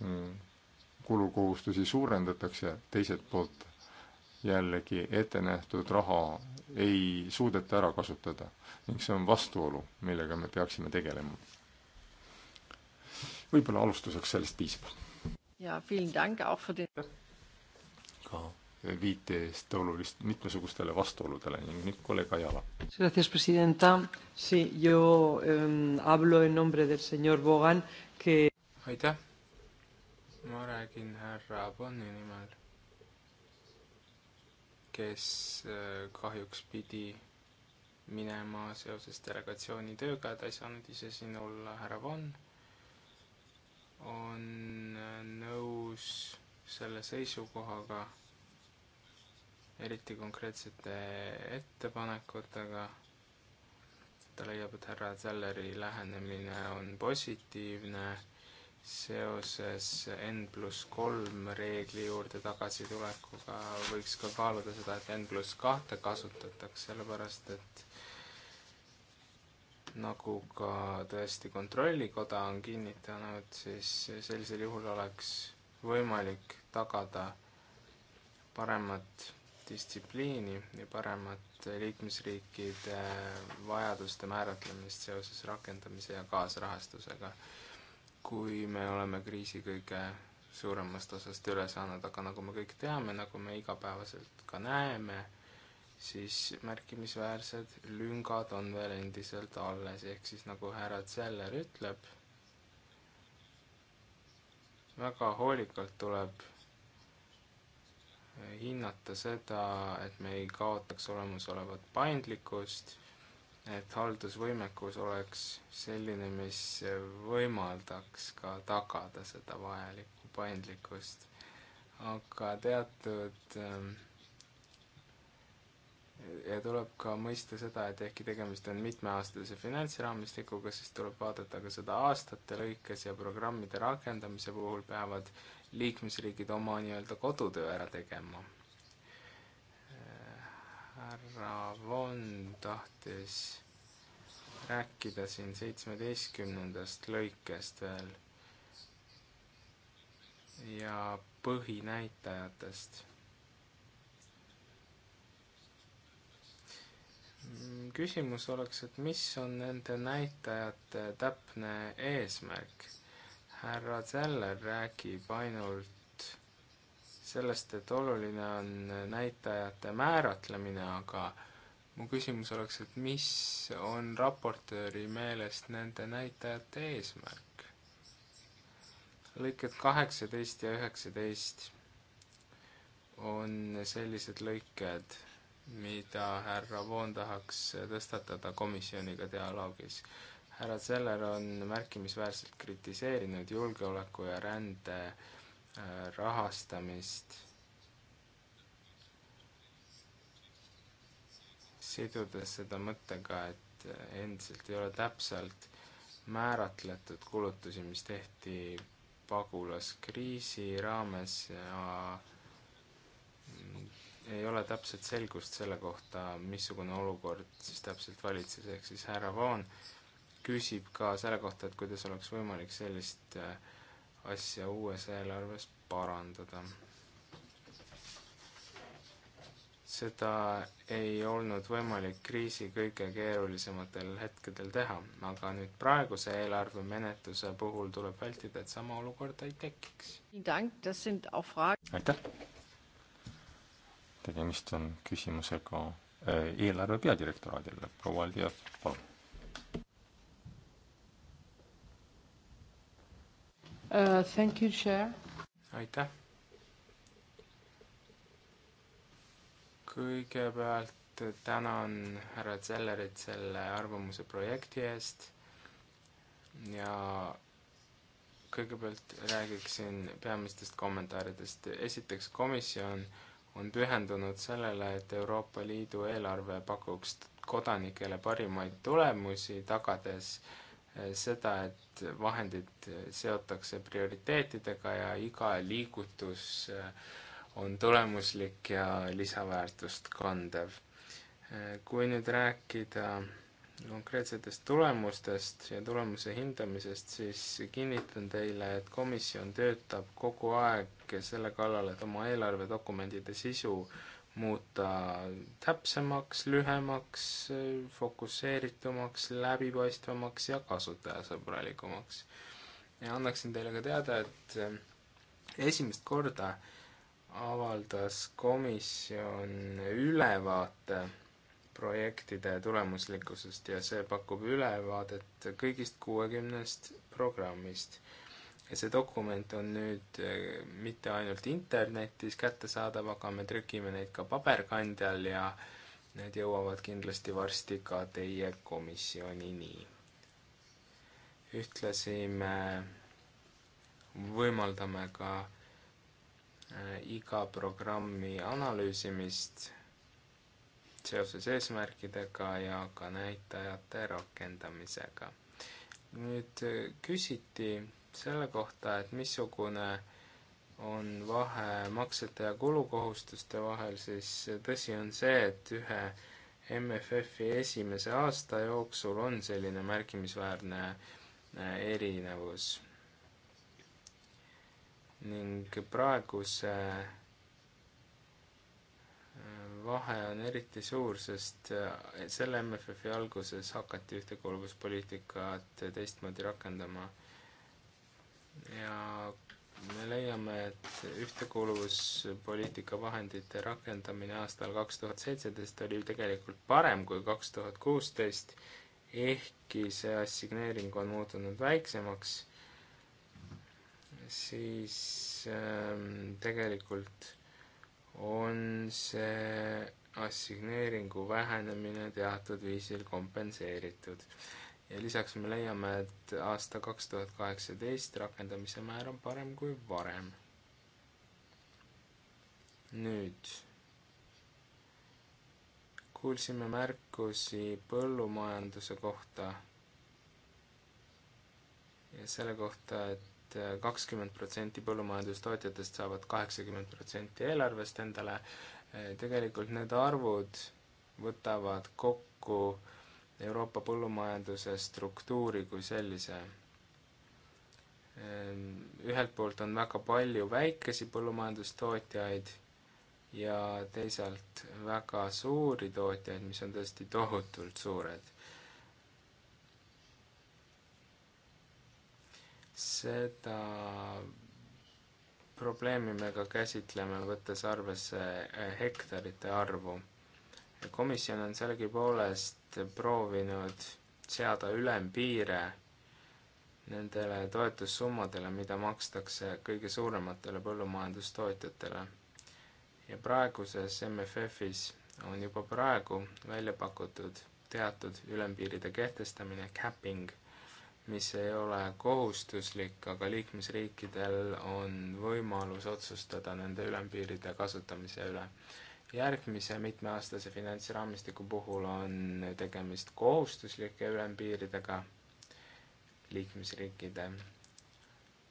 mm, kulukohustusi suurendatakse, teiselt poolt jällegi ette nähtud raha ei suudeta ära kasutada ning see on vastuolu, millega me peaksime tegelema. võib-olla alustuseks sellest piisab. ja, ka viite eest olulist mitmesugustele vastuoludele ning nüüd kolleeg Ajala. Gracias, presidenta. Sí, yo eh, hablo en nombre del señor Bogan que aitäh, ma räägin härra Bonni nimel kes äh, kahjuks pidi minema seoses delegatsiooni tööga, ta ei saanud ise siin olla, härra Van on äh, nõus selle seisukohaga, eriti konkreetsete ettepanekutega. ta leiab, et härra Zelleri lähenemine on positiivne seoses N pluss kolm reegli juurde tagasitulekuga võiks ka kaaluda seda, et N pluss kahte kasutataks, sellepärast et nagu ka tõesti Kontrollikoda on kinnitanud, siis sellisel juhul oleks võimalik tagada paremat distsipliini ja paremat liikmesriikide vajaduste määratlemist seoses rakendamise ja kaasrahastusega kui me oleme kriisi kõige suuremast osast üle saanud, aga nagu me kõik teame, nagu me igapäevaselt ka näeme, siis märkimisväärsed lüngad on veel endiselt alles, ehk siis nagu härra Zeller ütleb, väga hoolikalt tuleb hinnata seda, et me ei kaotaks olemasolevat paindlikkust et haldusvõimekus oleks selline, mis võimaldaks ka tagada seda vajalikku paindlikkust. aga teatud ähm, ja tuleb ka mõista seda, et ehkki tegemist on mitmeaastase finantsraamistikuga, siis tuleb vaadata ka seda aastate lõikes ja programmide rakendamise puhul peavad liikmesriigid oma nii-öelda kodutöö ära tegema härra Von tahtis rääkida siin seitsmeteistkümnendast lõikest veel ja põhinäitajatest. küsimus oleks, et mis on nende näitajate täpne eesmärk? härra Zeller räägib ainult sellest, et oluline on näitajate määratlemine, aga mu küsimus oleks, et mis on raportööri meelest nende näitajate eesmärk? lõiked kaheksateist ja üheksateist on sellised lõiked, mida härra Voon tahaks tõstatada komisjoniga dialoogis. härra Zeller on märkimisväärselt kritiseerinud julgeoleku ja rände äh, Äh, rahastamist sidudes seda mõttega, et äh, endiselt ei ole täpselt määratletud kulutusi, mis tehti pagulaskriisi raames ja mm, ei ole täpset selgust selle kohta, missugune olukord siis täpselt valitses, ehk siis härra Voon küsib ka selle kohta, et kuidas oleks võimalik sellist äh, asja uues eelarves parandada. seda ei olnud võimalik kriisi kõige keerulisematel hetkedel teha, aga nüüd praeguse eelarvemenetluse puhul tuleb vältida, et sama olukorda ei tekiks. aitäh! tegemist on küsimusega äh, eelarve peadirektoraadile, proua Aldijev, palun! uh,. Thank you, chair. aitäh. kõigepealt tänan härra Zellerit selle arvamuse projekti eest ja kõigepealt räägiksin peamistest kommentaaridest. esiteks, komisjon on pühendunud sellele, et Euroopa Liidu eelarve pakuks kodanikele parimaid tulemusi, tagades äh, Eh, seda, et vahendid seotakse prioriteetidega ja iga liigutus eh, on tulemuslik ja lisaväärtust kandev. Eh, kui nüüd rääkida konkreetsetest tulemustest ja tulemuse hindamisest, siis kinnitan teile, et komisjon töötab kogu aeg selle kallal, et oma eelarvedokumentide sisu muuta täpsemaks, lühemaks, fokusseeritumaks, läbipaistvamaks ja kasutajasõbralikumaks. ja annaksin teile ka teada, et esimest korda avaldas komisjon ülevaate projektide tulemuslikkusest ja see pakub ülevaadet kõigist kuuekümnest programmist ja see dokument on nüüd eh, mitte ainult internetis kättesaadav, aga me trükime neid ka paberkandjal ja need jõuavad kindlasti varsti ka teie komisjonini. ühtlasi me võimaldame ka eh, iga programmi analüüsimist seoses eesmärkidega ja ka näitajate rakendamisega. nüüd eh, küsiti selle kohta, et missugune on vahe maksete ja kulukohustuste vahel, siis tõsi on see, et ühe MFF-i esimese aasta jooksul on selline märkimisväärne äh, erinevus. ning praeguse äh, vahe on eriti suur, sest äh, selle MFF-i alguses hakati ühtekuuluvuspoliitikat teistmoodi rakendama ja me leiame, et ühtekuuluvuspoliitika vahendite rakendamine aastal kaks tuhat seitseteist oli tegelikult parem kui kaks tuhat kuusteist, ehkki see assigneering on muutunud väiksemaks, siis ähm, tegelikult on see assigneeringu vähenemine teatud viisil kompenseeritud ja lisaks me leiame, et aasta kaks tuhat kaheksateist rakendamise määr on parem kui varem. nüüd kuulsime märkusi põllumajanduse kohta ja selle kohta et, et kakskümmend protsenti põllumajandustootjatest saavad kaheksakümmend protsenti eelarvest endale. tegelikult need arvud võtavad kokku äh, Euroopa põllumajanduse struktuuri kui sellise. Ehm, ühelt poolt on väga palju väikesi põllumajandustootjaid ja teisalt väga suuri tootjaid, mis on tõesti tohutult suured. seda probleemi me ka käsitleme, võttes arvesse eh, hektarite arvu komisjon on sellegipoolest proovinud seada ülempiire nendele toetussummadele, mida makstakse kõige suurematele põllumajandustootjatele. ja praeguses MFF-is on juba praegu välja pakutud teatud ülempiiride kehtestamine, capping, mis ei ole kohustuslik, aga liikmesriikidel on võimalus otsustada nende ülempiiride kasutamise üle järgmise mitmeaastase finantsraamistiku puhul on tegemist kohustuslike ülempiiridega liikmesriikide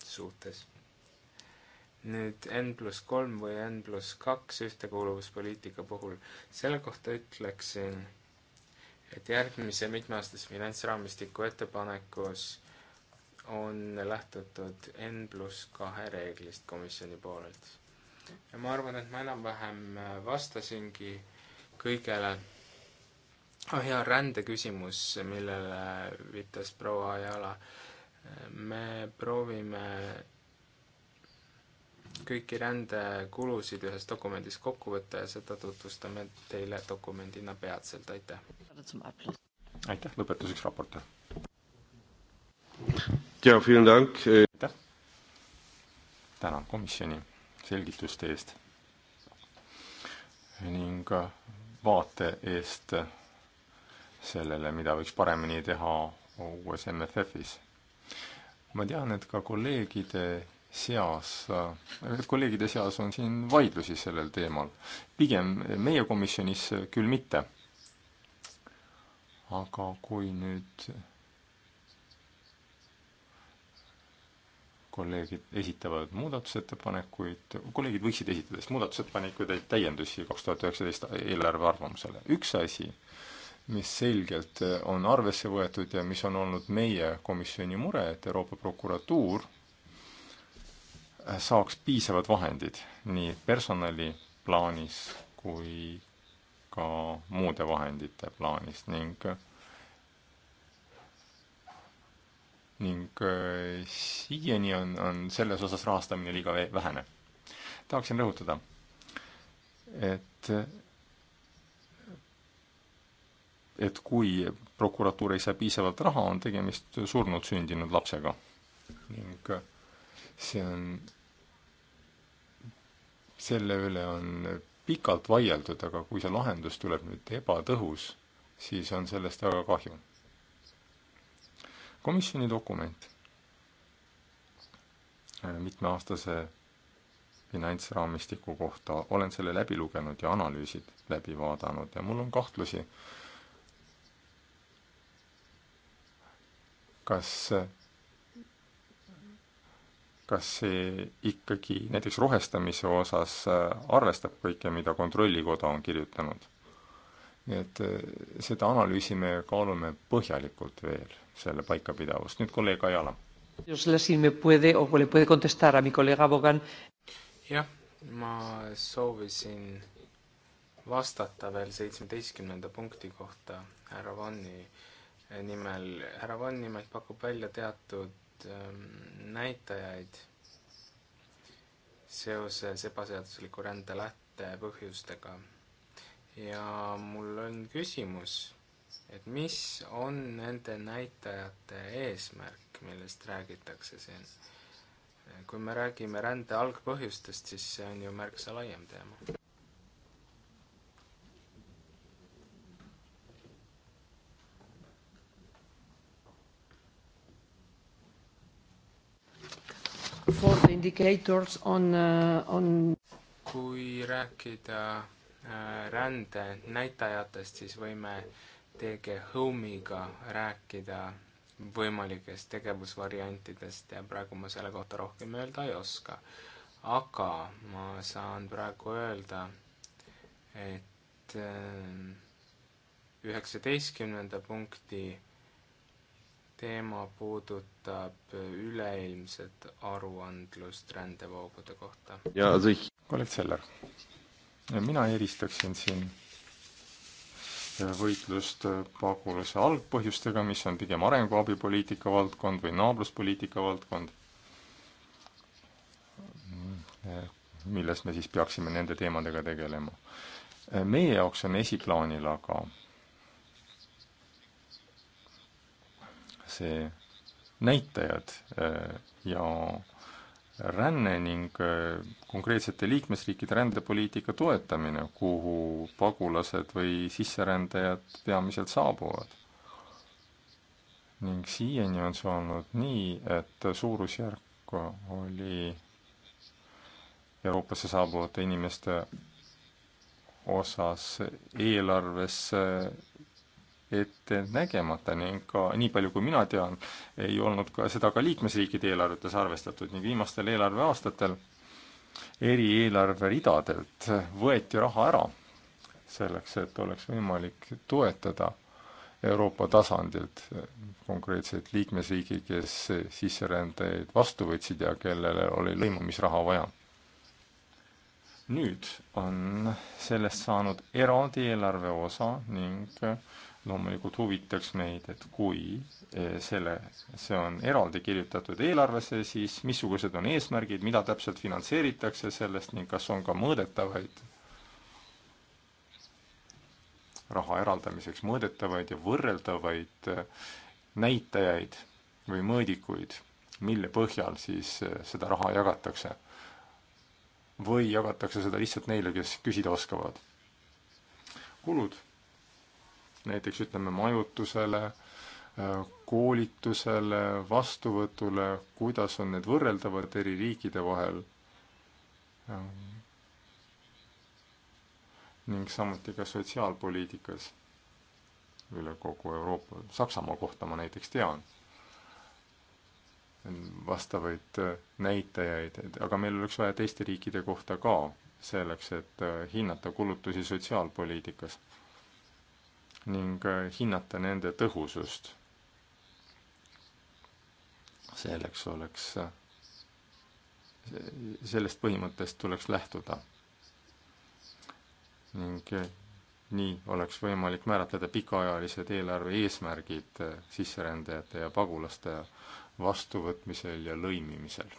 suhtes. nüüd N pluss kolm või N pluss kaks ühtekuuluvuspoliitika puhul, selle kohta ütleksin, et järgmise mitmeaastase finantsraamistiku ettepanekus on lähtutud N pluss kahe reeglist komisjoni poolelt ja ma arvan, et ma enam-vähem äh, vastasingi kõigele oh ah, jaa, rändeküsimus, millele viitas proua Ajala. me proovime kõiki rändekulusid ühes dokumendis kokku võtta ja seda tutvustame teile dokumendina peatselt, aitäh. aitäh, lõpetuseks raportöör. aitäh. tänan komisjoni selgituste eest ning vaate eest sellele, mida võiks paremini teha uues MFF-is. ma tean, et ka kolleegide seas, kolleegide seas on siin vaidlusi sellel teemal. pigem meie komisjonis küll mitte. aga kui nüüd kolleegid esitavad muudatusettepanekuid, kolleegid võiksid esitada siis muudatusettepanekuid, täiendusi kaks tuhat üheksateist eelarve arvamusele. üks asi, mis selgelt on arvesse võetud ja mis on olnud meie komisjoni mure, et Euroopa prokuratuur saaks piisavad vahendid nii personali plaanis kui ka muude vahendite plaanis ning ning äh, siiani on, on selles osas rahastamine liiga vähene. tahaksin rõhutada, et et kui prokuratuur ei saa piisavalt raha, on tegemist surnult sündinud lapsega. ning äh, see on, selle üle on pikalt vaieldud, aga kui see lahendus tuleb nüüd ebatõhus, siis on sellest väga kahju komisjoni dokument äh, mitmeaastase finantsraamistiku kohta, olen selle läbi lugenud ja analüüsid läbi vaadanud ja mul on kahtlusi, kas, kas see ikkagi näiteks rohestamise osas äh, arvestab kõike, mida Kontrollikoda on kirjutanud nii et eh, seda analüüsime ja kaalume põhjalikult veel, selle paikapidavust. nüüd kolleeg Ajala. jah, ma soovisin vastata veel seitsmeteistkümnenda punkti kohta härra Vanni nimel. härra Vann nimelt pakub välja teatud ähm, näitajaid seoses ebaseadusliku rände lähtepõhjustega ja mul on küsimus, et mis on nende näitajate eesmärk, millest räägitakse siin? kui me räägime rände algpõhjustest, siis see on ju märksa laiem teema. For the indicators on uh,, on kui rääkida Äh, rände näitajatest, siis võime TG Home'iga rääkida võimalikest tegevusvariantidest ja praegu ma selle kohta rohkem öelda ei oska. aga ma saan praegu öelda, et äh, üheksateistkümnenda punkti teema puudutab üleilmset aruandlust rändevoogude kohta. ja see Kolleeg Seller mina eristaksin siin võitlust pagulase algpõhjustega, mis on pigem arenguabipoliitika valdkond või naabruspoliitika valdkond, milles me siis peaksime nende teemadega tegelema. meie jaoks on esiplaanil aga see näitajad äh, ja äh, ränne ning äh, konkreetsete liikmesriikide rändepoliitika toetamine, kuhu pagulased või sisserändajad peamiselt saabuvad. ning siiani on see olnud nii, et suurusjärk oli Euroopasse saabuvate inimeste osas eelarves ette nägemata ning ka nii palju, kui mina tean, ei olnud ka seda ka liikmesriikide eelarvetes arvestatud ning viimastel eelarveaastatel eri eelarveridadelt võeti raha ära selleks, et oleks võimalik toetada Euroopa tasandilt konkreetselt liikmesriigi, kes sisserändajaid vastu võtsid ja kellele oli lõimumisraha vaja nüüd on sellest saanud eraldi eelarve osa ning loomulikult huvitaks meid, et kui e, selle, see on eraldi kirjutatud eelarvesse, siis missugused on eesmärgid, mida täpselt finantseeritakse sellest ning kas on ka mõõdetavaid, raha eraldamiseks mõõdetavaid ja võrreldavaid e, näitajaid või mõõdikuid, mille põhjal siis e, seda raha jagatakse. või jagatakse seda lihtsalt neile, kes küsida oskavad. kulud näiteks ütleme majutusele, koolitusele, vastuvõtule, kuidas on need võrreldavad eri riikide vahel. ning samuti ka sotsiaalpoliitikas üle kogu Euroopa, Saksamaa kohta ma näiteks tean vastavaid näitajaid, aga meil oleks vaja teiste riikide kohta ka selleks, et hinnata kulutusi sotsiaalpoliitikas ning äh, hinnata nende tõhusust. selleks oleks, äh, sellest põhimõttest tuleks lähtuda. ning äh, nii oleks võimalik määratleda pikaajalised eelarve eesmärgid sisserändajate ja pagulaste vastuvõtmisel ja lõimimisel.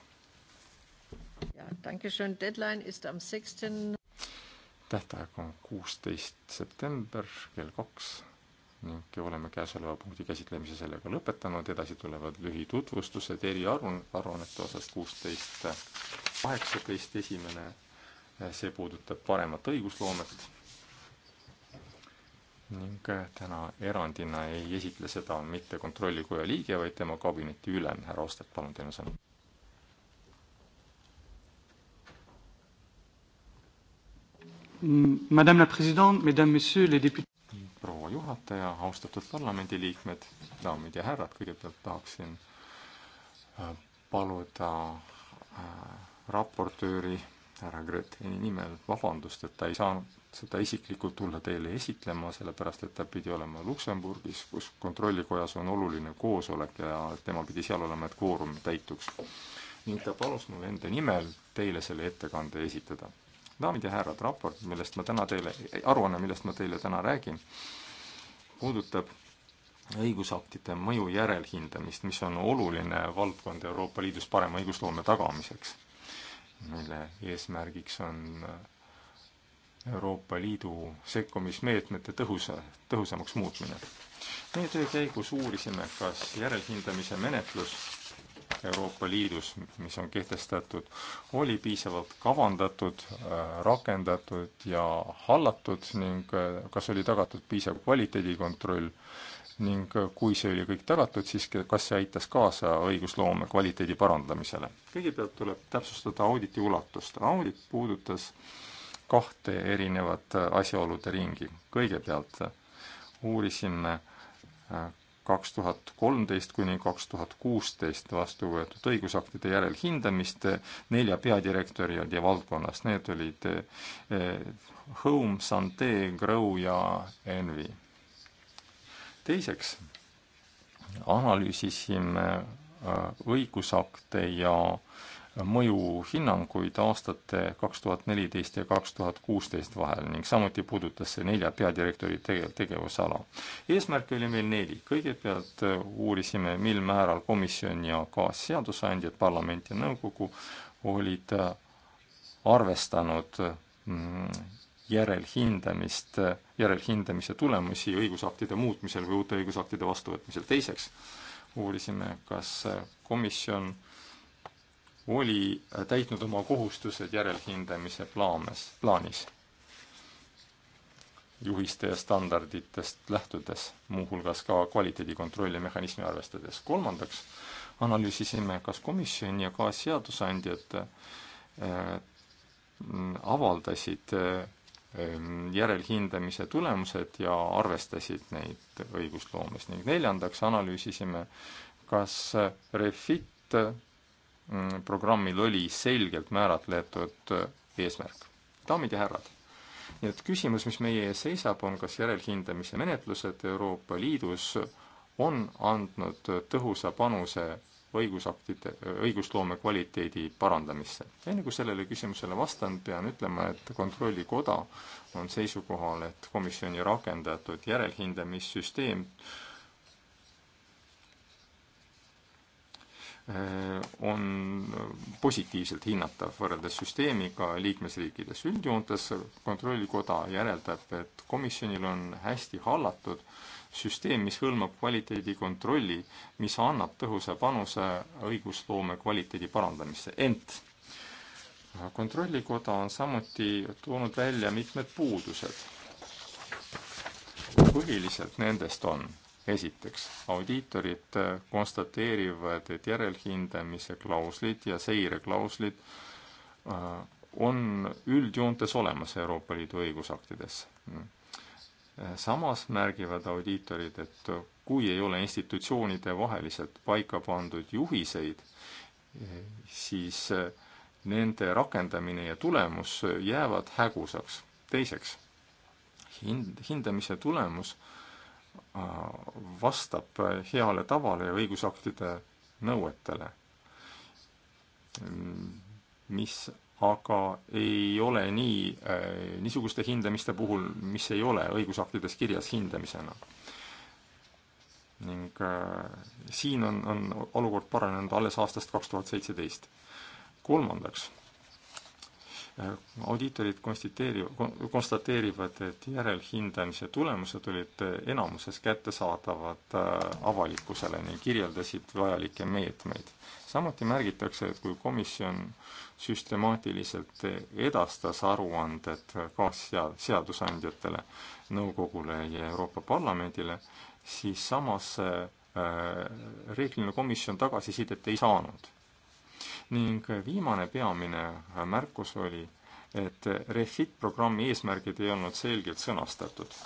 ja, danke schön, deadline ist am sechsten 16 tähtaeg on kuusteist september kell kaks ning oleme käesoleva punkti käsitlemise sellega lõpetanud, edasi tulevad lühitutvustused eriarun-, aruannete osas kuusteist, kaheksateist esimene, see puudutab paremat õigusloomet ning täna erandina ei esitle seda mitte Kontrollikoja liige, vaid tema kabineti ülem, härra Ostet, palun teile sõna. Madame la présidente, mesdames, messieurs les députés. proua juhataja, austatud parlamendiliikmed, daamid ja härrad, kõigepealt tahaksin äh, paluda äh, raportööri härra Gretini nimel vabandust, et ta ei saanud seda isiklikult tulla teile esitlema, sellepärast et ta pidi olema Luksemburgis, kus kontrollikojas on oluline koosolek ja tema pidi seal olema, et kvoorum täituks. ning ta palus mul enda nimel teile selle ettekande esitada daamid ja härrad, raport, millest ma täna teile, aruanne, millest ma teile täna räägin, puudutab õigusaktide mõju järelhindamist, mis on oluline valdkond Euroopa Liidus parema õigusloome tagamiseks, mille eesmärgiks on Euroopa Liidu sekkumismeetmete tõhusa, tõhusamaks muutmine. meie töö käigus uurisime, kas järelhindamise menetlus Euroopa Liidus, mis on kehtestatud, oli piisavalt kavandatud, äh, rakendatud ja hallatud ning äh, kas oli tagatud piisav kvaliteedikontroll ning äh, kui see oli kõik tagatud, siis kas see aitas kaasa õigusloome kvaliteedi parandamisele? kõigepealt tuleb täpsustada auditi ulatust. audit puudutas kahte erinevat asjaolude ringi. kõigepealt uurisime kaks tuhat kolmteist kuni kaks tuhat kuusteist vastu võetud õigusaktide järelhindamist nelja peadirektori ja valdkonnas, need olid eh, Home, Sante, Grow ja Envi. teiseks analüüsisime eh, õigusakte ja äh, mõjuhinnanguid aastate kaks tuhat neliteist ja kaks tuhat kuusteist vahel ning samuti puudutas see nelja peadirektori tege-, tegevusala. eesmärke oli meil neli, kõigepealt äh, uurisime, mil määral komisjon ja kaasseadusandjad, parlament ja nõukogu olid äh, arvestanud mm, järelhindamist, äh, järelhindamise tulemusi õigusaktide muutmisel või uute õigusaktide vastuvõtmisel. teiseks uurisime, kas komisjon oli äh, täitnud oma kohustused järelhindamise plaanes, plaanis juhiste ja standarditest lähtudes, muuhulgas ka kvaliteedikontrolli mehhanismi arvestades. kolmandaks analüüsisime, kas komisjon ja ka seadusandjad äh, avaldasid äh, järelhindamise tulemused ja arvestasid neid õigusloomes ning neljandaks analüüsisime, kas Refit Mm, programmil oli selgelt määratletud äh, eesmärk. daamid ja härrad, nii et küsimus, mis meie ees seisab, on, kas järelhindamise menetlused Euroopa Liidus on andnud tõhusa panuse õigusaktide, õigusloome kvaliteedi parandamisse. enne kui sellele küsimusele vastan, pean ütlema, et Kontrollikoda on seisukohal, et komisjoni rakendatud järelhindamissüsteem Äh, on positiivselt hinnatav võrreldes süsteemiga liikmesriikides. üldjoontes Kontrollikoda järeldab, et komisjonil on hästi hallatud süsteem, mis hõlmab kvaliteedikontrolli, mis annab tõhusa panuse õigusloome kvaliteedi parandamisse, ent kontrollikoda on samuti toonud välja mitmed puudused. põhilised nendest on esiteks, audiitorid äh, konstateerivad, et järelhindamise klauslid ja seireklauslid äh, on üldjoontes olemas Euroopa Liidu õigusaktides. Mm. Äh, samas märgivad audiitorid, et kui ei ole institutsioonide vaheliselt paika pandud juhiseid, siis nende rakendamine ja tulemus jäävad hägusaks. teiseks, hind, hindamise tulemus äh, Äh, vastab heale tavale ja õigusaktide nõuetele, mis aga ei ole nii, äh, niisuguste hindamiste puhul, mis ei ole õigusaktides kirjas hindamisena. ning äh, siin on, on olukord paranenud alles aastast kaks tuhat seitseteist. kolmandaks Äh, audiitorid konstateerivad, et järelhindamise tulemused olid äh, enamuses kättesaadavad äh, avalikkusele ning kirjeldasid vajalikke meetmeid. samuti märgitakse, et kui komisjon süstemaatiliselt edastas aruanded kaasseadusandjatele, nõukogule ja Euroopa Parlamendile, siis samas reeglina komisjon tagasisidet ei saanud ning viimane peamine märkus oli, et Refit programmi eesmärgid ei olnud selgelt sõnastatud.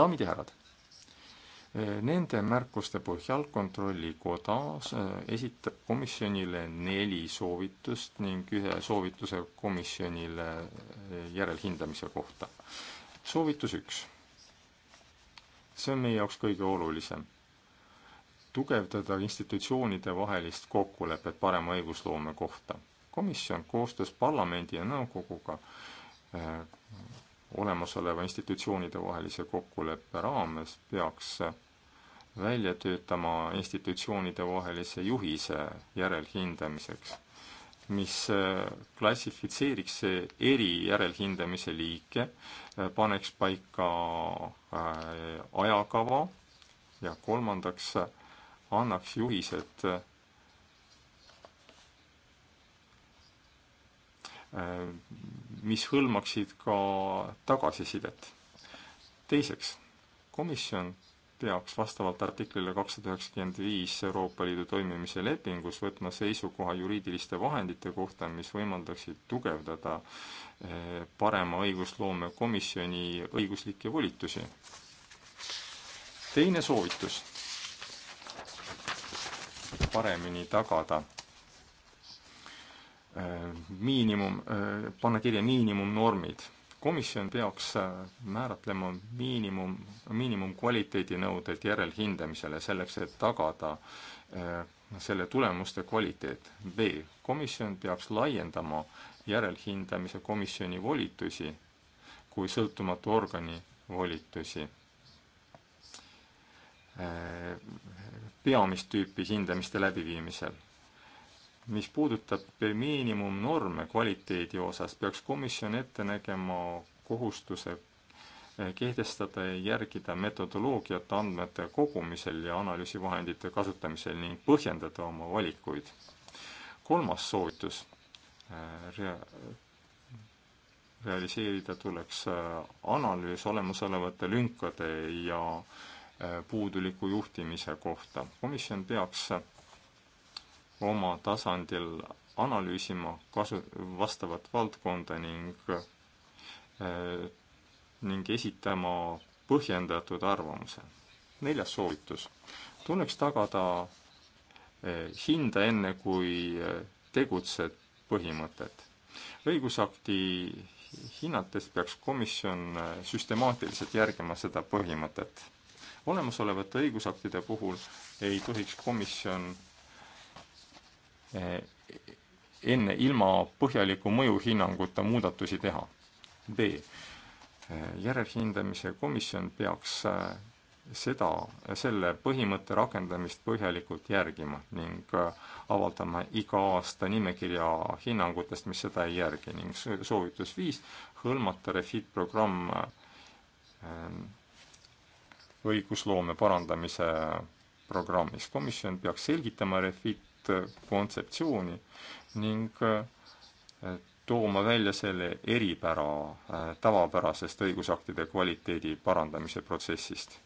daamid ja härrad, nende märkuste põhjal Kontrollikoda eh, esitab komisjonile neli soovitust ning ühe soovituse komisjonile eh, järelhindamise kohta. soovitus üks. see on meie jaoks kõige olulisem tugevdada institutsioonide vahelist kokkulepet parema õigusloome kohta. komisjon koostöös parlamendi ja nõukoguga eh, olemasoleva institutsioonide vahelise kokkuleppe raames peaks eh, välja töötama institutsioonide vahelise juhise järelhindamiseks, mis eh, klassifitseeriks eri järelhindamise liike, paneks paika ajakava ja kolmandaks annaks juhised äh, mis hõlmaksid ka tagasisidet. teiseks, komisjon peaks vastavalt artiklile kakssada üheksakümmend viis Euroopa Liidu toimimise lepingus võtma seisukoha juriidiliste vahendite kohta, mis võimaldaksid tugevdada äh, parema õigusloome komisjoni õiguslikke volitusi. teine soovitus paremini tagada äh, miinimum, äh, panna kirja miinimumnormid. komisjon peaks äh, määratlema miinimum, miinimumkvaliteedinõuded järelhindamisele, selleks et tagada selle tulemuste kvaliteet. B. komisjon peaks laiendama järelhindamise komisjoni volitusi kui sõltumatu organi volitusi Äh, peamist tüüpi hindamiste läbiviimisel. mis puudutab miinimumnorme kvaliteedi osas, peaks komisjon ette nägema kohustuse äh, kehtestada ja järgida metodoloogiat andmete kogumisel ja analüüsivahendite kasutamisel ning põhjendada oma valikuid. kolmas soovitus äh, rea-, realiseerida tuleks analüüs olemasolevate lünkade ja äh, puuduliku juhtimise kohta. komisjon peaks oma tasandil analüüsima kasu, vastavat valdkonda ning ning esitama põhjendatud arvamuse. neljas soovitus. tuleks tagada eh, hinda enne, kui eh, tegutsed põhimõtet. õigusakti hinnates peaks komisjon eh, süstemaatiliselt järgima seda põhimõtet olemasolevate õigusaktide puhul ei tohiks komisjon eh, enne ilma põhjaliku mõjuhinnanguta muudatusi teha. B. Eh, järelhindamise komisjon peaks eh, seda, selle põhimõtte rakendamist põhjalikult järgima ning avaldama iga aasta nimekirja hinnangutest, mis seda ei järgi ning soovitus viis, hõlmata Refit programm õigusloome parandamise programmis. komisjon peaks selgitama Refit kontseptsiooni ning eh, tooma välja selle eripära eh, tavapärasest õigusaktide kvaliteedi parandamise protsessist.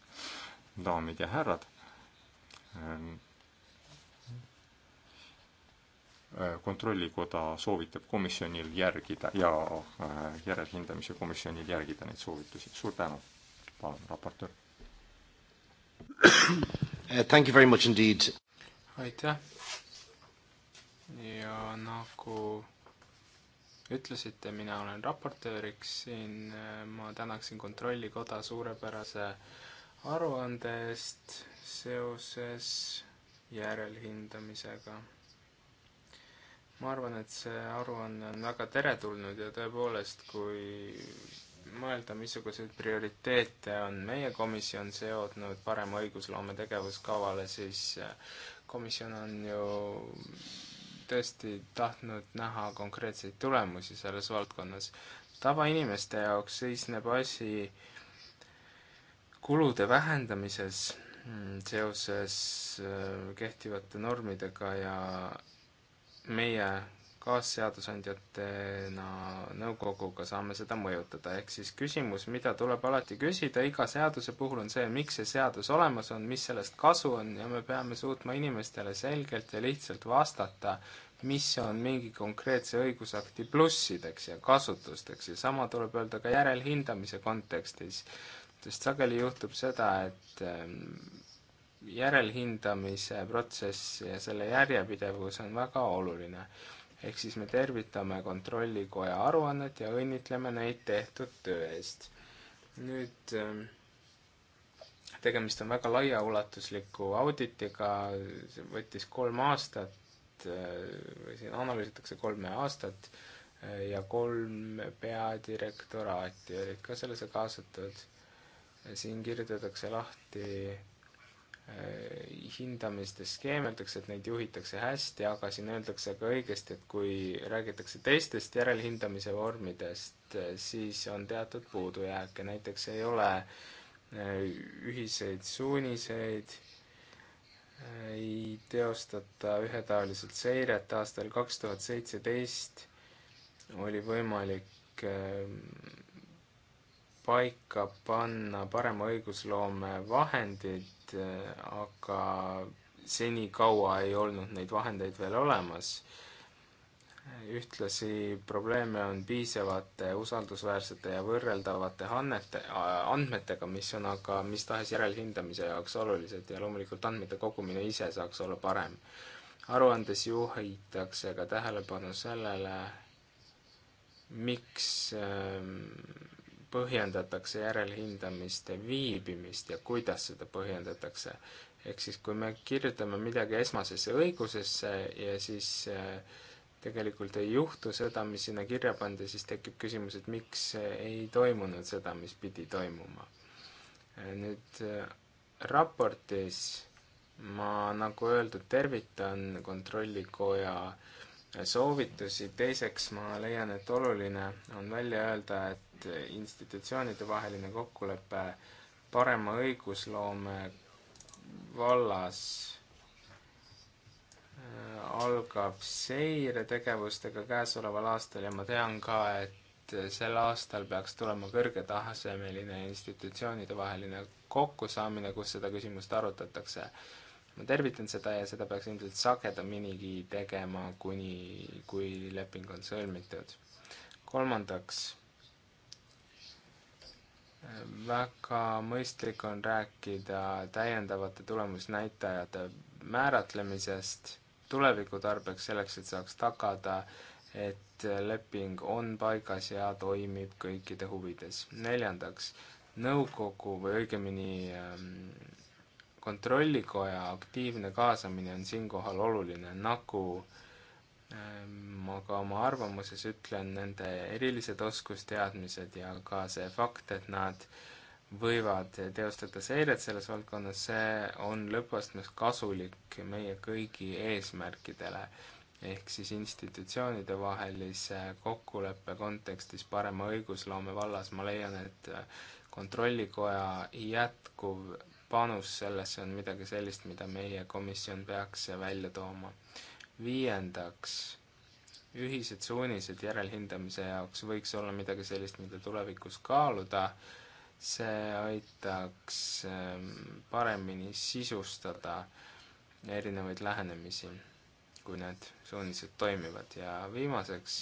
daamid ja härrad, eh, kontrollikoda soovitab komisjonil järgida ja järelhindamise komisjonil järgida neid soovitusi. suur tänu, palun, raportöör Uh, thank you very much indeed. aitäh. ja nagu ütlesite, mina olen raportööriks siin, ma tänaksin Kontrollikoda suurepärase aruande eest seoses järelhindamisega. ma arvan, et see aruanne on väga teretulnud ja tõepoolest, kui mõelda, missuguseid prioriteete on meie komisjon seotnud parema õigusloome tegevuskavale, siis äh, komisjon on ju tõesti tahtnud näha konkreetseid tulemusi selles valdkonnas. tavainimeste jaoks seisneb asi kulude vähendamises mm, seoses äh, kehtivate normidega ja meie kaasseadusandjatena nõukoguga saame seda mõjutada, ehk siis küsimus, mida tuleb alati küsida iga seaduse puhul, on see, miks see seadus olemas on, mis sellest kasu on ja me peame suutma inimestele selgelt ja lihtsalt vastata, mis on mingi konkreetse õigusakti plussideks ja kasutusteks ja sama tuleb öelda ka järelhindamise kontekstis, sest sageli juhtub seda, et ähm, järelhindamise protsess ja selle järjepidevus on väga oluline ehk siis me tervitame Kontrollikoja aruannet ja õnnitleme neid tehtud töö eest. nüüd ähm, tegemist on väga laiaulatusliku auditiga, see võttis kolm aastat, äh, või siin analüüsitakse kolme aastat äh, ja kolm peadirektoraati olid ka sellesse kaasatud. siin kirjutatakse lahti Äh, hindamiste skeem, öeldakse, et neid juhitakse hästi, aga siin öeldakse ka õigesti, et kui räägitakse teistest järelhindamise vormidest, äh, siis on teatud puudujääke, näiteks ei ole äh, ühiseid suuniseid, ei teostata ühetaoliselt seiret, aastal kaks tuhat seitseteist oli võimalik paika panna parema õigusloome vahendid, Äh, aga senikaua ei olnud neid vahendeid veel olemas. ühtlasi probleeme on piisavate usaldusväärsete ja võrreldavate annete, äh, andmetega, mis on aga mis tahes järelhindamise jaoks olulised ja loomulikult andmete kogumine ise saaks olla parem. aruandes juhitakse ka tähelepanu sellele, miks ähm, põhjendatakse järelhindamiste viibimist ja kuidas seda põhjendatakse. ehk siis, kui me kirjutame midagi esmasesse õigusesse ja siis äh, tegelikult ei juhtu seda, mis sinna kirja pandi, siis tekib küsimus, et miks ei toimunud seda, mis pidi toimuma. Äh, nüüd äh, raportis ma, nagu öeldud, tervitan Kontrollikoja soovitusi, teiseks ma leian, et oluline on välja öelda, et et institutsioonide vaheline kokkulepe parema õigusloome vallas äh, algab seiretegevustega käesoleval aastal ja ma tean ka, et sel aastal peaks tulema kõrgetasemeline institutsioonide vaheline kokkusaamine, kus seda küsimust arutatakse. ma tervitan seda ja seda peaks ilmselt sagedaminigi tegema, kuni, kui leping on sõlmitud. kolmandaks väga mõistlik on rääkida täiendavate tulemusnäitajate määratlemisest tuleviku tarbeks, selleks et saaks tagada, et leping on paigas ja toimib kõikide huvides. neljandaks, nõukogu või õigemini ähm, kontrollikoja aktiivne kaasamine on siinkohal oluline, nagu äh, Ehm, aga oma arvamuses ütlen nende erilised oskusteadmised ja ka see fakt, et nad võivad teostada seiret selles valdkonnas, see on lõppastmes kasulik meie kõigi eesmärkidele. ehk siis institutsioonidevahelise kokkuleppe kontekstis parema õigusloome vallas ma leian, et kontrollikoja jätkuv panus sellesse on midagi sellist, mida meie komisjon peaks välja tooma viiendaks, ühised suunised järelhindamise jaoks võiks olla midagi sellist, mida tulevikus kaaluda, see aitaks ähm, paremini sisustada erinevaid lähenemisi, kui need suunised toimivad ja viimaseks,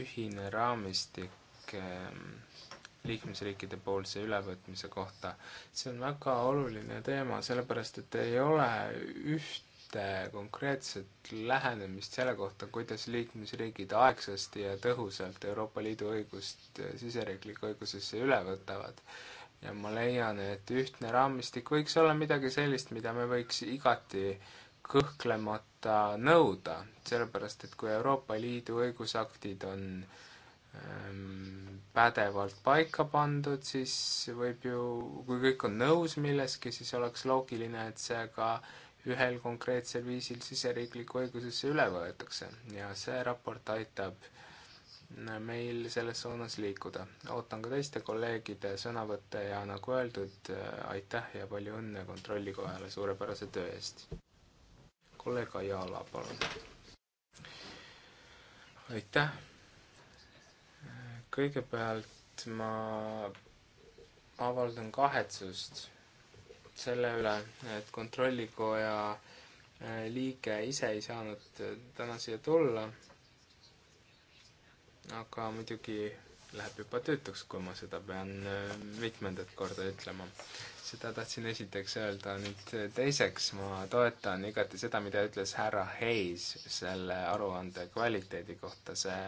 ühine raamistik ähm, liikmesriikide poolse ülevõtmise kohta. see on väga oluline teema, sellepärast et ei ole üht Äh, konkreetset lähenemist selle kohta, kuidas liikmesriigid aegsasti ja tõhusalt Euroopa Liidu õigust äh, siseriiklikku õigusesse üle võtavad. ja ma leian, et ühtne raamistik võiks olla midagi sellist, mida me võiks igati kõhklemata nõuda, sellepärast et kui Euroopa Liidu õigusaktid on ähm, pädevalt paika pandud, siis võib ju, kui kõik on nõus milleski, siis oleks loogiline, et see ka äh, ühel konkreetsel viisil siseriiklikku õigusesse üle võetakse ja see raport aitab meil selles suunas liikuda. ootan ka teiste kolleegide sõnavõtte ja nagu öeldud, aitäh ja palju õnne Kontrollikojale suurepärase töö eest! kolleeg Ajala, palun! aitäh! kõigepealt ma avaldan kahetsust selle üle, et kontrollikoja äh, liige ise ei saanud äh, täna siia tulla. aga muidugi läheb juba töötuks, kui ma seda pean äh, mitmendat korda ütlema. seda tahtsin esiteks öelda, nüüd teiseks ma toetan igati seda, mida ütles härra Hayes selle aruande kvaliteedi kohta, see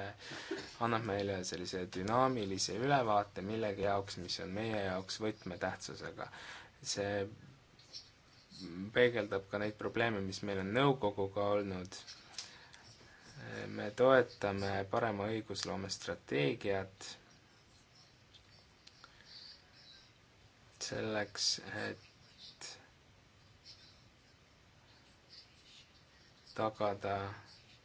annab meile sellise dünaamilise ülevaate millegi jaoks, mis on meie jaoks võtmetähtsusega see peegeldab ka neid probleeme, mis meil on nõukoguga olnud. me toetame parema õigusloome strateegiat selleks, et tagada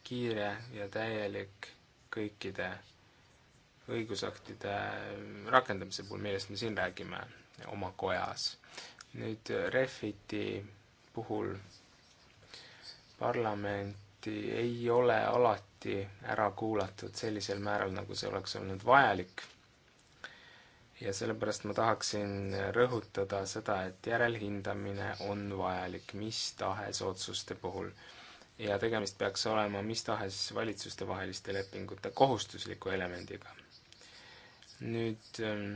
kiire ja täielik kõikide õigusaktide rakendamise puhul, millest me siin räägime oma kojas. nüüd äh, Refiti puhul parlamenti ei ole alati ära kuulatud sellisel määral, nagu see oleks olnud vajalik. ja sellepärast ma tahaksin rõhutada seda, et järelhindamine on vajalik mis tahes otsuste puhul ja tegemist peaks olema mis tahes valitsustevaheliste lepingute kohustusliku elemendiga. nüüd ähm,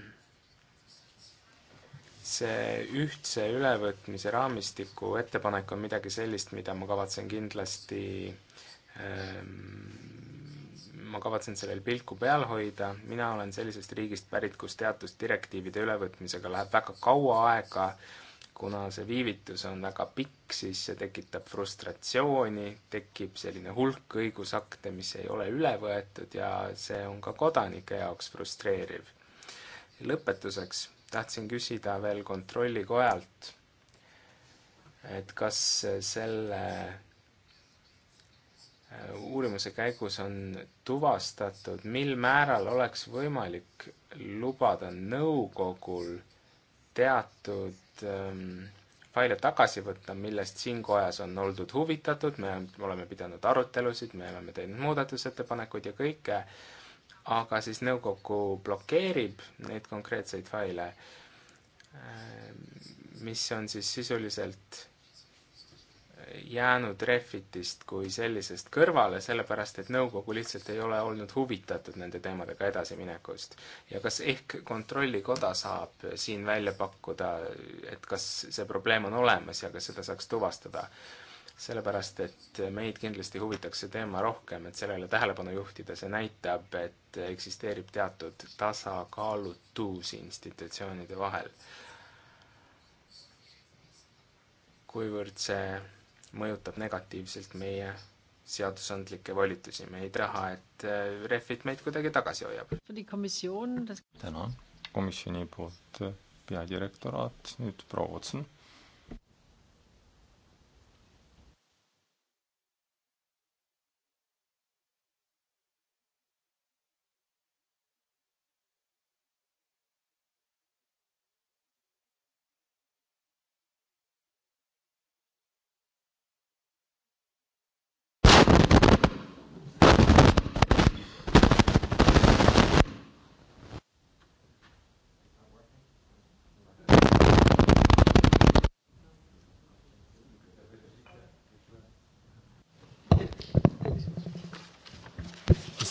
see ühtse ülevõtmise raamistiku ettepanek on midagi sellist, mida ma kavatsen kindlasti ähm, ma kavatsen sellel pilku peal hoida, mina olen sellisest riigist pärit, kus teatud direktiivide ülevõtmisega läheb väga kaua aega, kuna see viivitus on väga pikk, siis see tekitab frustratsiooni, tekib selline hulk õigusakte, mis ei ole üle võetud ja see on ka kodanike jaoks frustreeriv. lõpetuseks tahtsin küsida veel Kontrollikojalt, et kas selle äh, uurimuse käigus on tuvastatud, mil määral oleks võimalik lubada nõukogul teatud ähm, faile tagasi võtta, millest siin kojas on oldud huvitatud, me oleme pidanud arutelusid, me oleme teinud muudatusettepanekuid ja kõike äh, aga siis nõukogu blokeerib neid konkreetseid faile, äh, mis on siis sisuliselt jäänud Refitist kui sellisest kõrvale, sellepärast et nõukogu lihtsalt ei ole olnud huvitatud nende teemadega edasiminekust. ja kas ehk Kontrollikoda saab siin välja pakkuda, et kas see probleem on olemas ja kas seda saaks tuvastada? sellepärast, et meid kindlasti huvitaks see teema rohkem, et sellele tähelepanu juhtida, see näitab, et eksisteerib teatud tasakaalutus institutsioonide vahel. kuivõrd see mõjutab negatiivselt meie seadusandlikke volitusi, me ei taha, et Refit meid kuidagi tagasi hoiab. tänan komisjoni poolt peadirektoraat, nüüd proua Otsen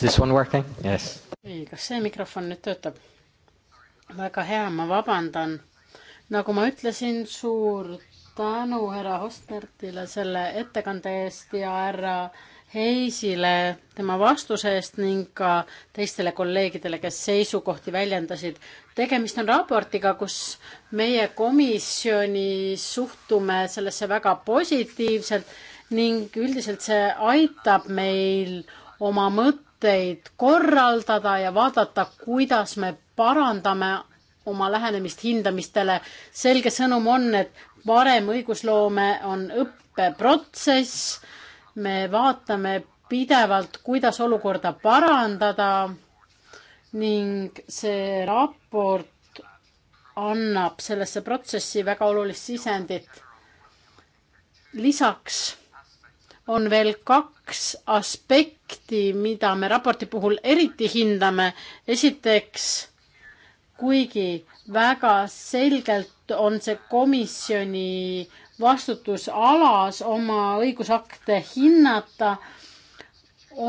Is this one working? Yes. nii, kas see mikrofon nüüd töötab? väga hea, ma vabandan. nagu ma ütlesin, suur tänu härra Hostnertile selle ettekande eest ja härra Heisile tema vastuse eest ning ka teistele kolleegidele, kes seisukohti väljendasid. tegemist on raportiga, kus meie komisjonis suhtume sellesse väga positiivselt ning üldiselt see aitab meil oma mõtteid mõtteid korraldada ja vaadata, kuidas me parandame oma lähenemist hindamistele. selge sõnum on, et parem õigusloome on õppeprotsess. me vaatame pidevalt, kuidas olukorda parandada ning see raport annab sellesse protsessi väga olulist sisendit. lisaks on veel kaks aspekti, mida me raporti puhul eriti hindame. esiteks, kuigi väga selgelt on see komisjoni vastutusalas oma õigusakte hinnata,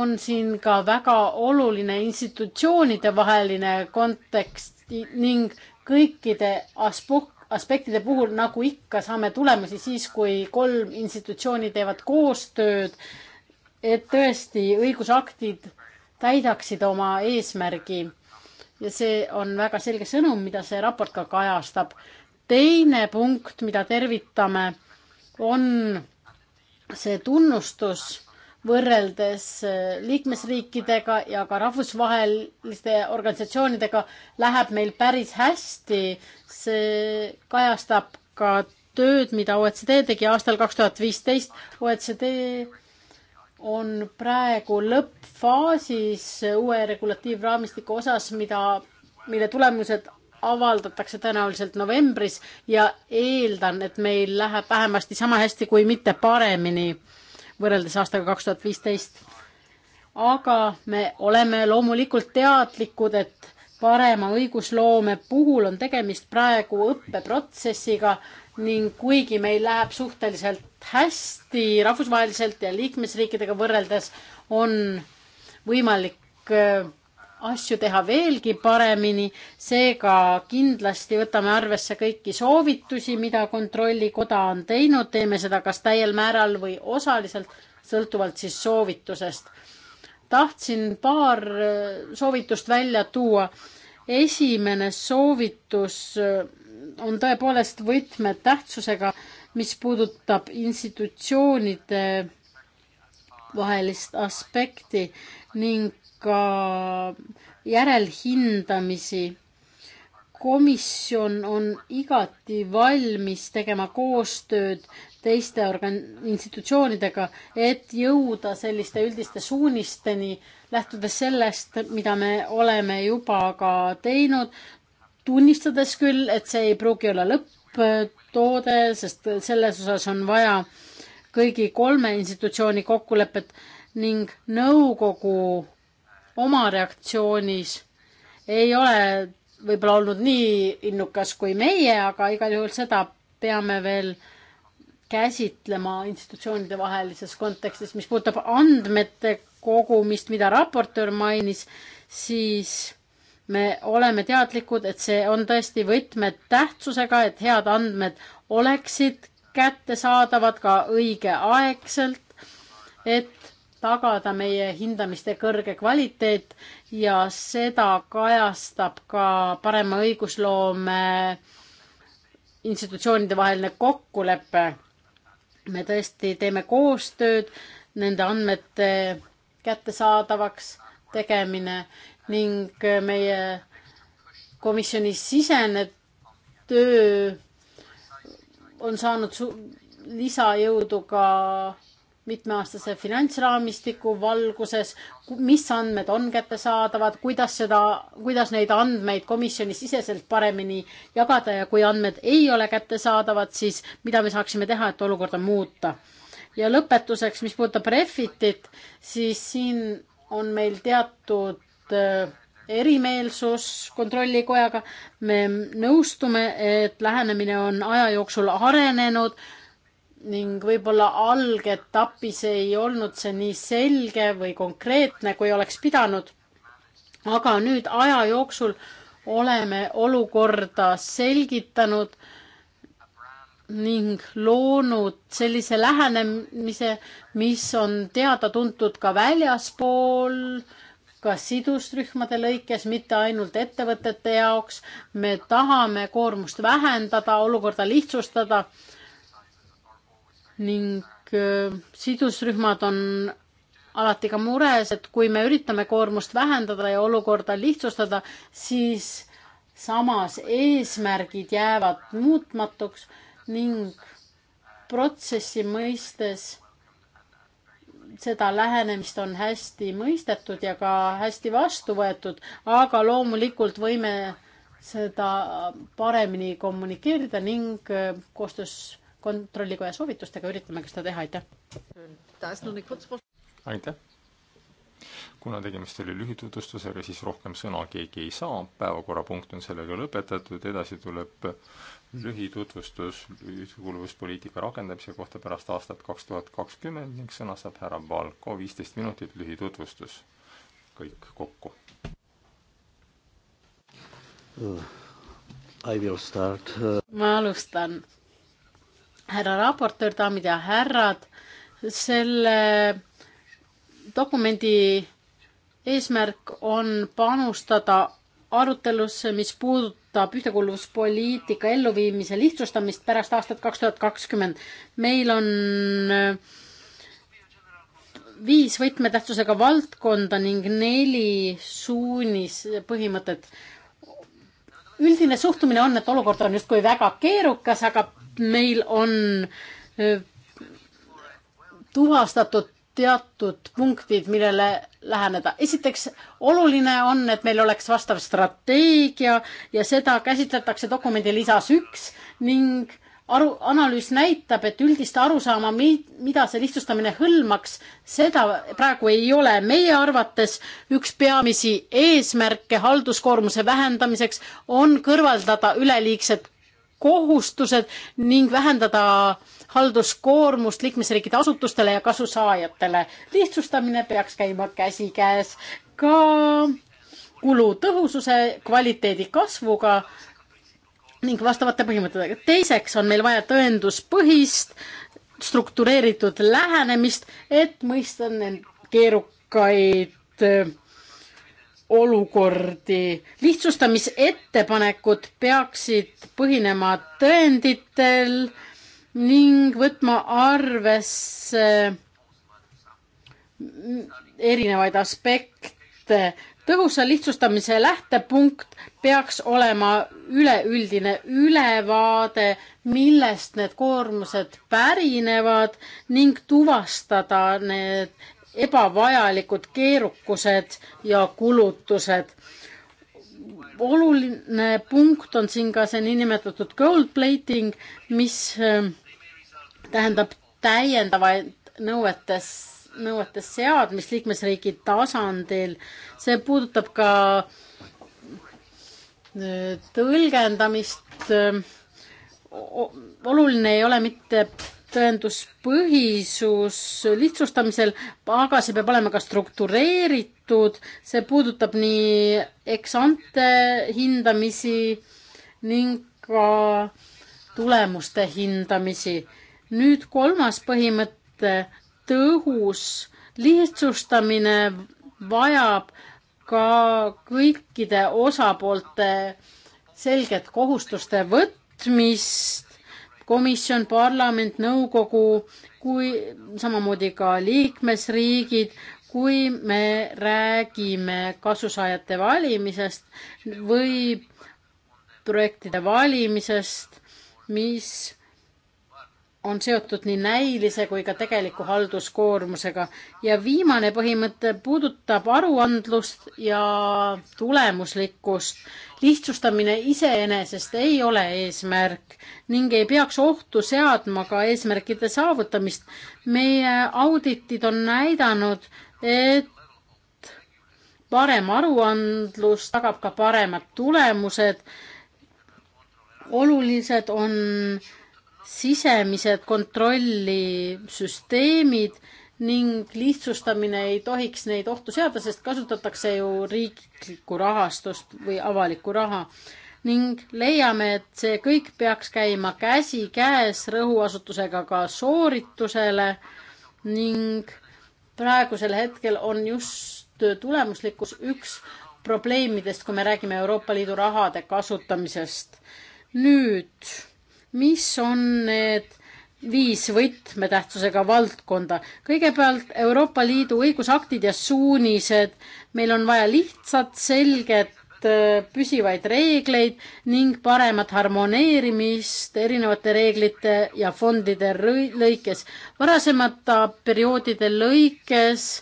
on siin ka väga oluline institutsioonide vaheline kontekst ning kõikide aspekt, aspektide puhul, nagu ikka, saame tulemusi siis, kui kolm institutsiooni teevad koostööd, et tõesti õigusaktid täidaksid oma eesmärgi. ja see on väga selge sõnum, mida see raport ka kajastab. teine punkt, mida tervitame, on see tunnustus võrreldes äh, liikmesriikidega ja ka rahvusvaheliste organisatsioonidega läheb meil päris hästi. see kajastab ka tööd, mida OECD tegi aastal kaks tuhat viisteist. OECD on praegu lõppfaasis uue regulatiivraamistiku osas, mida, mille tulemused avaldatakse tõenäoliselt novembris ja eeldan, et meil läheb vähemasti sama hästi, kui mitte paremini võrreldes aastaga kaks tuhat viisteist. aga me oleme loomulikult teadlikud, et parema õigusloome puhul on tegemist praegu õppeprotsessiga ning kuigi meil läheb suhteliselt hästi rahvusvaheliselt ja liikmesriikidega võrreldes, on võimalik äh, asju teha veelgi paremini, seega kindlasti võtame arvesse kõiki soovitusi, mida Kontrollikoda on teinud, teeme seda kas täiel määral või osaliselt, sõltuvalt siis soovitusest. tahtsin paar äh, soovitust välja tuua. esimene soovitus äh, on tõepoolest võtmetähtsusega, mis puudutab institutsioonide vahelist aspekti ning ka järelhindamisi. komisjon on igati valmis tegema koostööd teiste organ-, institutsioonidega, et jõuda selliste üldiste suunisteni, lähtudes sellest, mida me oleme juba ka teinud, tunnistades küll, et see ei pruugi olla lõpptoode, sest selles osas on vaja kõigi kolme institutsiooni kokkulepet ning nõukogu oma reaktsioonis ei ole võib-olla olnud nii innukas kui meie, aga igal juhul seda peame veel käsitlema institutsioonide vahelises kontekstis. mis puudutab andmete kogumist, mida raportöör mainis, siis me oleme teadlikud, et see on tõesti võtmetähtsusega, et head andmed oleksid kättesaadavad ka õigeaegselt, et tagada meie hindamiste kõrge kvaliteet ja seda kajastab ka parema õigusloome institutsioonide vaheline kokkulepe. me tõesti teeme koostööd, nende andmete kättesaadavaks tegemine ning meie komisjoni sisene töö on saanud lisajõudu ka mitmeaastase finantsraamistiku valguses, mis andmed on kättesaadavad, kuidas seda, kuidas neid andmeid komisjoni siseselt paremini jagada ja kui andmed ei ole kättesaadavad, siis mida me saaksime teha, et olukorda muuta. ja lõpetuseks, mis puudutab Refitit, siis siin on meil teatud äh, erimeelsus kontrollikojaga. me nõustume, et lähenemine on aja jooksul arenenud ning võib-olla algetapis ei olnud see nii selge või konkreetne, kui oleks pidanud. aga nüüd aja jooksul oleme olukorda selgitanud ning loonud sellise lähenemise, mis on teada-tuntud ka väljaspool, ka sidusrühmade lõikes, mitte ainult ettevõtete jaoks. me tahame koormust vähendada, olukorda lihtsustada ning sidusrühmad on alati ka mures, et kui me üritame koormust vähendada ja olukorda lihtsustada, siis samas eesmärgid jäävad muutmatuks ning protsessi mõistes seda lähenemist on hästi mõistetud ja ka hästi vastu võetud, aga loomulikult võime seda paremini kommunikeerida ning koostöös kontrollikoja soovitustega üritame ka seda teha, aitäh! aitäh! kuna tegemist oli lühitutvustusega, siis rohkem sõna keegi ei saa, päevakorrapunkt on sellega lõpetatud, edasi tuleb lühitutvustus ühtekuuluvuspoliitika rakendamise kohta pärast aastat kaks tuhat kakskümmend ning sõna saab härra Valko, viisteist minutit lühitutvustus, kõik kokku. Uh, uh, ma alustan härra raportöör, daamid ja härrad, selle dokumendi eesmärk on panustada arutelusse, mis puudutab ühtekuuluvuspoliitika elluviimise lihtsustamist pärast aastat kaks tuhat kakskümmend. meil on äh, viis võtmetähtsusega valdkonda ning neli suunispõhimõtet. üldine suhtumine on, et olukord on justkui väga keerukas, aga meil on tuvastatud teatud punktid, millele läheneda. esiteks oluline on, et meil oleks vastav strateegia ja seda käsitletakse dokumendi lisas üks ning aru, analüüs näitab, et üldist arusaama, mida see lihtsustamine hõlmaks, seda praegu ei ole. meie arvates üks peamisi eesmärke halduskoormuse vähendamiseks on kõrvaldada üleliigsed kohustused ning vähendada halduskoormust liikmesriikide asutustele ja kasusaajatele. lihtsustamine peaks käima käsikäes ka kulutõhususe kvaliteedi kasvuga ning vastavate põhimõtetega. teiseks on meil vaja tõenduspõhist struktureeritud lähenemist, et mõista need keerukaid olukordi. lihtsustamisettepanekud peaksid põhinema tõenditel ning võtma arvesse erinevaid aspekte. tõhusa lihtsustamise lähtepunkt peaks olema üleüldine ülevaade, millest need koormused pärinevad ning tuvastada need ebavajalikud keerukused ja kulutused. oluline punkt on siin ka see niinimetatud gold plating, mis ähm, tähendab täiendavaid nõuetes, nõuetes seadmist liikmesriigi tasandil. see puudutab ka äh, tõlgendamist. Ähm, oluline ei ole mitte tõenduspõhisus lihtsustamisel, aga see peab olema ka struktureeritud, see puudutab nii eksante hindamisi ning ka tulemuste hindamisi. nüüd kolmas põhimõte, tõhus lihtsustamine vajab ka kõikide osapoolte selget kohustuste võtmist komisjon, parlament, nõukogu, kui samamoodi ka liikmesriigid, kui me räägime kasusaajate valimisest või projektide valimisest, mis on seotud nii näilise kui ka tegeliku halduskoormusega ja viimane põhimõte puudutab aruandlust ja tulemuslikkust. lihtsustamine iseenesest ei ole eesmärk ning ei peaks ohtu seadma ka eesmärkide saavutamist. meie auditid on näidanud, et parem aruandlus tagab ka paremad tulemused. olulised on sisemised kontrollisüsteemid ning lihtsustamine ei tohiks neid ohtu seada, sest kasutatakse ju riiklikku rahastust või avalikku raha. ning leiame, et see kõik peaks käima käsikäes rõhuasutusega ka sooritusele ning praegusel hetkel on just tulemuslikkus üks probleemidest, kui me räägime Euroopa Liidu rahade kasutamisest. nüüd mis on need viis võtmetähtsusega valdkonda. kõigepealt Euroopa Liidu õigusaktid ja suunised. meil on vaja lihtsat, selget, äh, püsivaid reegleid ning paremat harmoneerimist erinevate reeglite ja fondide lõikes. varasemate perioodide lõikes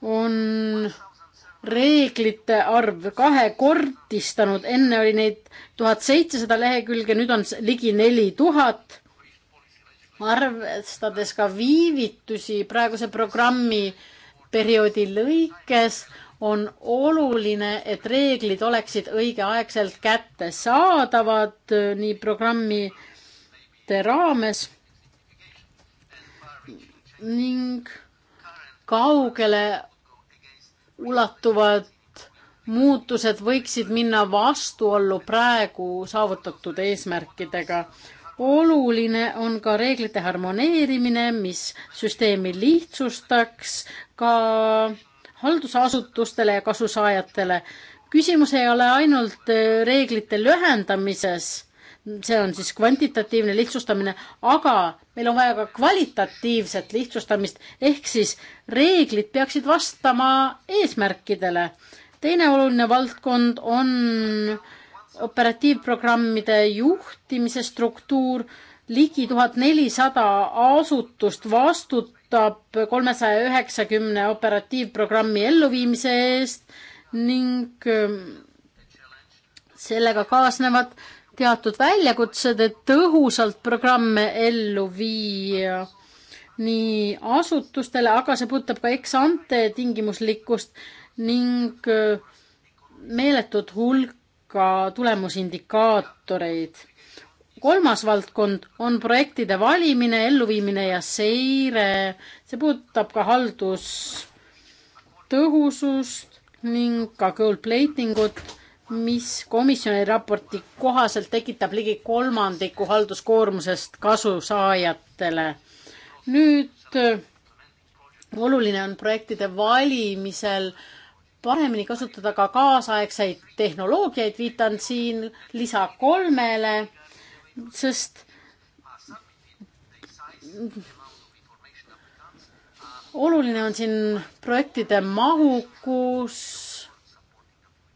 on reeglite arv kahekordistanud, enne oli neid tuhat seitsesada lehekülge, nüüd on ligi neli tuhat. arvestades ka viivitusi praeguse programmi perioodi lõikes, on oluline, et reeglid oleksid õigeaegselt kättesaadavad äh, nii programmide raames ning kaugele ulatuvad muutused võiksid minna vastuollu praegu saavutatud eesmärkidega. oluline on ka reeglite harmoneerimine, mis süsteemi lihtsustaks ka haldusasutustele ja kasusaajatele. küsimus ei ole ainult reeglite lühendamises see on siis kvantitatiivne lihtsustamine, aga meil on vaja ka kvalitatiivset lihtsustamist, ehk siis reeglid peaksid vastama eesmärkidele. teine oluline valdkond on operatiivprogrammide juhtimise struktuur, ligi tuhat nelisada asutust vastutab kolmesaja üheksakümne operatiivprogrammi elluviimise eest ning ähm, sellega kaasnevad teatud väljakutsed, et tõhusalt programme ellu viia nii asutustele, aga see puudutab ka ex-ante tingimuslikkust ning äh, meeletut hulka tulemusindikaatoreid. kolmas valdkond on projektide valimine, elluviimine ja seire. see puudutab ka haldustõhusust ning ka gold plating ut mis komisjoni raporti kohaselt tekitab ligi kolmandiku halduskoormusest kasusaajatele. nüüd äh, oluline on projektide valimisel paremini kasutada ka kaasaegseid tehnoloogiaid, viitan siin lisa kolmele, sest oluline on siin projektide mahukus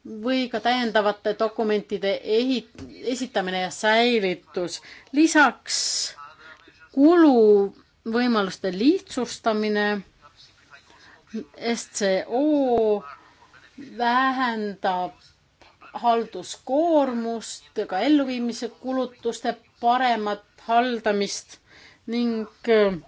või ka täiendavate dokumentide ehit-, esitamine ja säilitus. lisaks kuluvõimaluste lihtsustamine, SCO vähendab halduskoormust, ka elluviimise kulutuste paremat haldamist ning eh,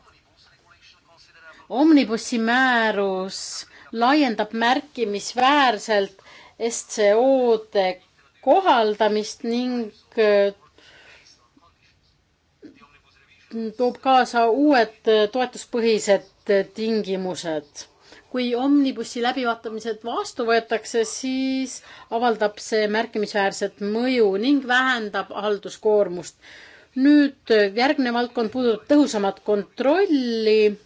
omnibussi määrus laiendab märkimisväärselt SCO-de kohaldamist ning äh, toob kaasa uued äh, toetuspõhised äh, tingimused. kui omnibussi läbivaatamised vastu võetakse, siis avaldab see märkimisväärset mõju ning vähendab halduskoormust. nüüd järgmine valdkond puudutab tõhusamat kontrolli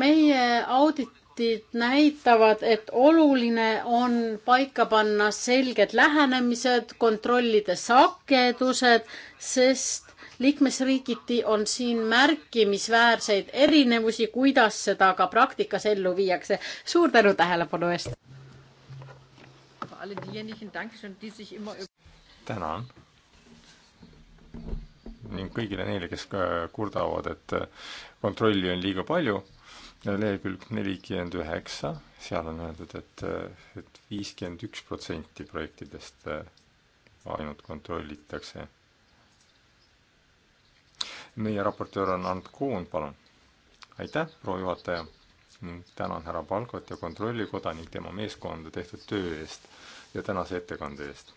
meie auditid näitavad, et oluline on paika panna selged lähenemised, kontrollida sagedused, sest liikmesriigiti on siin märkimisväärseid erinevusi, kuidas seda ka praktikas ellu viiakse. suur tänu tähelepanu eest! tänan! ning kõigile neile, kes ka kurdavad, et kontrolli on liiga palju lehekülg nelikümmend üheksa, seal on öeldud, et, et viiskümmend üks protsenti projektidest eh, ainult kontrollitakse. meie raportöör on Ant Kuhn, palun. aitäh, proua juhataja ning tänan härra Palgot ja Kontrollikoda ning tema meeskonda tehtud töö eest ja tänase ettekande eest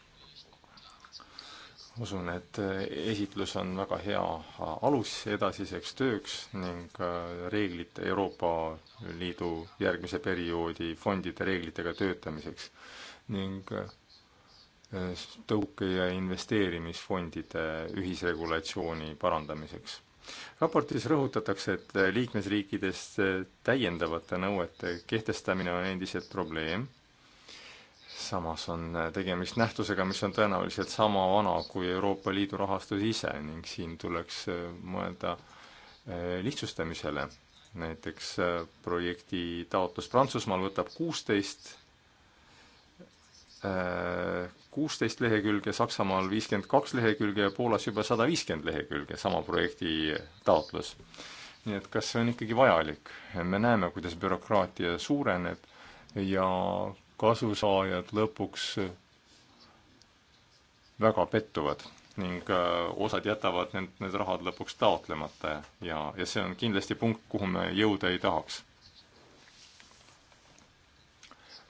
usun, et äh, esitlus on väga hea äh, alus edasiseks tööks ning äh, reeglite, Euroopa Liidu järgmise perioodi fondide reeglitega töötamiseks ning tõuke- ja investeerimisfondide ühisregulatsiooni parandamiseks. raportis rõhutatakse, et liikmesriikides täiendavate nõuete kehtestamine on endiselt probleem samas on äh, tegemist nähtusega, mis on tõenäoliselt sama vana kui Euroopa Liidu rahastus ise ning siin tuleks äh, mõelda äh, lihtsustamisele. näiteks projekti taotlus Prantsusmaal võtab kuusteist, kuusteist lehekülge, Saksamaal viiskümmend kaks lehekülge ja Poolas juba sada viiskümmend lehekülge, sama projekti taotlus. nii et kas see on ikkagi vajalik? me näeme, kuidas bürokraatia suureneb ja kasusaajad lõpuks väga pettuvad ning äh, osad jätavad need, need rahad lõpuks taotlemata ja, ja see on kindlasti punkt, kuhu me jõuda ei tahaks.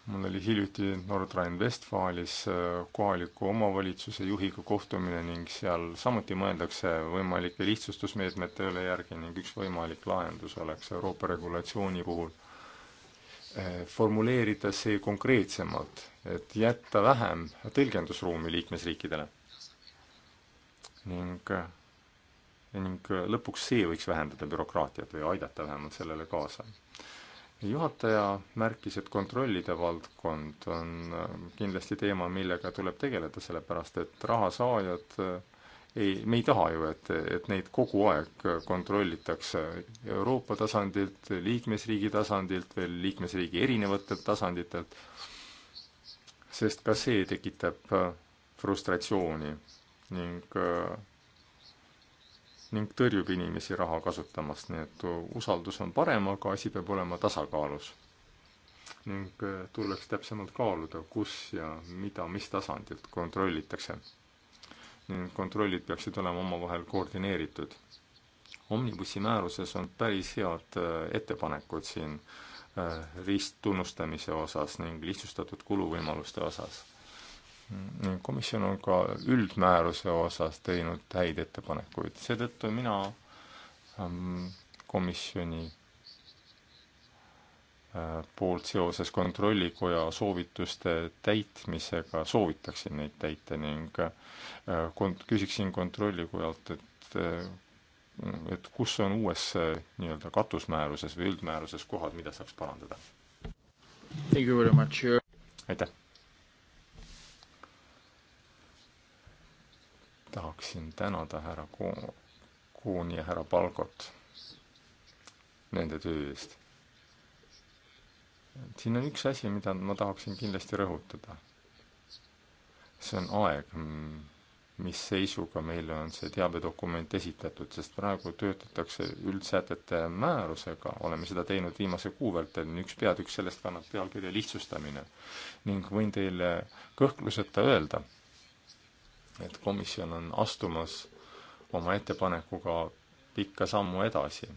mul oli hiljuti Nordrhein-Westfalis äh, kohaliku omavalitsuse juhiga kohtumine ning seal samuti mõeldakse võimalike lihtsustusmeetmete üle järgi ning üks võimalik lahendus oleks Euroopa regulatsiooni puhul Eh, formuleerida see konkreetsemalt, et jätta vähem tõlgendusruumi liikmesriikidele. ning, eh, ning lõpuks see võiks vähendada bürokraatiat või aidata vähemalt sellele kaasa. juhataja märkis, et kontrollide valdkond on eh, kindlasti teema, millega tuleb tegeleda, sellepärast et rahasaajad ei, me ei taha ju, et, et neid kogu aeg kontrollitakse Euroopa tasandilt, liikmesriigi tasandilt, veel liikmesriigi erinevatelt tasanditelt, sest ka see tekitab äh, frustratsiooni ning äh, ning tõrjub inimesi raha kasutamast, nii et usaldus on parem, aga asi peab olema tasakaalus. ning äh, tuleks täpsemalt kaaluda, kus ja mida, mis tasandilt kontrollitakse ning kontrollid peaksid olema omavahel koordineeritud. Omnibussi määruses on päris head äh, ettepanekud siin äh, risttunnustamise osas ning lihtsustatud kuluvõimaluste osas. komisjon on ka üldmääruse osas teinud häid ettepanekuid, seetõttu mina ähm, komisjoni poolt seoses Kontrollikoja soovituste täitmisega, soovitaksin neid täita ning äh, kont-, küsiksin Kontrollikojalt, et äh, et kus on uues äh, nii-öelda katusmääruses või üldmääruses kohad, mida saaks parandada? aitäh! tahaksin tänada härra Ko-, Kooni ja härra Palgot nende töö eest et siin on üks asi, mida ma tahaksin kindlasti rõhutada. see on aeg, mis seisuga meile on see teabedokument esitatud, sest praegu töötatakse üldsätete määrusega, oleme seda teinud viimase kuu vältel, üks peatükk sellest kannab pealkirja lihtsustamine. ning võin teile kõhkluseta öelda, et komisjon on astumas oma ettepanekuga pikka sammu edasi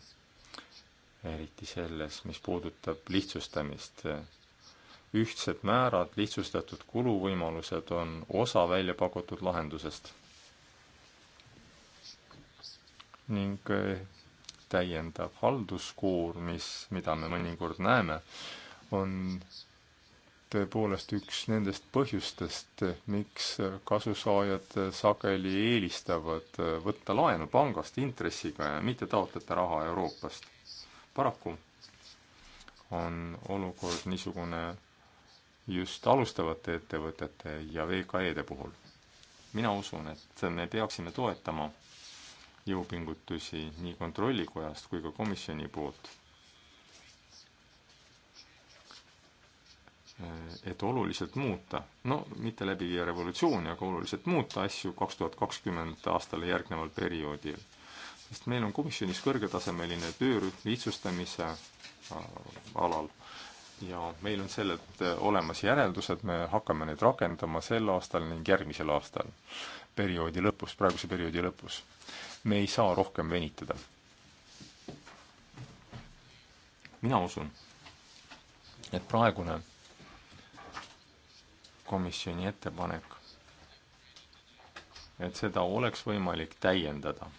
eriti selles, mis puudutab lihtsustamist. ühtsed määrad, lihtsustatud kuluvõimalused on osa välja pakutud lahendusest. ning eh, täiendav halduskoormis, mida me mõnikord näeme, on tõepoolest üks nendest põhjustest, miks kasusaajad sageli eelistavad võtta laenu pangast intressiga ja mitte taotleda raha Euroopast paraku on olukord niisugune just alustavate ettevõtete ja VKE-de puhul. mina usun, et me peaksime toetama jõupingutusi nii Kontrollikojast kui ka komisjoni poolt. et oluliselt muuta, no mitte läbi viia revolutsiooni, aga oluliselt muuta asju kaks tuhat kakskümmend aastale järgneval perioodil sest meil on komisjonis kõrgetasemeline töörühm lihtsustamise äh, alal ja meil on sellelt äh, olemas järeldused, me hakkame neid rakendama sel aastal ning järgmisel aastal, perioodi lõpus, praeguse perioodi lõpus. me ei saa rohkem venitada. mina usun, et praegune komisjoni ettepanek, et seda oleks võimalik täiendada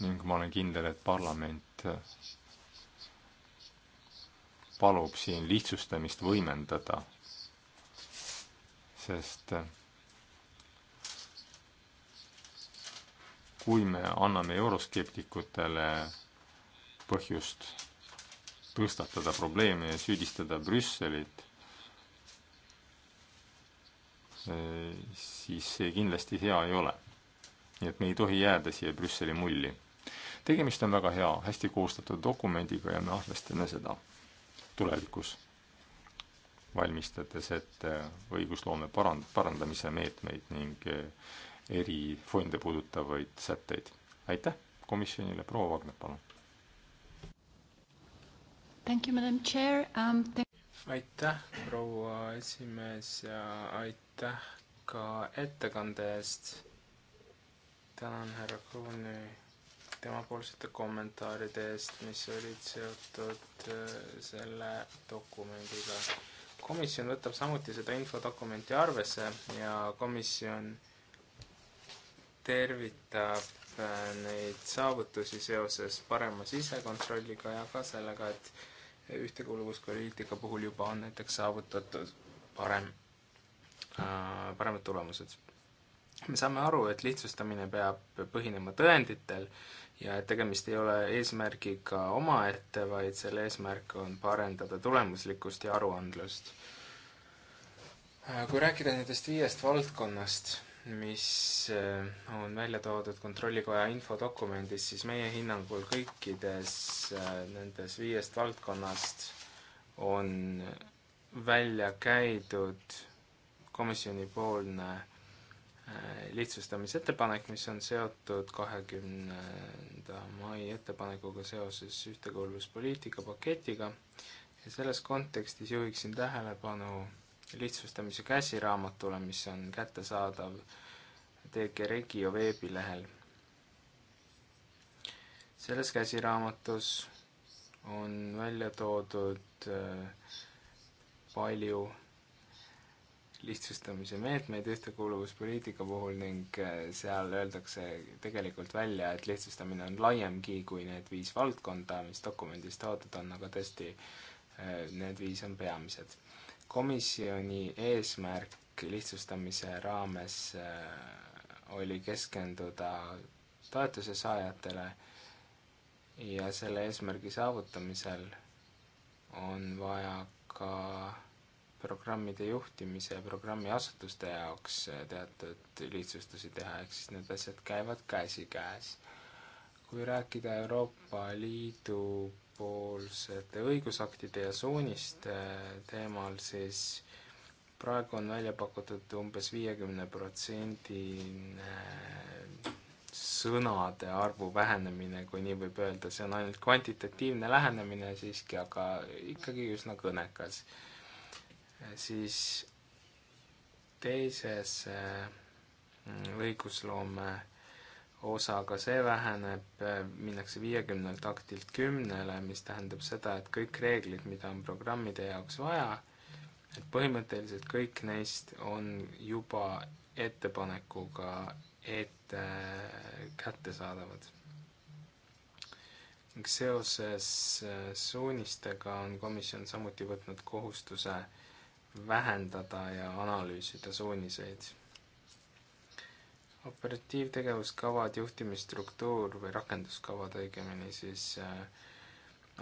ning ma olen kindel, et parlament palub siin lihtsustamist võimendada, sest kui me anname euroskeptikutele põhjust tõstatada probleeme ja süüdistada Brüsselit, eh, siis see kindlasti hea ei ole. nii et me ei tohi jääda siia Brüsseli mulli tegemist on väga hea, hästi koostatud dokumendiga ja me arvestame seda tulevikus, valmistades ette õigusloome parand-, parandamise meetmeid ning eh, erifonde puudutavaid sätteid. aitäh komisjonile, proua Vagner, palun! Thank you, madam chair um,. aitäh, proua esimees ja aitäh ka ettekande eest. tänan härra Krooni temapoolsete kommentaaride eest, mis olid seotud äh, selle dokumendiga. komisjon võtab samuti seda infodokumenti arvesse ja komisjon tervitab äh, neid saavutusi seoses parema sisekontrolliga ja ka sellega, et ühtekuuluvuspoliitika puhul juba on näiteks saavutatud parem, äh, paremad tulemused me saame aru, et lihtsustamine peab põhinema tõenditel ja et tegemist ei ole eesmärgiga omaette, vaid selle eesmärk on parendada tulemuslikkust ja aruandlust. kui rääkida nendest viiest valdkonnast, mis äh, on välja toodud Kontrollikoja infodokumendis, siis meie hinnangul kõikides äh, nendes viiest valdkonnast on välja käidud komisjonipoolne Äh, lihtsustamisettepanek, mis on seotud kahekümnenda mai ettepanekuga seoses ühtekuuluvuspoliitika paketiga ja selles kontekstis juhiksin tähelepanu lihtsustamise käsiraamatule, mis on kättesaadav TG Regio veebilehel. selles käsiraamatus on välja toodud äh, palju lihtsustamise meetmeid ühtekuuluvuspoliitika puhul ning äh, seal öeldakse tegelikult välja, et lihtsustamine on laiemgi kui need viis valdkonda, mis dokumendis toodud on, aga tõesti, äh, need viis on peamised. komisjoni eesmärk lihtsustamise raames äh, oli keskenduda toetuse saajatele ja selle eesmärgi saavutamisel on vaja ka programmide juhtimise ja programmi asutuste jaoks eh, teatud lihtsustusi teha, ehk siis need asjad käivad käsikäes. kui rääkida Euroopa Liidu poolsete õigusaktide ja suuniste eh, teemal, siis praegu on välja pakutud umbes viiekümne protsendine eh, sõnade arvu vähenemine, kui nii võib öelda, see on ainult kvantitatiivne lähenemine siiski, aga ikkagi üsna kõnekas siis teises äh, õigusloome osaga see väheneb, äh, minnakse viiekümnelt aktilt kümnele, mis tähendab seda, et kõik reeglid, mida on programmide jaoks vaja, et põhimõtteliselt kõik neist on juba ettepanekuga ette äh, kättesaadavad. seoses suunistega on komisjon samuti võtnud kohustuse äh, vähendada ja analüüsida suuniseid. operatiivtegevuskavad, juhtimisstruktuur või rakenduskavad õigemini siis äh,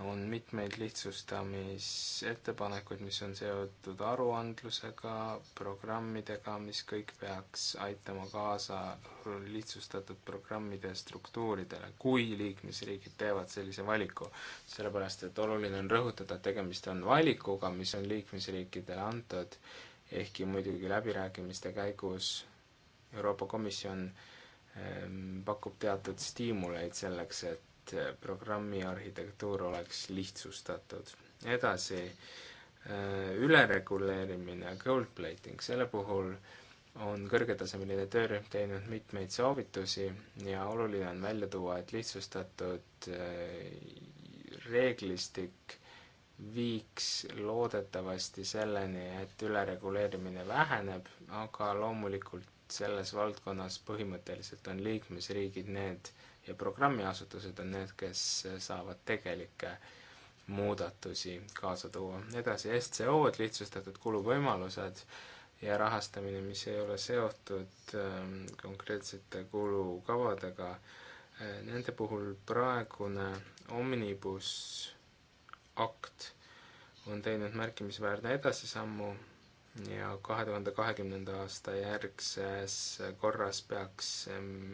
on mitmeid lihtsustamisettepanekuid, mis on seotud aruandlusega, programmidega, mis kõik peaks aitama kaasa lihtsustatud programmide struktuuridele, kui liikmesriigid teevad sellise valiku. sellepärast, et oluline on rõhutada, et tegemist on valikuga, mis on liikmesriikidele antud, ehkki muidugi läbirääkimiste käigus Euroopa Komisjon ehm, pakub teatud stiimuleid selleks, et et äh, programmi arhitektuur oleks lihtsustatud. edasi, äh, ülereguleerimine, gold plating, selle puhul on kõrgetasemeline töörühm teinud mitmeid soovitusi ja oluline on välja tuua, et lihtsustatud äh, reeglistik viiks loodetavasti selleni, et ülereguleerimine väheneb, aga loomulikult selles valdkonnas põhimõtteliselt on liikmesriigid need, ja programmiasutused on need, kes saavad tegelikke muudatusi kaasa tuua. edasi SCO-d, lihtsustatud kuluvõimalused ja rahastamine, mis ei ole seotud ähm, konkreetsete kulukavadega. Äh, nende puhul praegune omnibus akt on teinud märkimisväärne edasisammu ja kahe tuhande kahekümnenda aasta järgses korras peaks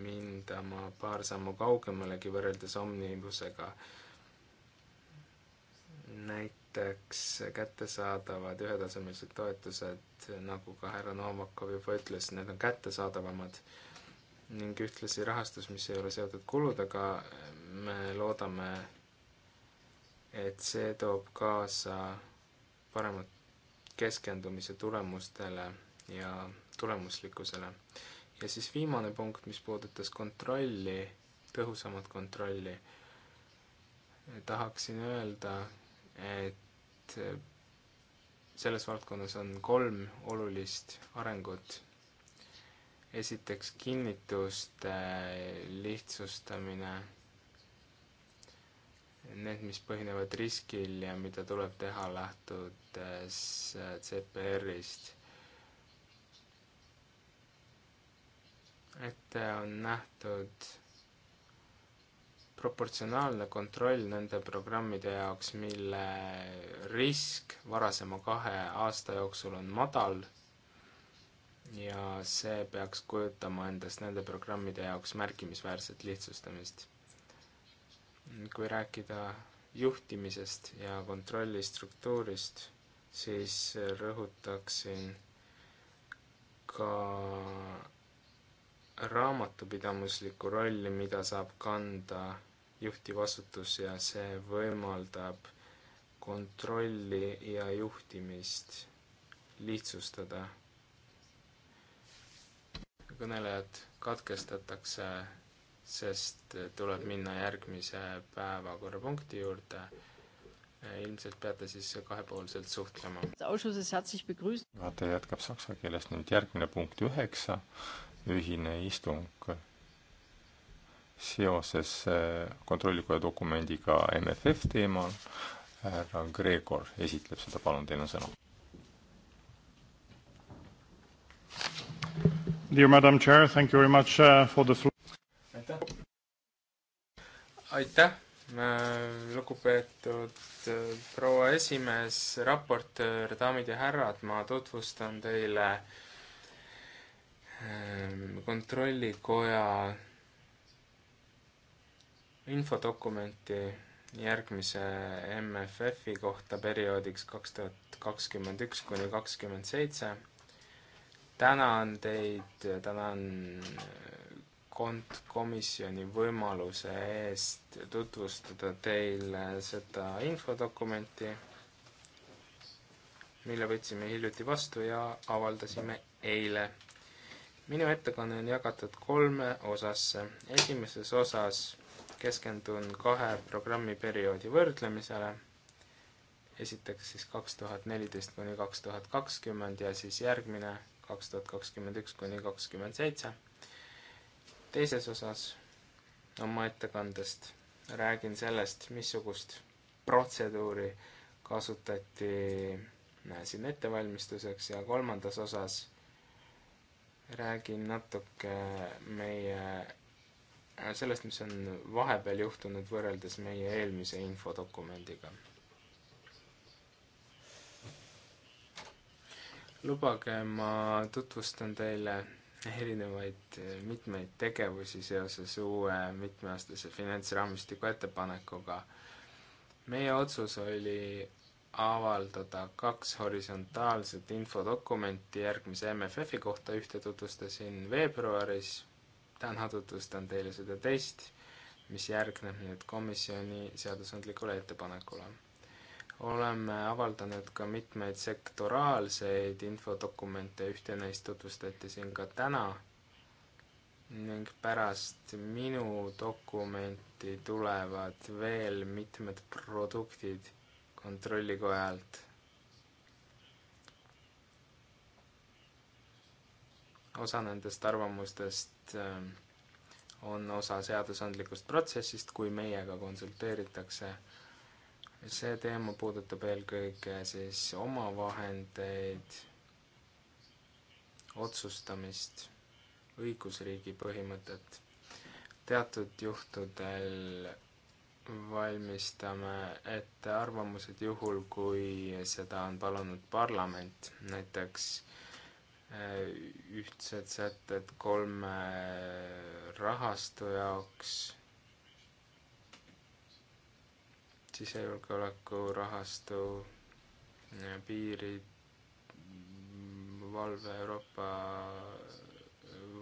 mindama paar sammu kaugemalegi võrreldes omnibusega. näiteks kättesaadavad ühetasemelised toetused, nagu ka härra Novakov juba ütles, need on kättesaadavamad ning ühtlasi rahastus, mis ei ole seotud kuludega, me loodame, et see toob kaasa paremat keskendumise tulemustele ja tulemuslikkusele. ja siis viimane punkt, mis puudutas kontrolli, tõhusamat kontrolli, tahaksin öelda, et selles valdkonnas on kolm olulist arengut. esiteks kinnituste lihtsustamine need, mis põhinevad riskil ja mida tuleb teha lähtudes äh, CPR-ist. ette äh, on nähtud proportsionaalne kontroll nende programmide jaoks, mille risk varasema kahe aasta jooksul on madal ja see peaks kujutama endast nende programmide jaoks märkimisväärset lihtsustamist kui rääkida juhtimisest ja kontrollistruktuurist, siis rõhutaksin ka raamatupidamislikku rolli, mida saab kanda juhtivastutus ja see võimaldab kontrolli ja juhtimist lihtsustada. kõnelejad katkestatakse sest tuleb minna järgmise päevakorrapunkti juurde. ilmselt peate siis kahepoolselt suhtlema. vaata jätkab saksa keeles nüüd järgmine punkt üheksa, ühine istung seoses äh, kontrollikoja dokumendiga MFF teemal. härra Gregor esitleb seda, palun, teil on sõna. Dear Madam Chair, thank you very much uh, for the floor aitäh, lugupeetud äh, proua esimees, raportöör, daamid ja härrad, ma tutvustan teile ähm, kontrollikoja infodokumenti järgmise MFF-i kohta perioodiks kaks tuhat kakskümmend üks kuni kakskümmend seitse. tänan teid, tänan kontkomisjoni võimaluse eest tutvustada teile seda infodokumenti, mille võtsime hiljuti vastu ja avaldasime eile. minu ettekanne on jagatud kolme osasse. esimeses osas keskendun kahe programmiperioodi võrdlemisele esiteks siis kaks tuhat neliteist kuni kaks tuhat kakskümmend ja siis järgmine kaks tuhat kakskümmend üks kuni kakskümmend seitse teises osas oma ettekandest räägin sellest, missugust protseduuri kasutati äh, siin ettevalmistuseks ja kolmandas osas räägin natuke meie, äh, sellest, mis on vahepeal juhtunud võrreldes meie eelmise infodokumendiga. lubage, ma tutvustan teile erinevaid eh, mitmeid tegevusi seoses uue mitmeaastase finantsraamistiku ettepanekuga. meie otsus oli avaldada kaks horisontaalset infodokumenti järgmise MFF-i kohta, ühte tutvustasin veebruaris, täna tutvustan teile seda teist, mis järgneb nüüd komisjoni seadusandlikule ettepanekule oleme avaldanud ka mitmeid sektoraalseid infodokumente, ühte neist tutvustati siin ka täna ning pärast minu dokumenti tulevad veel mitmed produktid kontrollikojalt. osa nendest arvamustest ähm, on osa seadusandlikust protsessist, kui meiega konsulteeritakse see teema puudutab eelkõige siis omavahendeid, otsustamist, õigusriigi põhimõtet. teatud juhtudel valmistame ette arvamused juhul, kui seda on palunud parlament, näiteks äh, ühtsed sätted kolme rahastu jaoks sisejulgeoleku rahastu piiri valve Euroopa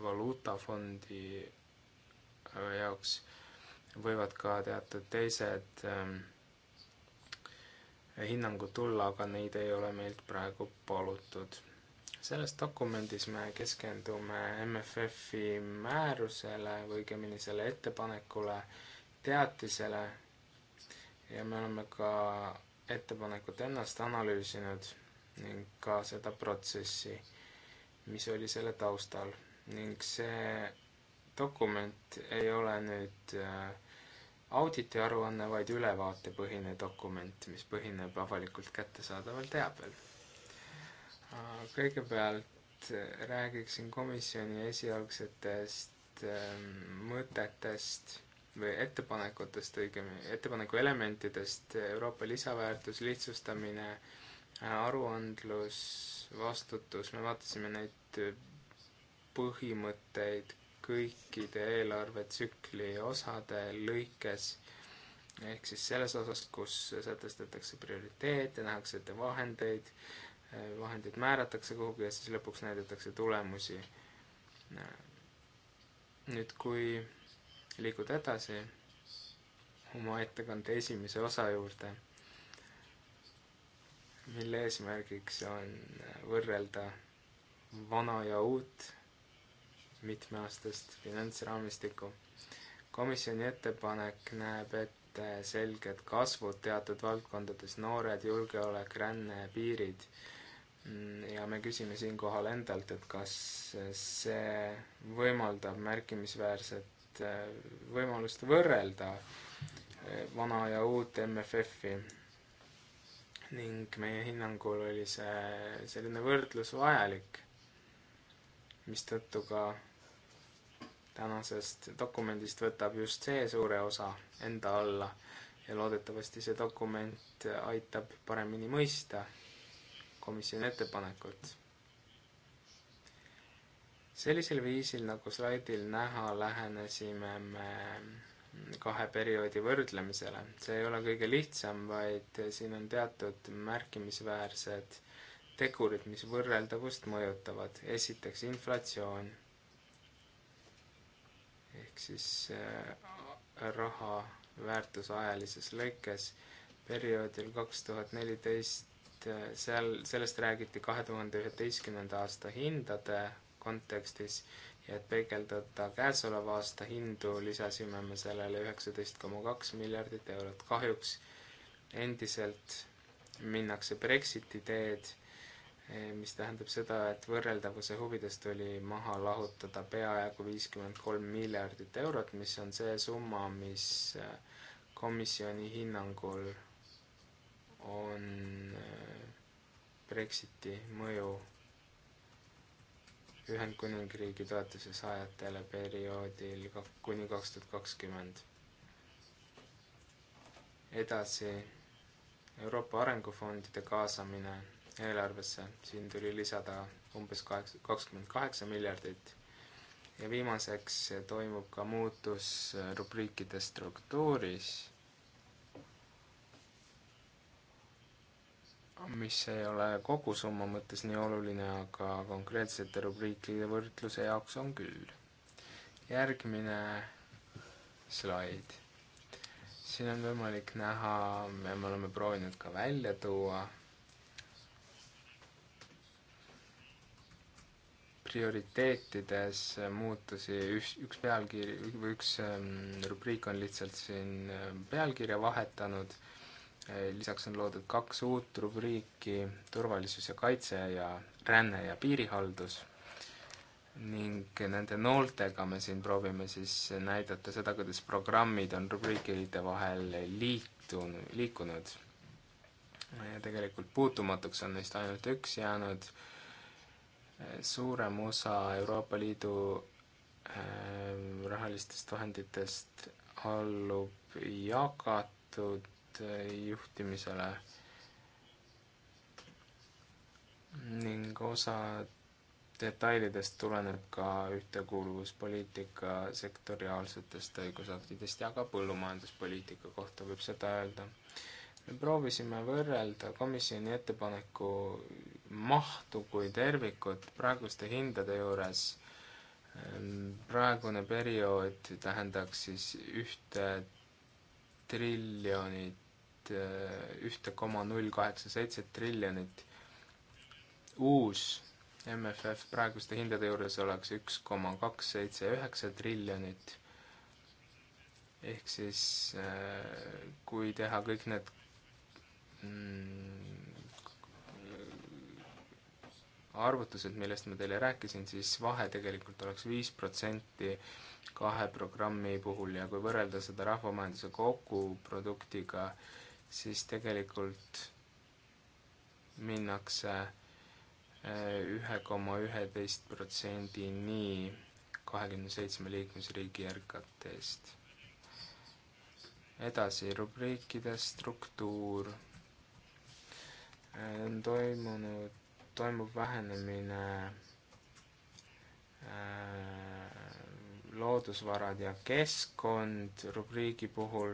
Valuutafondi jaoks võivad ka teatud teised ähm, hinnangud tulla, aga neid ei ole meilt praegu palutud. selles dokumendis me keskendume MFF-i määrusele või õigemini selle ettepanekule, teatisele ja me oleme ka ettepanekut ennast analüüsinud ning ka seda protsessi, mis oli selle taustal ning see dokument ei ole nüüd äh, auditi aruanne, vaid ülevaatepõhine dokument, mis põhineb avalikult kättesaadaval teabel. Äh, kõigepealt äh, räägiksin komisjoni esialgsetest ähm, mõtetest või ettepanekutest õigemini, ettepaneku elementidest, Euroopa lisaväärtus, lihtsustamine, aruandlus, vastutus, me vaatasime neid põhimõtteid kõikide eelarvetsükli osade lõikes, ehk siis selles osas, kus sätestatakse prioriteete, nähakse ette vahendeid, vahendid määratakse kuhugi ja siis lõpuks näidatakse tulemusi. nüüd, kui liikuda edasi oma ettekande esimese osa juurde, mille eesmärgiks on võrrelda vana ja uut mitmeaastast finantsraamistikku. komisjoni ettepanek näeb ette selged kasvud teatud valdkondades, noored, julgeolek, ränne, piirid ja me küsime siinkohal endalt, et kas see võimaldab märkimisväärset sellist äh, võimalust võrrelda äh, vana ja uut MFF-i. ning meie hinnangul oli see selline võrdlus vajalik, mistõttu ka tänasest dokumendist võtab just see suure osa enda alla ja loodetavasti see dokument aitab paremini mõista komisjoni ettepanekut sellisel viisil, nagu slaidil näha, lähenesime me kahe perioodi võrdlemisele. see ei ole kõige lihtsam, vaid siin on teatud märkimisväärsed tegurid, mis võrreldavust mõjutavad. esiteks inflatsioon ehk siis äh, raha väärtus ajalises lõikes perioodil kaks tuhat neliteist, äh, seal, sellest räägiti kahe tuhande üheteistkümnenda aasta hindade kontekstis ja et peegeldada käesoleva aasta hindu, lisasime me sellele üheksateist koma kaks miljardit eurot. kahjuks endiselt minnakse Brexiti teed, mis tähendab seda, et võrreldavuse huvides tuli maha lahutada peaaegu viiskümmend kolm miljardit eurot, mis on see summa, mis äh, komisjoni hinnangul on äh, Brexiti mõju Ühendkuningriigi toetuse saajatele perioodil kuni kaks tuhat kakskümmend. edasi, Euroopa arengufondide kaasamine eelarvesse, siin tuli lisada umbes kaheksa, kakskümmend kaheksa miljardit ja viimaseks toimub ka muutus rubriikide struktuuris mis ei ole kogusumma mõttes nii oluline, aga konkreetsete rubriikide võrdluse jaoks on küll. järgmine slaid. siin on võimalik näha, me oleme proovinud ka välja tuua prioriteetides muutusi, üks, üks pealkiri või üks ähm, rubriik on lihtsalt siin ähm, pealkirja vahetanud Äh, lisaks on loodud kaks uut rubriiki, turvalisus ja kaitse ja ränne ja piirihaldus ning nende nooltega me siin proovime siis näidata seda, kuidas programmid on rubriikide vahel liitun-, liikunud. ja tegelikult puutumatuks on neist ainult üks jäänud, äh, suurem osa Euroopa Liidu äh, rahalistest vahenditest allub jagatud Eh, juhtimisele ning osa detailidest tuleneb ka ühtekuuluvuspoliitika sektoriaalsetest õigusaktidest ja ka põllumajanduspoliitika kohta võib seda öelda. me proovisime võrrelda komisjoni ettepaneku mahtu kui tervikut praeguste hindade juures. Ehm, praegune periood tähendaks siis ühte triljonit Äh, ühte koma null kaheksa seitse triljonit. uus MFF praeguste hindade juures oleks üks koma kaks seitse üheksa triljonit. ehk siis äh, kui teha kõik need mm, arvutused, millest ma teile rääkisin, siis vahe tegelikult oleks viis protsenti kahe programmi puhul ja kui võrrelda seda rahvamajanduse koguproduktiga, siis tegelikult minnakse äh, ühe koma üheteist protsendini kahekümne seitsme liikmesriigi RKT-st. edasi, rubriikide struktuur äh, on toimunud, toimub vähenemine äh, loodusvarad ja keskkond rubriigi puhul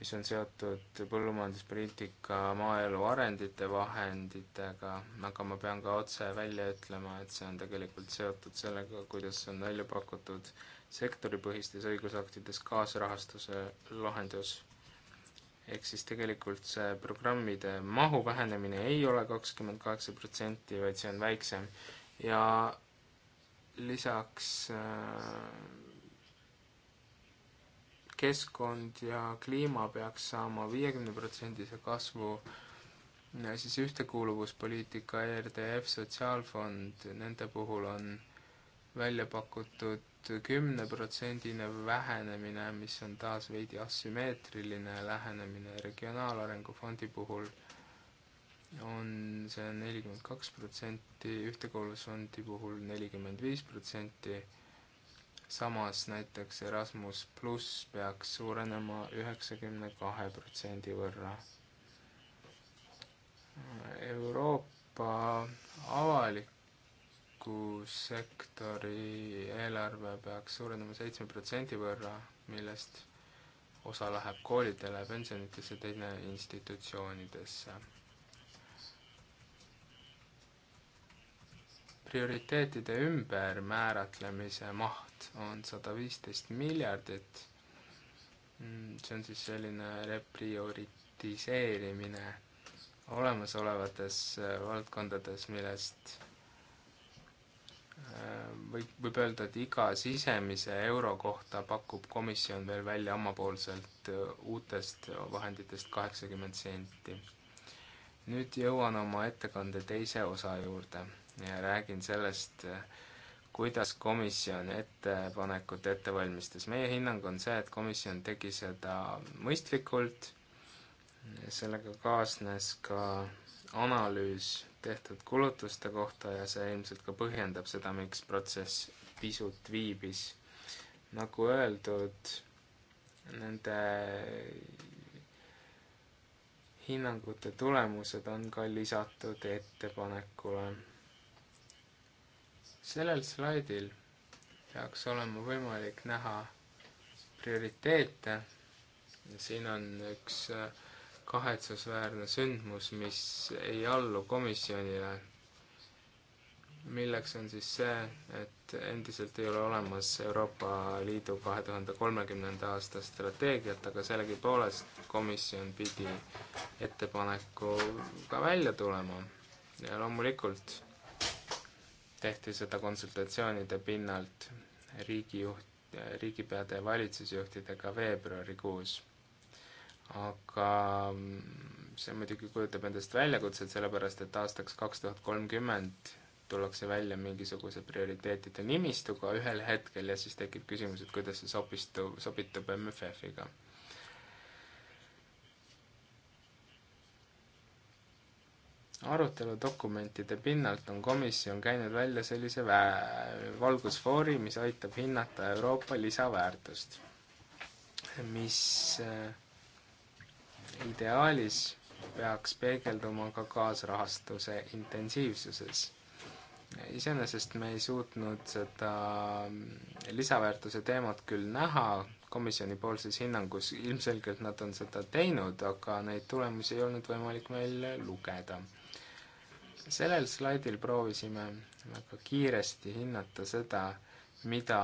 mis on seotud põllumajanduspoliitika maaelu arendite vahenditega, aga ma pean ka otse välja ütlema, et see on tegelikult seotud sellega, kuidas on välja pakutud sektoripõhistes õigusaktides kaasrahastuse lahendus. ehk siis tegelikult see programmide mahu vähenemine ei ole kakskümmend kaheksa protsenti, vaid see on väiksem ja lisaks äh, keskkond ja kliima peaks saama viiekümneprotsendise kasvu, siis ühtekuuluvuspoliitika, ERDF, Sotsiaalfond, nende puhul on välja pakutud kümneprotsendine vähenemine, mis on taas veidi asümmeetriline lähenemine, Regionaalarengu fondi puhul on see nelikümmend kaks protsenti, Ühtekuuluvusfondi puhul nelikümmend viis protsenti samas näiteks Erasmus pluss peaks suurenema üheksakümne kahe protsendi võrra. Euroopa avaliku sektori eelarve peaks suurenema seitsme protsendi võrra, millest osa läheb koolidele, pensionitesse, teine institutsioonidesse prioriteetide ümbermääratlemise maht on sada viisteist miljardit, mm, see on siis selline reprioritiseerimine olemasolevates äh, valdkondades, millest äh, võib, võib öelda, et iga sisemise euro kohta pakub komisjon veel välja omapoolselt äh, uutest vahenditest kaheksakümmend senti. nüüd jõuan oma ettekande teise osa juurde ja räägin sellest, kuidas komisjon ettepanekut ette valmistas. meie hinnang on see, et komisjon tegi seda mõistlikult, sellega kaasnes ka analüüs tehtud kulutuste kohta ja see ilmselt ka põhjendab seda, miks protsess pisut viibis. nagu öeldud, nende hinnangute tulemused on ka lisatud ettepanekule sellel slaidil peaks olema võimalik näha prioriteete ja siin on üks äh, kahetsusväärne sündmus, mis ei allu komisjonile, milleks on siis see, et endiselt ei ole olemas Euroopa Liidu kahe tuhande kolmekümnenda aasta strateegiat, aga sellegipoolest komisjon pidi ettepanekuga välja tulema ja loomulikult tehti seda konsultatsioonide pinnalt riigijuht, riigipeade ja valitsusjuhtidega veebruarikuus. aga mm, see muidugi kujutab endast väljakutset, sellepärast et aastaks kaks tuhat kolmkümmend tullakse välja mingisuguse prioriteetide nimistuga ühel hetkel ja siis tekib küsimus, et kuidas see sobistu, sobitub MFF-iga aruteludokumentide pinnalt on komisjon käinud välja sellise vä-, valgusfoori, mis aitab hinnata Euroopa lisaväärtust, mis äh, ideaalis peaks peegelduma ka kaasrahastuse intensiivsuses. iseenesest me ei suutnud seda mm, lisaväärtuse teemat küll näha komisjonipoolses hinnangus, ilmselgelt nad on seda teinud, aga neid tulemusi ei olnud võimalik meil lugeda sellel slaidil proovisime väga kiiresti hinnata seda, mida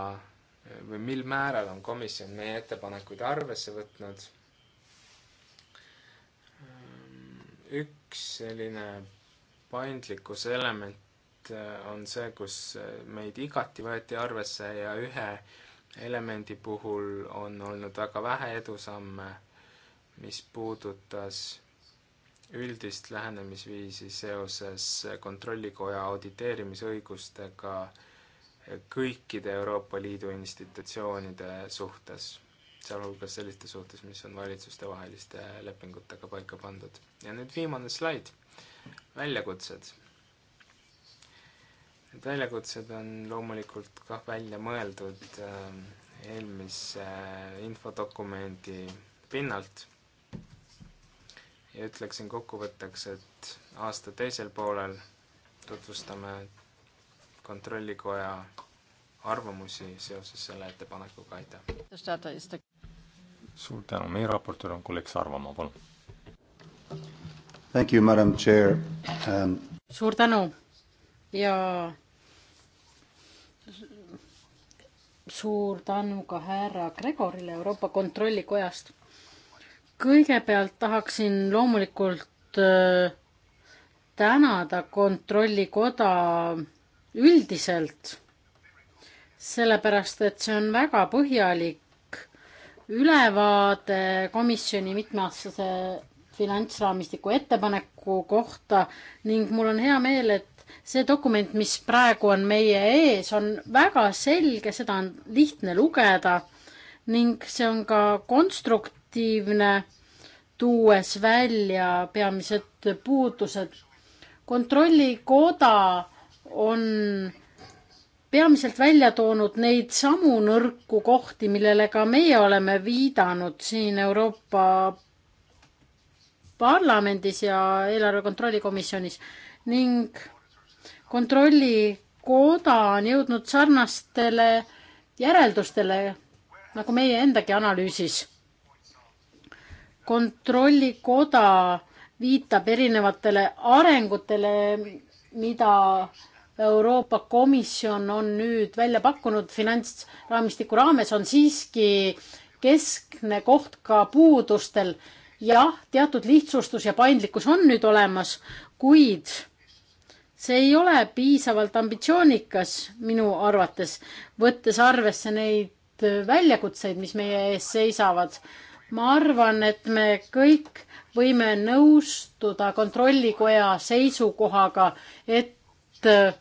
või mil määral on komisjon meie ettepanekuid arvesse võtnud. üks selline paindlikkuse element on see, kus meid igati võeti arvesse ja ühe elemendi puhul on olnud väga vähe edusamme, mis puudutas üldist lähenemisviisi seoses Kontrollikoja auditeerimisõigustega kõikide Euroopa Liidu institutsioonide suhtes, sealhulgas selliste suhtes, mis on valitsustevaheliste lepingutega paika pandud. ja nüüd viimane slaid, väljakutsed. Need väljakutsed on loomulikult kah välja mõeldud ähm, eelmise infodokumendi pinnalt ja ütleksin kokkuvõtteks, et aasta teisel poolel tutvustame Kontrollikoja arvamusi seoses selle ettepanekuga, aitäh! suur tänu, meie raportöör on kolleeg Sarvamaa, palun! Thank you, madam chair um.... suur tänu ja suur tänu ka härra Gregorile Euroopa Kontrollikojast kõigepealt tahaksin loomulikult äh, tänada Kontrollikoda üldiselt, sellepärast et see on väga põhjalik ülevaade komisjoni mitmeaastase finantsraamistiku ettepaneku kohta ning mul on hea meel, et see dokument, mis praegu on meie ees, on väga selge, seda on lihtne lugeda ning see on ka konstrukt-, aktiivne, tuues välja peamised puudused. kontrollikoda on peamiselt välja toonud neid samu nõrku kohti, millele ka meie oleme viidanud siin Euroopa Parlamendis ja eelarve kontrolli komisjonis ning kontrollikoda on jõudnud sarnastele järeldustele nagu meie endagi analüüsis kontrollikoda viitab erinevatele arengutele, mida Euroopa Komisjon on nüüd välja pakkunud finantsraamistiku raames, on siiski keskne koht ka puudustel. jah, teatud lihtsustus ja paindlikkus on nüüd olemas, kuid see ei ole piisavalt ambitsioonikas minu arvates, võttes arvesse neid väljakutseid, mis meie ees seisavad ma arvan, et me kõik võime nõustuda Kontrollikoja seisukohaga, et äh,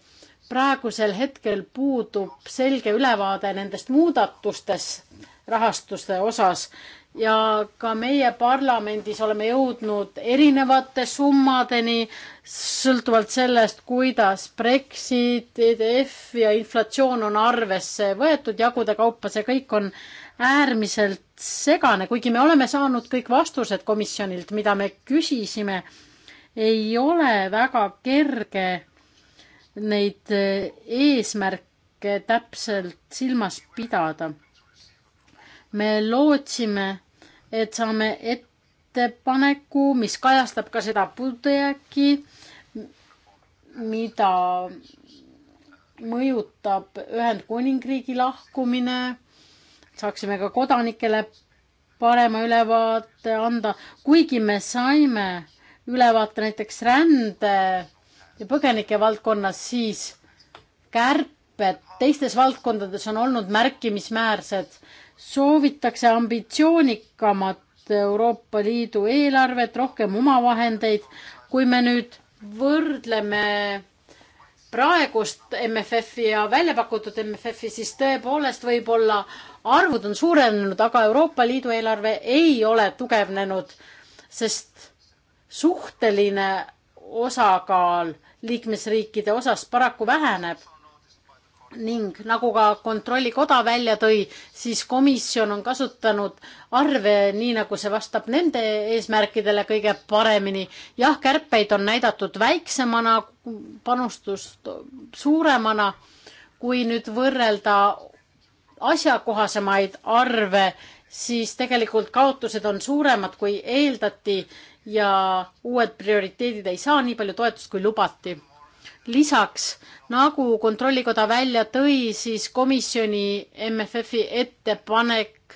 praegusel hetkel puudub selge ülevaade nendest muudatustest rahastuste osas ja ka meie parlamendis oleme jõudnud erinevate summadeni, sõltuvalt sellest, kuidas Brexit, EDF ja inflatsioon on arvesse võetud, jagude kaupa, see kõik on äärmiselt segane, kuigi me oleme saanud kõik vastused komisjonilt, mida me küsisime, ei ole väga kerge neid eh, eesmärke täpselt silmas pidada. me lootsime, et saame ettepaneku, mis kajastab ka seda puudujääki, mida mõjutab Ühendkuningriigi lahkumine saaksime ka kodanikele parema ülevaate anda, kuigi me saime ülevaate näiteks rände ja põgenike valdkonnas, siis kärped teistes valdkondades on olnud märkimisväärsed. soovitakse ambitsioonikamat Euroopa Liidu eelarvet, rohkem omavahendeid. kui me nüüd võrdleme praegust MFF-i ja välja pakutud MFF-i, siis tõepoolest võib-olla arvud on suurenenud, aga Euroopa Liidu eelarve ei ole tugevnenud, sest suhteline osakaal liikmesriikide osas paraku väheneb. ning nagu ka Kontrollikoda välja tõi, siis komisjon on kasutanud arve nii, nagu see vastab nende eesmärkidele kõige paremini. jah, kärpeid on näidatud väiksemana, panustust suuremana, kui nüüd võrrelda asjakohasemaid arve, siis tegelikult kaotused on suuremad, kui eeldati ja uued prioriteedid ei saa nii palju toetust, kui lubati. lisaks, nagu Kontrollikoda välja tõi, siis komisjoni MFF-i ettepanek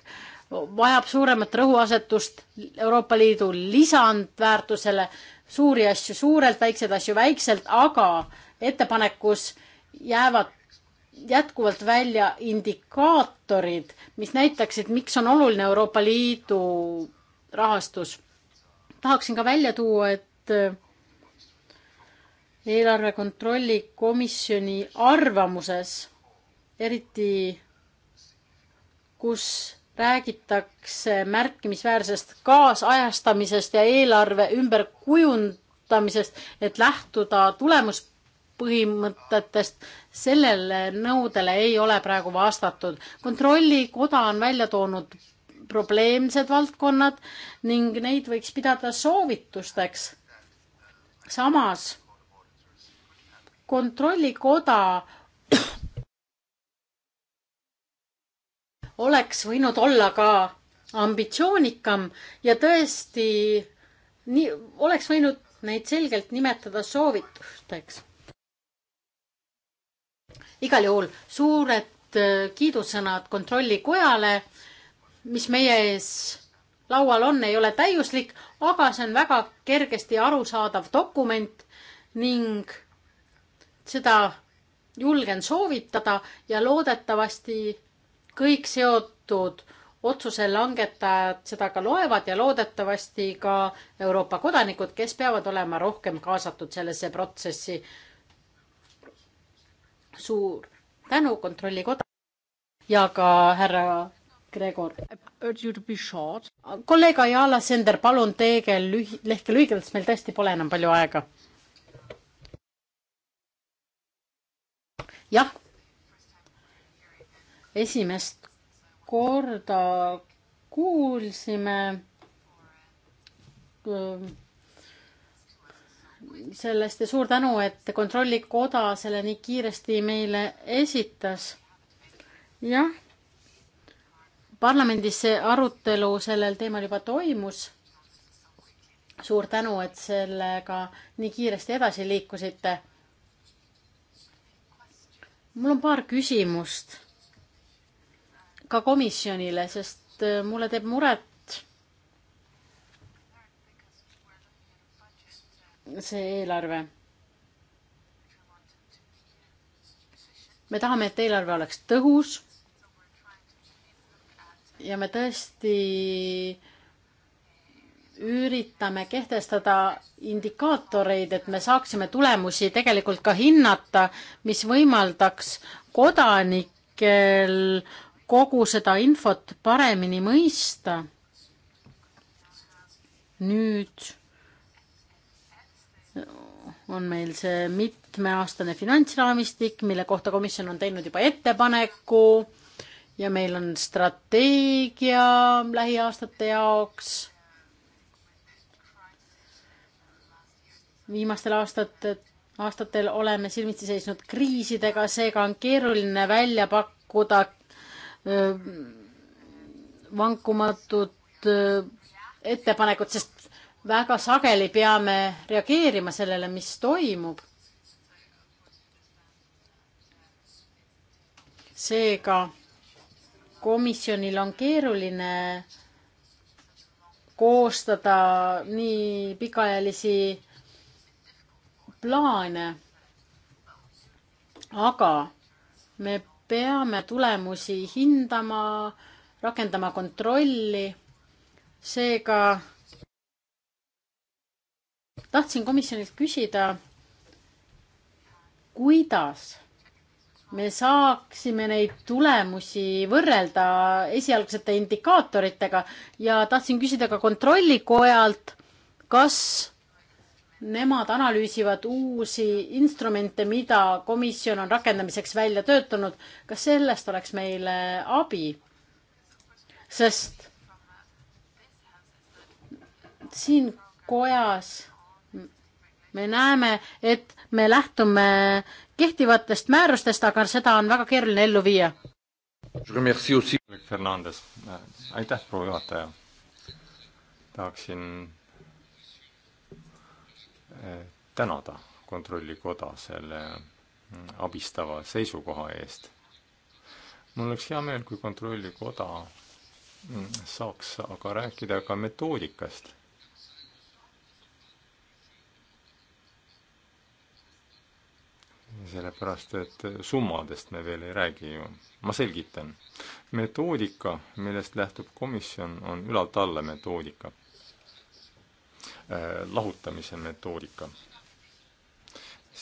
vajab suuremat rõhuasetust Euroopa Liidu lisandväärtusele, suuri asju suurelt, väikseid asju väikselt, aga ettepanekus jäävad jätkuvalt välja indikaatorid, mis näitaksid, miks on oluline Euroopa Liidu rahastus. tahaksin ka välja tuua, et äh, eelarve kontrolli komisjoni arvamuses, eriti kus räägitakse märkimisväärsest kaasajastamisest ja eelarve ümberkujundamisest, et lähtuda tulemus põhimõtetest, sellele nõudele ei ole praegu vastatud. kontrollikoda on välja toonud probleemsed valdkonnad ning neid võiks pidada soovitusteks. samas kontrollikoda oleks võinud olla ka ambitsioonikam ja tõesti nii oleks võinud neid selgelt nimetada soovitusteks igal juhul suured äh, kiidusõnad kontrollikojale, mis meie ees laual on, ei ole täiuslik, aga see on väga kergesti arusaadav dokument ning seda julgen soovitada ja loodetavasti kõik seotud otsuse langetajad seda ka loevad ja loodetavasti ka Euroopa kodanikud, kes peavad olema rohkem kaasatud sellesse protsessi, suur tänu Kontrollikoda ja ka härra Gregor. kolleeg Ayala Sender, palun teege lühi-, lehke lühidalt, sest meil tõesti pole enam palju aega. jah, esimest korda kuulsime sellest ja suur tänu, et Kontrollikoda selle nii kiiresti meile esitas. jah, parlamendis see arutelu sellel teemal juba toimus. suur tänu, et sellega nii kiiresti edasi liikusite. mul on paar küsimust ka komisjonile, sest äh, mulle teeb muret see eelarve. me tahame, et eelarve oleks tõhus. ja me tõesti üritame kehtestada indikaatoreid, et me saaksime tulemusi tegelikult ka hinnata, mis võimaldaks kodanikel kogu seda infot paremini mõista. nüüd on meil see mitmeaastane finantsraamistik, mille kohta komisjon on teinud juba ettepaneku ja meil on strateegia lähiaastate jaoks. viimastel aastatel, aastatel oleme silmitsi seisnud kriisidega, seega on keeruline välja pakkuda vankumatut ettepanekut, sest väga sageli peame reageerima sellele, mis toimub. seega komisjonil on keeruline koostada nii pikaajalisi plaane. aga me peame tulemusi hindama, rakendama kontrolli. seega tahtsin komisjonilt küsida, kuidas me saaksime neid tulemusi võrrelda esialgsete indikaatoritega ja tahtsin küsida ka kontrollikojalt, kas nemad analüüsivad uusi instrumente, mida komisjon on rakendamiseks välja töötanud, kas sellest oleks meile abi? sest siin kojas me näeme, et me lähtume kehtivatest määrustest, aga seda on väga keeruline ellu viia. Fernandes, aitäh, proua juhataja. tahaksin eh, tänada Kontrollikoda selle mm, abistava seisukoha eest. mul oleks hea meel, kui Kontrollikoda mm, saaks aga rääkida ka metoodikast sellepärast et summadest me veel ei räägi ju. ma selgitan. metoodika, millest lähtub komisjon, on ülalt alla metoodika äh,. lahutamise metoodika.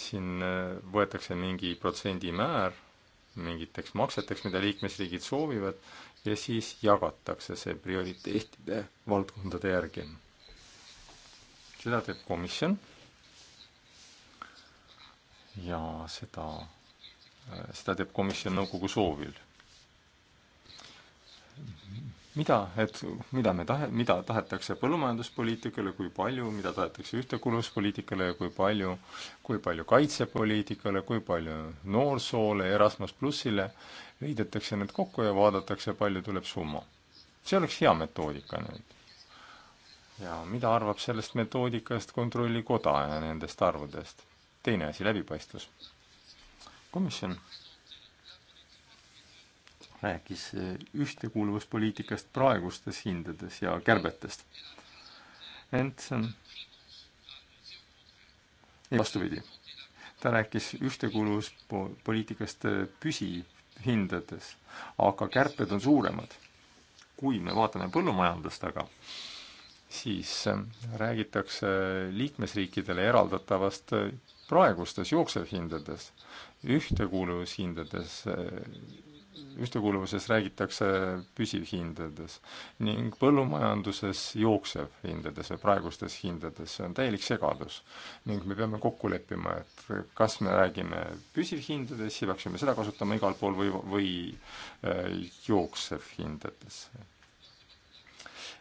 siin äh, võetakse mingi protsendimäär mingiteks makseteks, mida liikmesriigid soovivad, ja siis jagatakse see prioriteetide valdkondade järgi. seda teeb komisjon ja seda, seda teeb komisjon nõukogu soovil. mida, et mida me tahe, mida tahetakse põllumajanduspoliitikale, kui palju, mida tahetakse ühtekuuluvuspoliitikale ja kui palju, kui palju kaitsepoliitikale, kui palju noorsoole, Erasmus plussile, liidetakse need kokku ja vaadatakse, palju tuleb summa. see oleks hea metoodika nüüd ja mida arvab sellest metoodikast Kontrollikoda ja nendest arvudest? teine asi, läbipaistvus. komisjon rääkis eh, ühtekuuluvuspoliitikast praegustes hindades ja kärbetest. ent vastupidi, ta rääkis ühtekuuluvuspoliitikast eh, püsihindades, aga kärped on suuremad. kui me vaatame põllumajandust aga, siis eh, räägitakse liikmesriikidele eraldatavast praegustes jooksevhindades, ühtekuuluvushindades, eh, ühtekuuluvuses räägitakse püsivhindades ning põllumajanduses jooksevhindades või praegustes hindades, see on täielik segadus. ning me peame kokku leppima, et kas me räägime püsivhindades ja peaksime seda kasutama igal pool või, või eh, jooksevhindades.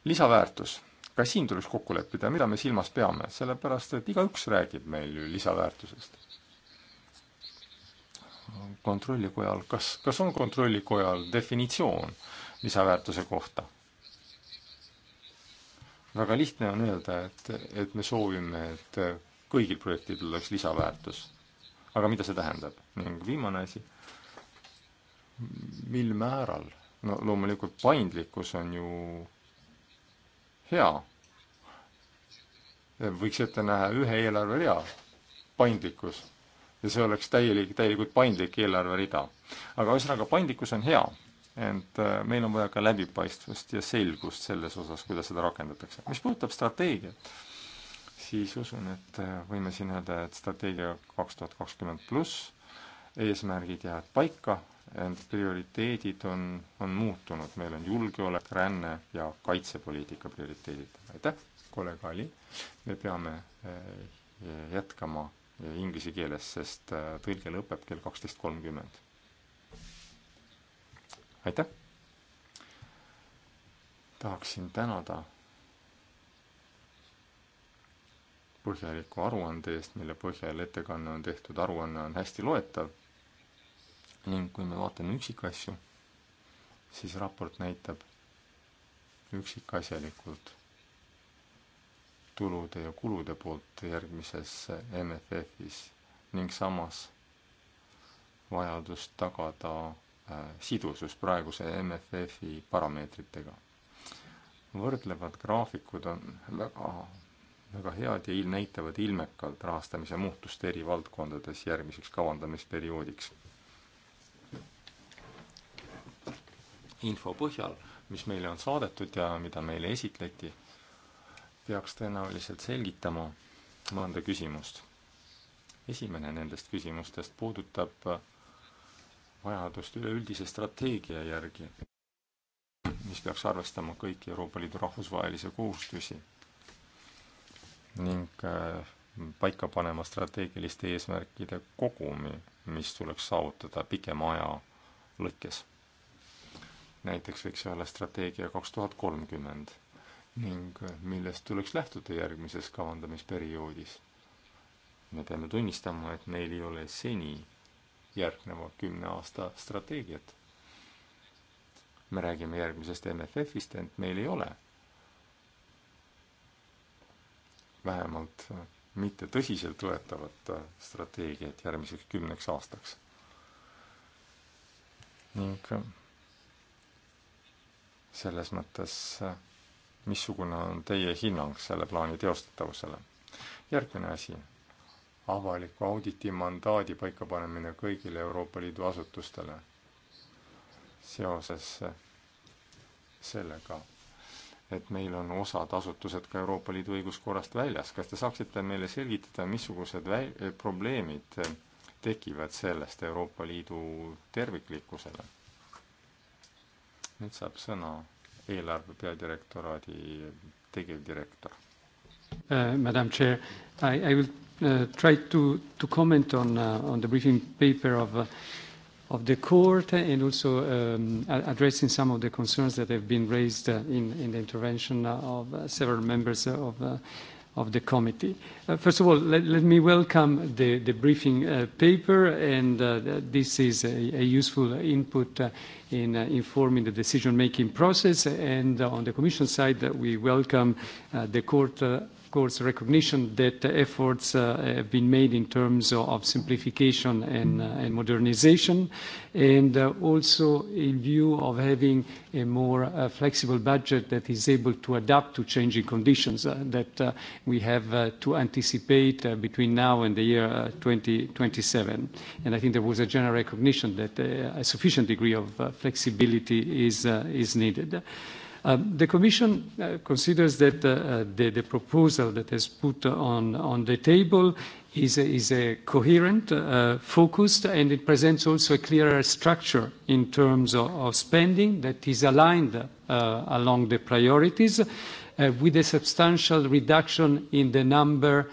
lisaväärtus ka siin tuleks kokku leppida, mida me silmas peame, sellepärast et igaüks räägib meil ju lisaväärtusest. kontrollikojal, kas, kas on kontrollikojal definitsioon lisaväärtuse kohta? väga lihtne on öelda, et, et me soovime, et kõigil projektidel oleks lisaväärtus. aga mida see tähendab? ning viimane asi, mil määral, no loomulikult paindlikkus on ju hea. võiks ette näha ühe eelarverea, paindlikkus. ja see oleks täielik, täielikult paindlik eelarverida. aga ühesõnaga, paindlikkus on hea, ent äh, meil on vaja ka läbipaistvust ja selgust selles osas, kuidas seda rakendatakse. mis puudutab strateegiat, siis usun, et äh, võime siin öelda, et strateegia kaks tuhat kakskümmend pluss eesmärgid jäävad paika, ent prioriteedid on, on muutunud, meil on julgeolek, ränne ja kaitsepoliitika prioriteedid. aitäh, kolleeg Ali, me peame eh, jätkama eh, inglise keeles, sest eh, tõlge lõpeb kell kaksteist kolmkümmend. aitäh! tahaksin tänada põhjaliku aruande eest, mille põhjal ettekanne on tehtud, aruanne on hästi loetav ning kui me vaatame üksikasju, siis raport näitab üksikasjalikult tulude ja kulude poolt järgmises MFF-is ning samas vajadust tagada äh, sidusus praeguse MFF-i parameetritega. võrdlevad graafikud on väga, väga head ja il-, näitavad ilmekalt rahastamise muutust eri valdkondades järgmiseks kavandamisperioodiks info põhjal, mis meile on saadetud ja mida meile esitleti, peaks tõenäoliselt selgitama mõnda küsimust. esimene nendest küsimustest puudutab vajadust üleüldise strateegia järgi, mis peaks arvestama kõiki Euroopa Liidu rahvusvahelisi kohustusi ning äh, paika panema strateegiliste eesmärkide kogumi, mis tuleks saavutada pikema aja lõikes näiteks võiks see olla strateegia kaks tuhat kolmkümmend ning millest tuleks lähtuda järgmises kavandamisperioodis. me peame tunnistama, et meil ei ole seni järgneva kümne aasta strateegiat. me räägime järgmisest MFF-ist, ent meil ei ole vähemalt mitte tõsiseltvõetavat strateegiat järgmiseks kümneks aastaks. ning selles mõttes, missugune on teie hinnang selle plaani teostatavusele? järgmine asi, avaliku auditi mandaadi paikapanemine kõigile Euroopa Liidu asutustele seoses sellega, et meil on osad asutused ka Euroopa Liidu õiguskorrast väljas. kas te saaksite meile selgitada, missugused väi-, probleemid tekivad sellest Euroopa Liidu terviklikkusele? nüüd saab sõna eelarve peadirektoraadi tegevdirektor. Uh, Madam Chair, I, I will uh, try to, to comment on uh,, on the briefing paper of uh, of the court and also um, addressing some of the concerns that have been raised uh, in, in the intervention of uh, several members of, uh, of the committee. Uh, first of all, let, let me welcome the, the briefing uh, paper, and uh, this is a, a useful input uh, in uh, informing the decision-making process. And uh, on the Commission side, uh, we welcome uh, the court uh, course, recognition that efforts uh, have been made in terms of simplification and, uh, and modernization, and uh, also in view of having a more uh, flexible budget that is able to adapt to changing conditions uh, that uh, we have to anticipate between now and the year 2027. 20, I think there was a general recognition that a sufficient degree of flexibility is, is needed. Um, the Commission uh, considers that uh, uh the, the proposal that is put on, on the table is a, is a coherent, uh, focused, and it presents also a clearer structure in terms of, of spending that is aligned uh, along the priorities, uh, with a substantial reduction in the number of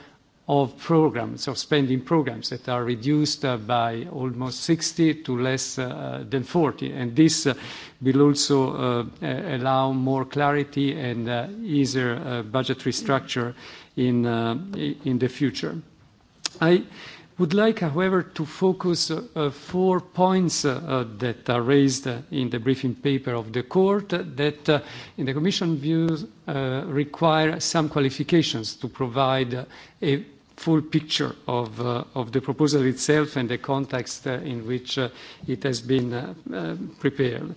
of programs, of spending programs that are reduced uh, by almost 60 to less uh, than 40. And this uh, will also uh, allow more clarity and uh, easier uh, budgetary structure in, in the future. I Would like, however, to focus uh, uh four points uh, uh, that are raised uh, in the briefing paper of the court that, uh, in the commission views, require some qualifications to provide a full picture of, of the proposal itself and the context in which it has been prepared.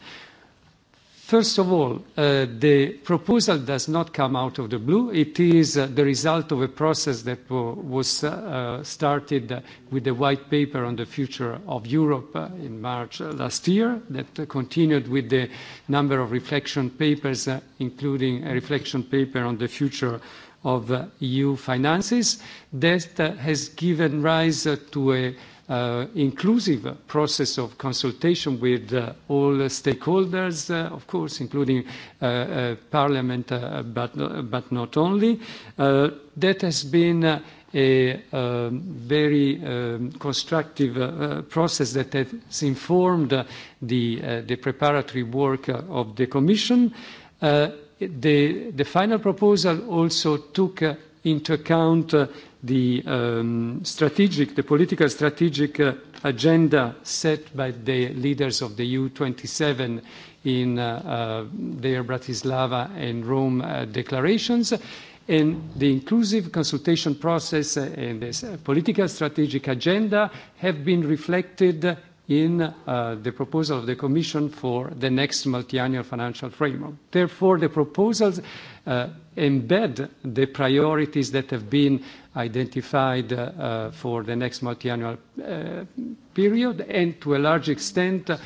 First of all, uh, the proposal does not come out of the blue. It is uh, the result of a process that was uh, started with the white paper on the future of Europe uh, in March uh, last year, that continued with the number of reflection papers, uh, including a reflection paper on the future of EU finances, that has given rise to a uh, inclusive process of consultation with uh, all stakeholders, uh, of course, including uh, uh, Parliament, uh, but, uh, but not only. Uh, that has been uh, a um, very um, constructive uh, uh, process that has informed uh, the, uh, the preparatory work uh, of the Commission. Uh, the, the final proposal also took uh, into account uh, the um, strategic, the political strategic uh, agenda set by the leaders of the EU27 in uh, uh, their Bratislava and Rome uh, declarations, and the inclusive consultation process and this political strategic agenda have been reflected in uh, the proposal of the Commission for the next multi-annual financial framework. Therefore, the proposals uh, embed the priorities that have been identified uh, uh, for the next multi-annual uh, period and to a large extent uh,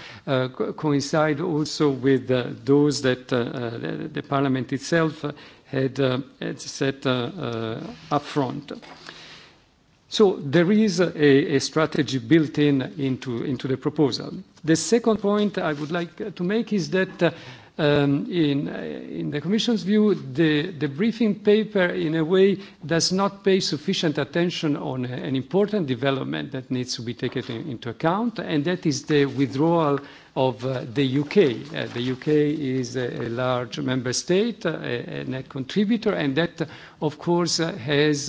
co coincide also with uh, those that uh, the, the Parliament itself had, uh, had set uh, uh, up front. Uh, So there is a, a strategy built in into, into the proposal. The second point I would like uh, to make is that uh, Um, in, uh, in the Commission's view, the, the briefing paper, in a way, does not pay sufficient attention on an important development that needs to be taken in, into account, and that is the withdrawal of uh, the U.K. Uh, the U.K. is a, a large member state, a, a net contributor, and that, of course, has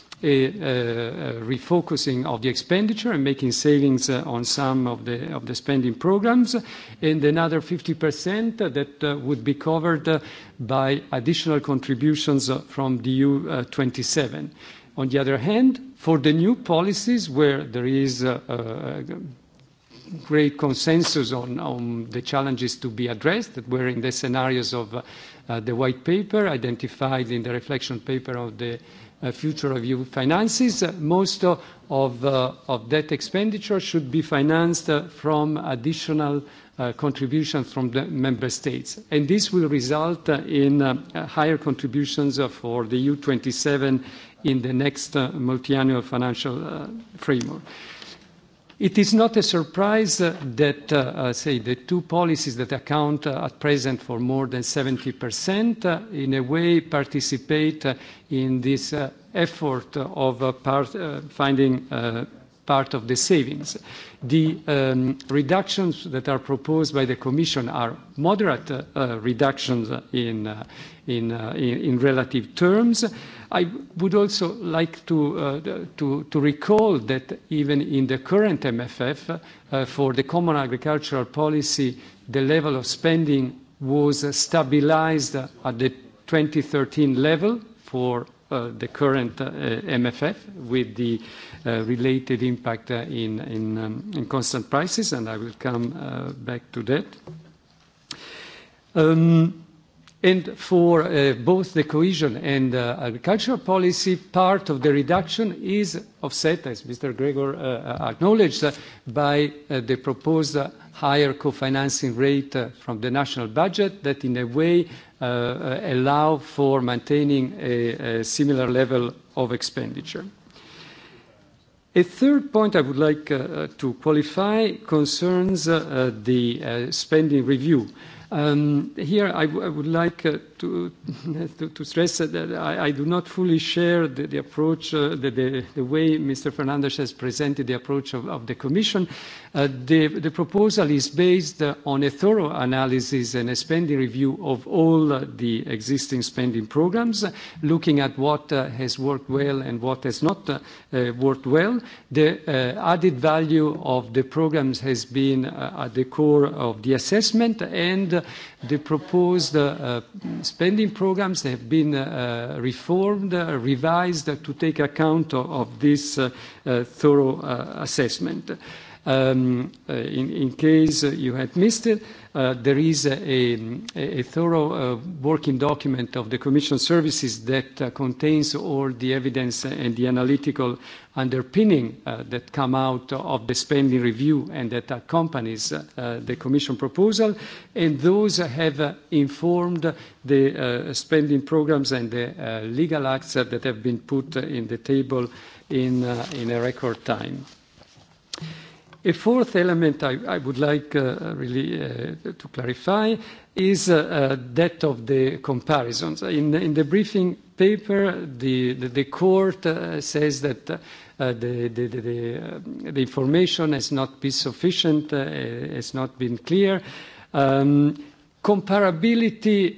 refocusing of the expenditure and making savings uh, on some of the, of the spending programs, and another 50% that uh, would be covered uh, by additional contributions from the EU 27. On the other hand, for the new policies where there is great consensus on, on the challenges to be addressed that were in the scenarios of uh, the white paper identified in the reflection paper of the Uh, future of EU finances. Uh, most of, of that uh, expenditure should be financed from additional contribution from the member states. And this will result in higher contributions for the EU 27 in the next multi-annual financial framework. It is not a surprise that, uh, uh, say, the two policies that account uh, at present for more than 70%, uh, in a way participate uh, in this uh, effort of part, finding part of the savings. The um, reductions that are proposed by the Commission are moderate reductions in, in, in relative terms I would also like to, uh, to, to recall that even in the current MFF, uh, for the common agricultural policy, the level of spending was stabilized at the 2013 level for Uh, the current uh, MFF with the uh, related impact uh, in, in, um, in constant prices, and I will come back to that. Um, And for uh, both the cohesion and uh, agricultural policy, part of the reduction is offset, as Mr. Gregor uh, uh acknowledged, uh, by uh, the proposed higher co-financing rate from the national budget that in a way allow for maintaining a, a similar level of expenditure. A third point I would like uh, to qualify concerns uh, the uh, spending review. Um, here, I, w- I would like uh, to, to, to stress that I, I do not fully share the, the approach, uh, the, the, the way Mr. Fernandez has presented the approach of, of the Commission. Uh, the, the proposal is based uh, on a thorough analysis and a spending review of all uh, the existing spending programs, uh, looking at what uh, has worked well and what has not uh, uh, worked well. The uh, added value of the programs has been uh, at the core of the assessment and uh, The proposed uh, spending programs have been uh, reformed, uh, revised to take account of, of this thorough assessment. Um, in, in case you had missed it, Uh, there is a, a thorough uh, working document of the Commission services that uh, contains all the evidence and the analytical underpinning uh, that come out of the spending review and that accompanies uh, the Commission proposal, and those have uh, informed the uh, spending programs and the uh, legal acts that have been put in the table in, uh, in a record time. Uh, A fourth element I, I would like uh, really uh, to clarify is uh, uh that of the comparisons. In, in the briefing paper, the, the, the court uh, says that uh, the, the information has not been sufficient, has not been clear. Um, comparability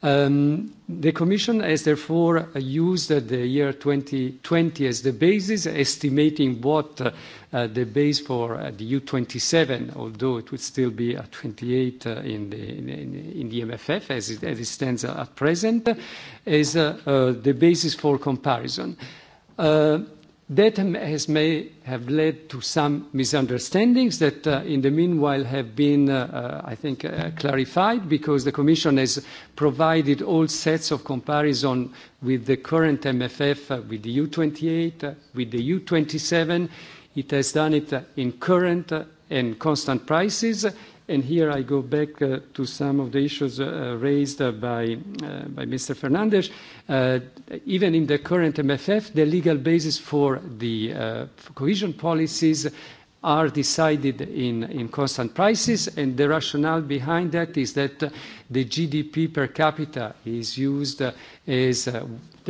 Um, the Commission has therefore used the year 2020 as the basis, estimating what uh, uh the base for uh, the EU27, although it would still be at 28 uh, in, the, in, in the MFF as it, as it stands at present, as uh, uh, the basis for comparison. That has may have led to some misunderstandings that, uh, in the meanwhile, have been, uh, uh, I think, uh, clarified because the Commission has provided all sets of comparison with the current MFF, uh, with the EU28, uh, with the EU27. It has done it in current and constant prices, And here I go back uh, to some of the issues uh, raised uh, by, uh, by Mr. Fernandez. Uh, even in the current MFF, the legal basis for the uh, cohesion policies are decided in, in constant prices, and the rationale behind that is that the GDP per capita is used as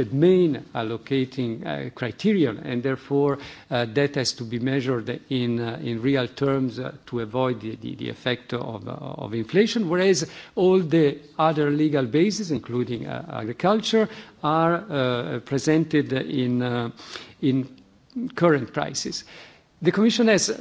adopted main allocating uh, criterion, and therefore uh, that has to be measured in, uh, in real terms uh, to avoid the, the, the effect of, uh, of inflation, whereas all the other legal bases, including uh, agriculture, are uh, presented in, uh, in current prices. The Commission has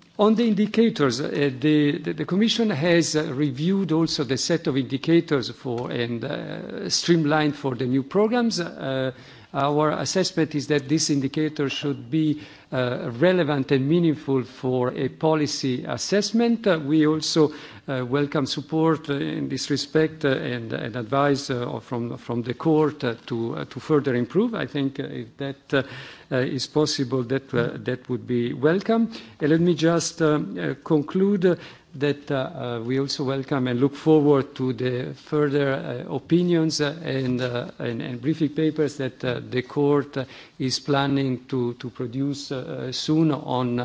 On the indicators, uh, the, the, the Commission has uh, reviewed also the set of indicators for and uh, streamlined for the new programs. Uh, Our assessment is that this indicator should be uh, relevant and meaningful for a policy assessment. Uh, we also uh, welcome support uh, in this respect uh, and, and advice uh, from, from the court to, to further improve. I think if that is possible, that, that would be welcome. And let me just conclude that uh, uh, we also welcome and look forward to the further uh, opinions uh, and, uh, and, and briefing papers that uh, the court is planning to, to produce soon on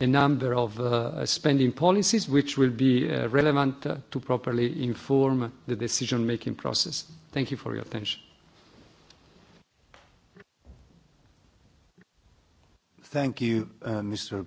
a number of spending policies, which will be relevant to properly inform the decision-making process. Thank you for your attention. Thank you, Mr.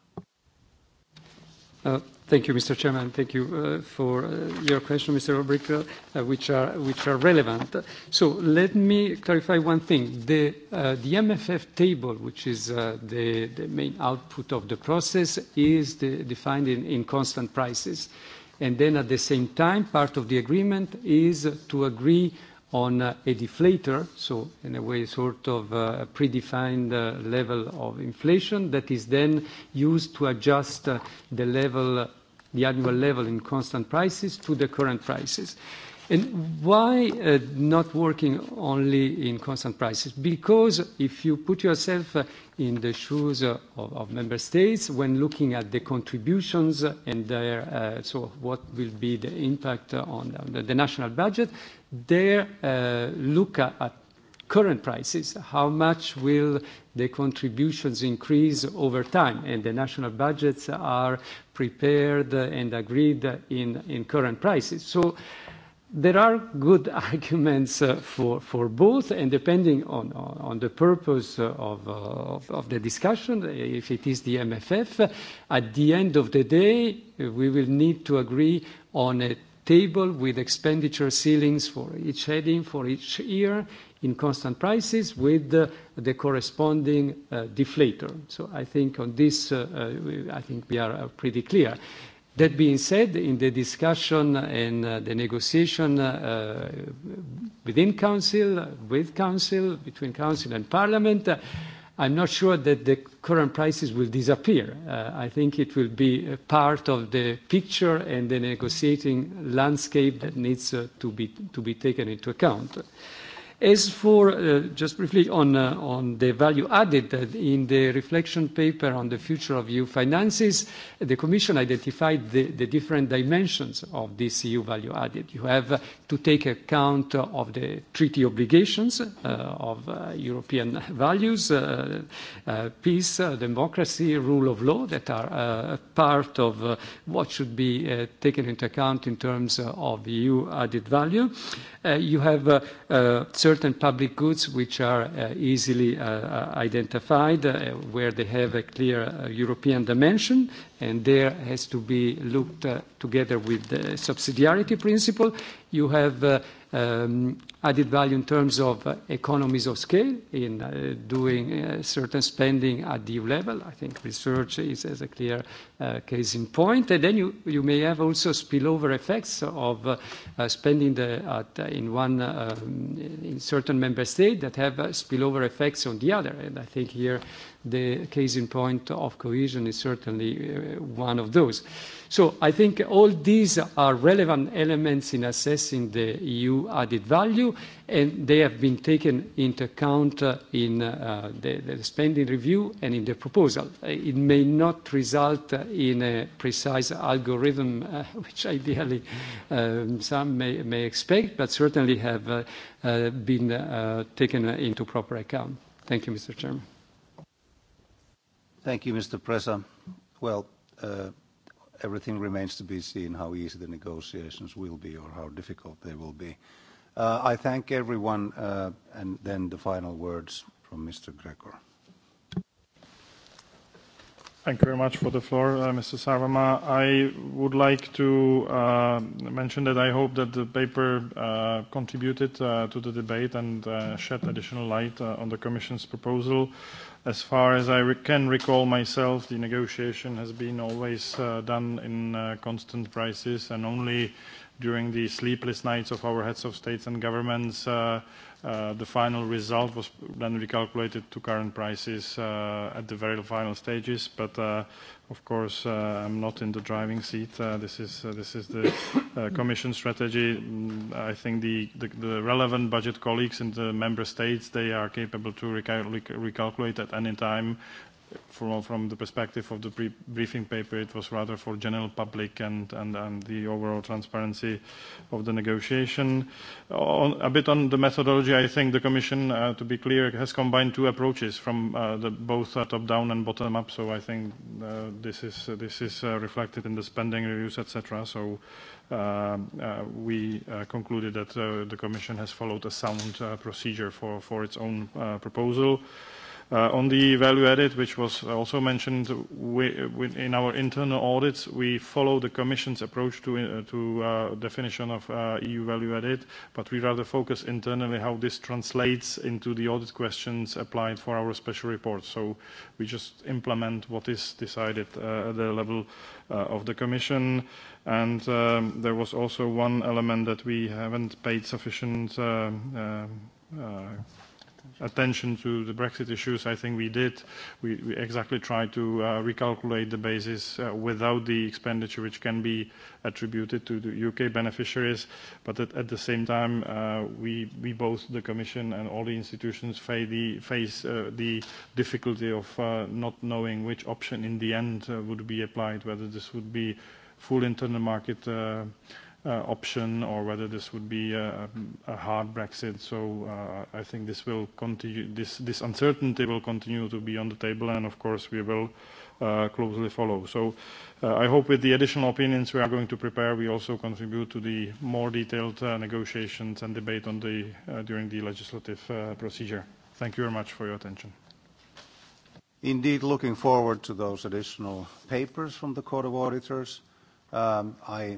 Uh, thank you, Mr. Chairman. Thank you uh, for uh, your question, Mr. Obrick, uh, which are, which are relevant. So let me clarify one thing. The, uh, the MFF table, which is uh, the, the main output of the process, is the, defined in, in constant prices. And then at the same time, part of the agreement is to agree on a deflator, so in a way, sort of uh, a predefined uh, level of inflation that is then used to adjust uh, the level, the annual level in constant prices to the current prices. And why uh, not working only in constant prices? Because if you put yourself uh, in the shoes uh, of, of member states when looking at the contributions and their, so what will be the impact on the, the national budget, their uh, look at current prices, how much will the contributions increase over time? And the national budgets are prepared and agreed in, in current prices. So there are good arguments uh, for, for both, and depending on, on, on the purpose of, uh, of, of the discussion, if it is the MFF, at the end of the day, we will need to agree on a table with expenditure ceilings for each heading for each year in constant prices with uh, the corresponding uh, deflator. So I think on this, uh, uh I think we are uh, pretty clear. That being said, in the discussion and uh, the negotiation within council, with council, between council and parliament, I'm not sure that the current prices will disappear. Uh, I think it will be a part of the picture and the negotiating landscape that needs uh, to, be, to be taken into account. Uh, As for uh, just briefly on, uh, on the value added, uh, in the reflection paper on the future of EU finances, the Commission identified the, the different dimensions of this EU value added. You have to take account of the treaty obligations uh, of uh, European values, uh, peace, democracy, rule of law, that are part of what should be taken into account in terms of EU added value. Uh, you have uh, uh, certain public goods which are uh, easily uh, uh, identified, uh, where they have a clear uh, European dimension, and there has to be looked uh, together with the subsidiarity principle. You have uh, um, added value in terms of uh, economies of scale in uh, doing uh, certain spending at the EU level. I think research is, is a clear uh, case in point. And then you, you may have also spillover effects of uh, uh, spending the, at, uh, in one uh, um, in certain member state that have uh, spillover effects on the other. And I think here The case in point of cohesion is certainly uh, one of those. So I think all these are relevant elements in assessing the EU added value, and they have been taken into account uh, in uh, the, the spending review and in the proposal. It may not result in a precise algorithm, uh, which ideally um, some may, may expect, but certainly have uh, uh, been taken into proper account. Thank you, Mr. Chairman. Thank you, Mr. Presa. Well, uh, everything remains to be seen how easy the negotiations will be or how difficult they will be. Uh, I thank everyone, uh, and then the final words from Mr. Gregor. Thank you very much for the floor, uh, Mr. Sarvamaa. I would like to uh, mention that I hope that the paper uh, contributed uh, to the debate and uh, shed additional light uh, on the Commission's proposal as far as I re can recall myself, the negotiation has been always uh, done in uh, constant prices, and only during the sleepless nights of our heads of states and governments, uh, uh, the final result was then recalculated to current prices uh, at the very final stages. But uh, Of course, uh, I'm not in the driving seat. Uh, uh, this is the commission strategy. Mm, I think the relevant budget colleagues in the member states, they are capable to recalculate at any time From the perspective of the briefing paper, it was rather for general public and the overall transparency of the negotiation. A bit on the methodology, I think the Commission, uh, to be clear, has combined two approaches from uh, both uh, top-down and bottom-up. I think this is reflected in the spending reviews, et cetera. We concluded that the Commission has followed a sound procedure for its own proposal. Uh, on the value added, which was also mentioned we, we, in our internal audits, we follow the Commission's approach to, uh, to uh, definition of uh, EU value added, but we rather focus internally how this translates into the audit questions applied for our special report. So we just implement what is decided uh, at the level uh, of the Commission. And um, there was also one element that we haven't paid sufficient um, um, attention to the Brexit issues. I think we did. We, we exactly tried to uh, recalculate the basis uh, without the expenditure which can be attributed to the U.K. beneficiaries. But at, at the same time, uh, we, we both, the Commission and all the institutions, face the, face, uh, the difficulty of uh, not knowing which option in the end uh, would be applied, whether this would be full internal market Uh, option or whether this would be a, a hard Brexit. So uh, I think this will continue. This, this uncertainty will continue to be on the table, and of course we will uh, closely follow. So uh, I hope with the additional opinions we are going to prepare, we also contribute to the more detailed uh, negotiations and debate on the uh, during the legislative uh, procedure. Thank you very much for your attention. Indeed, looking forward to those additional papers from the Court of Auditors. Um, I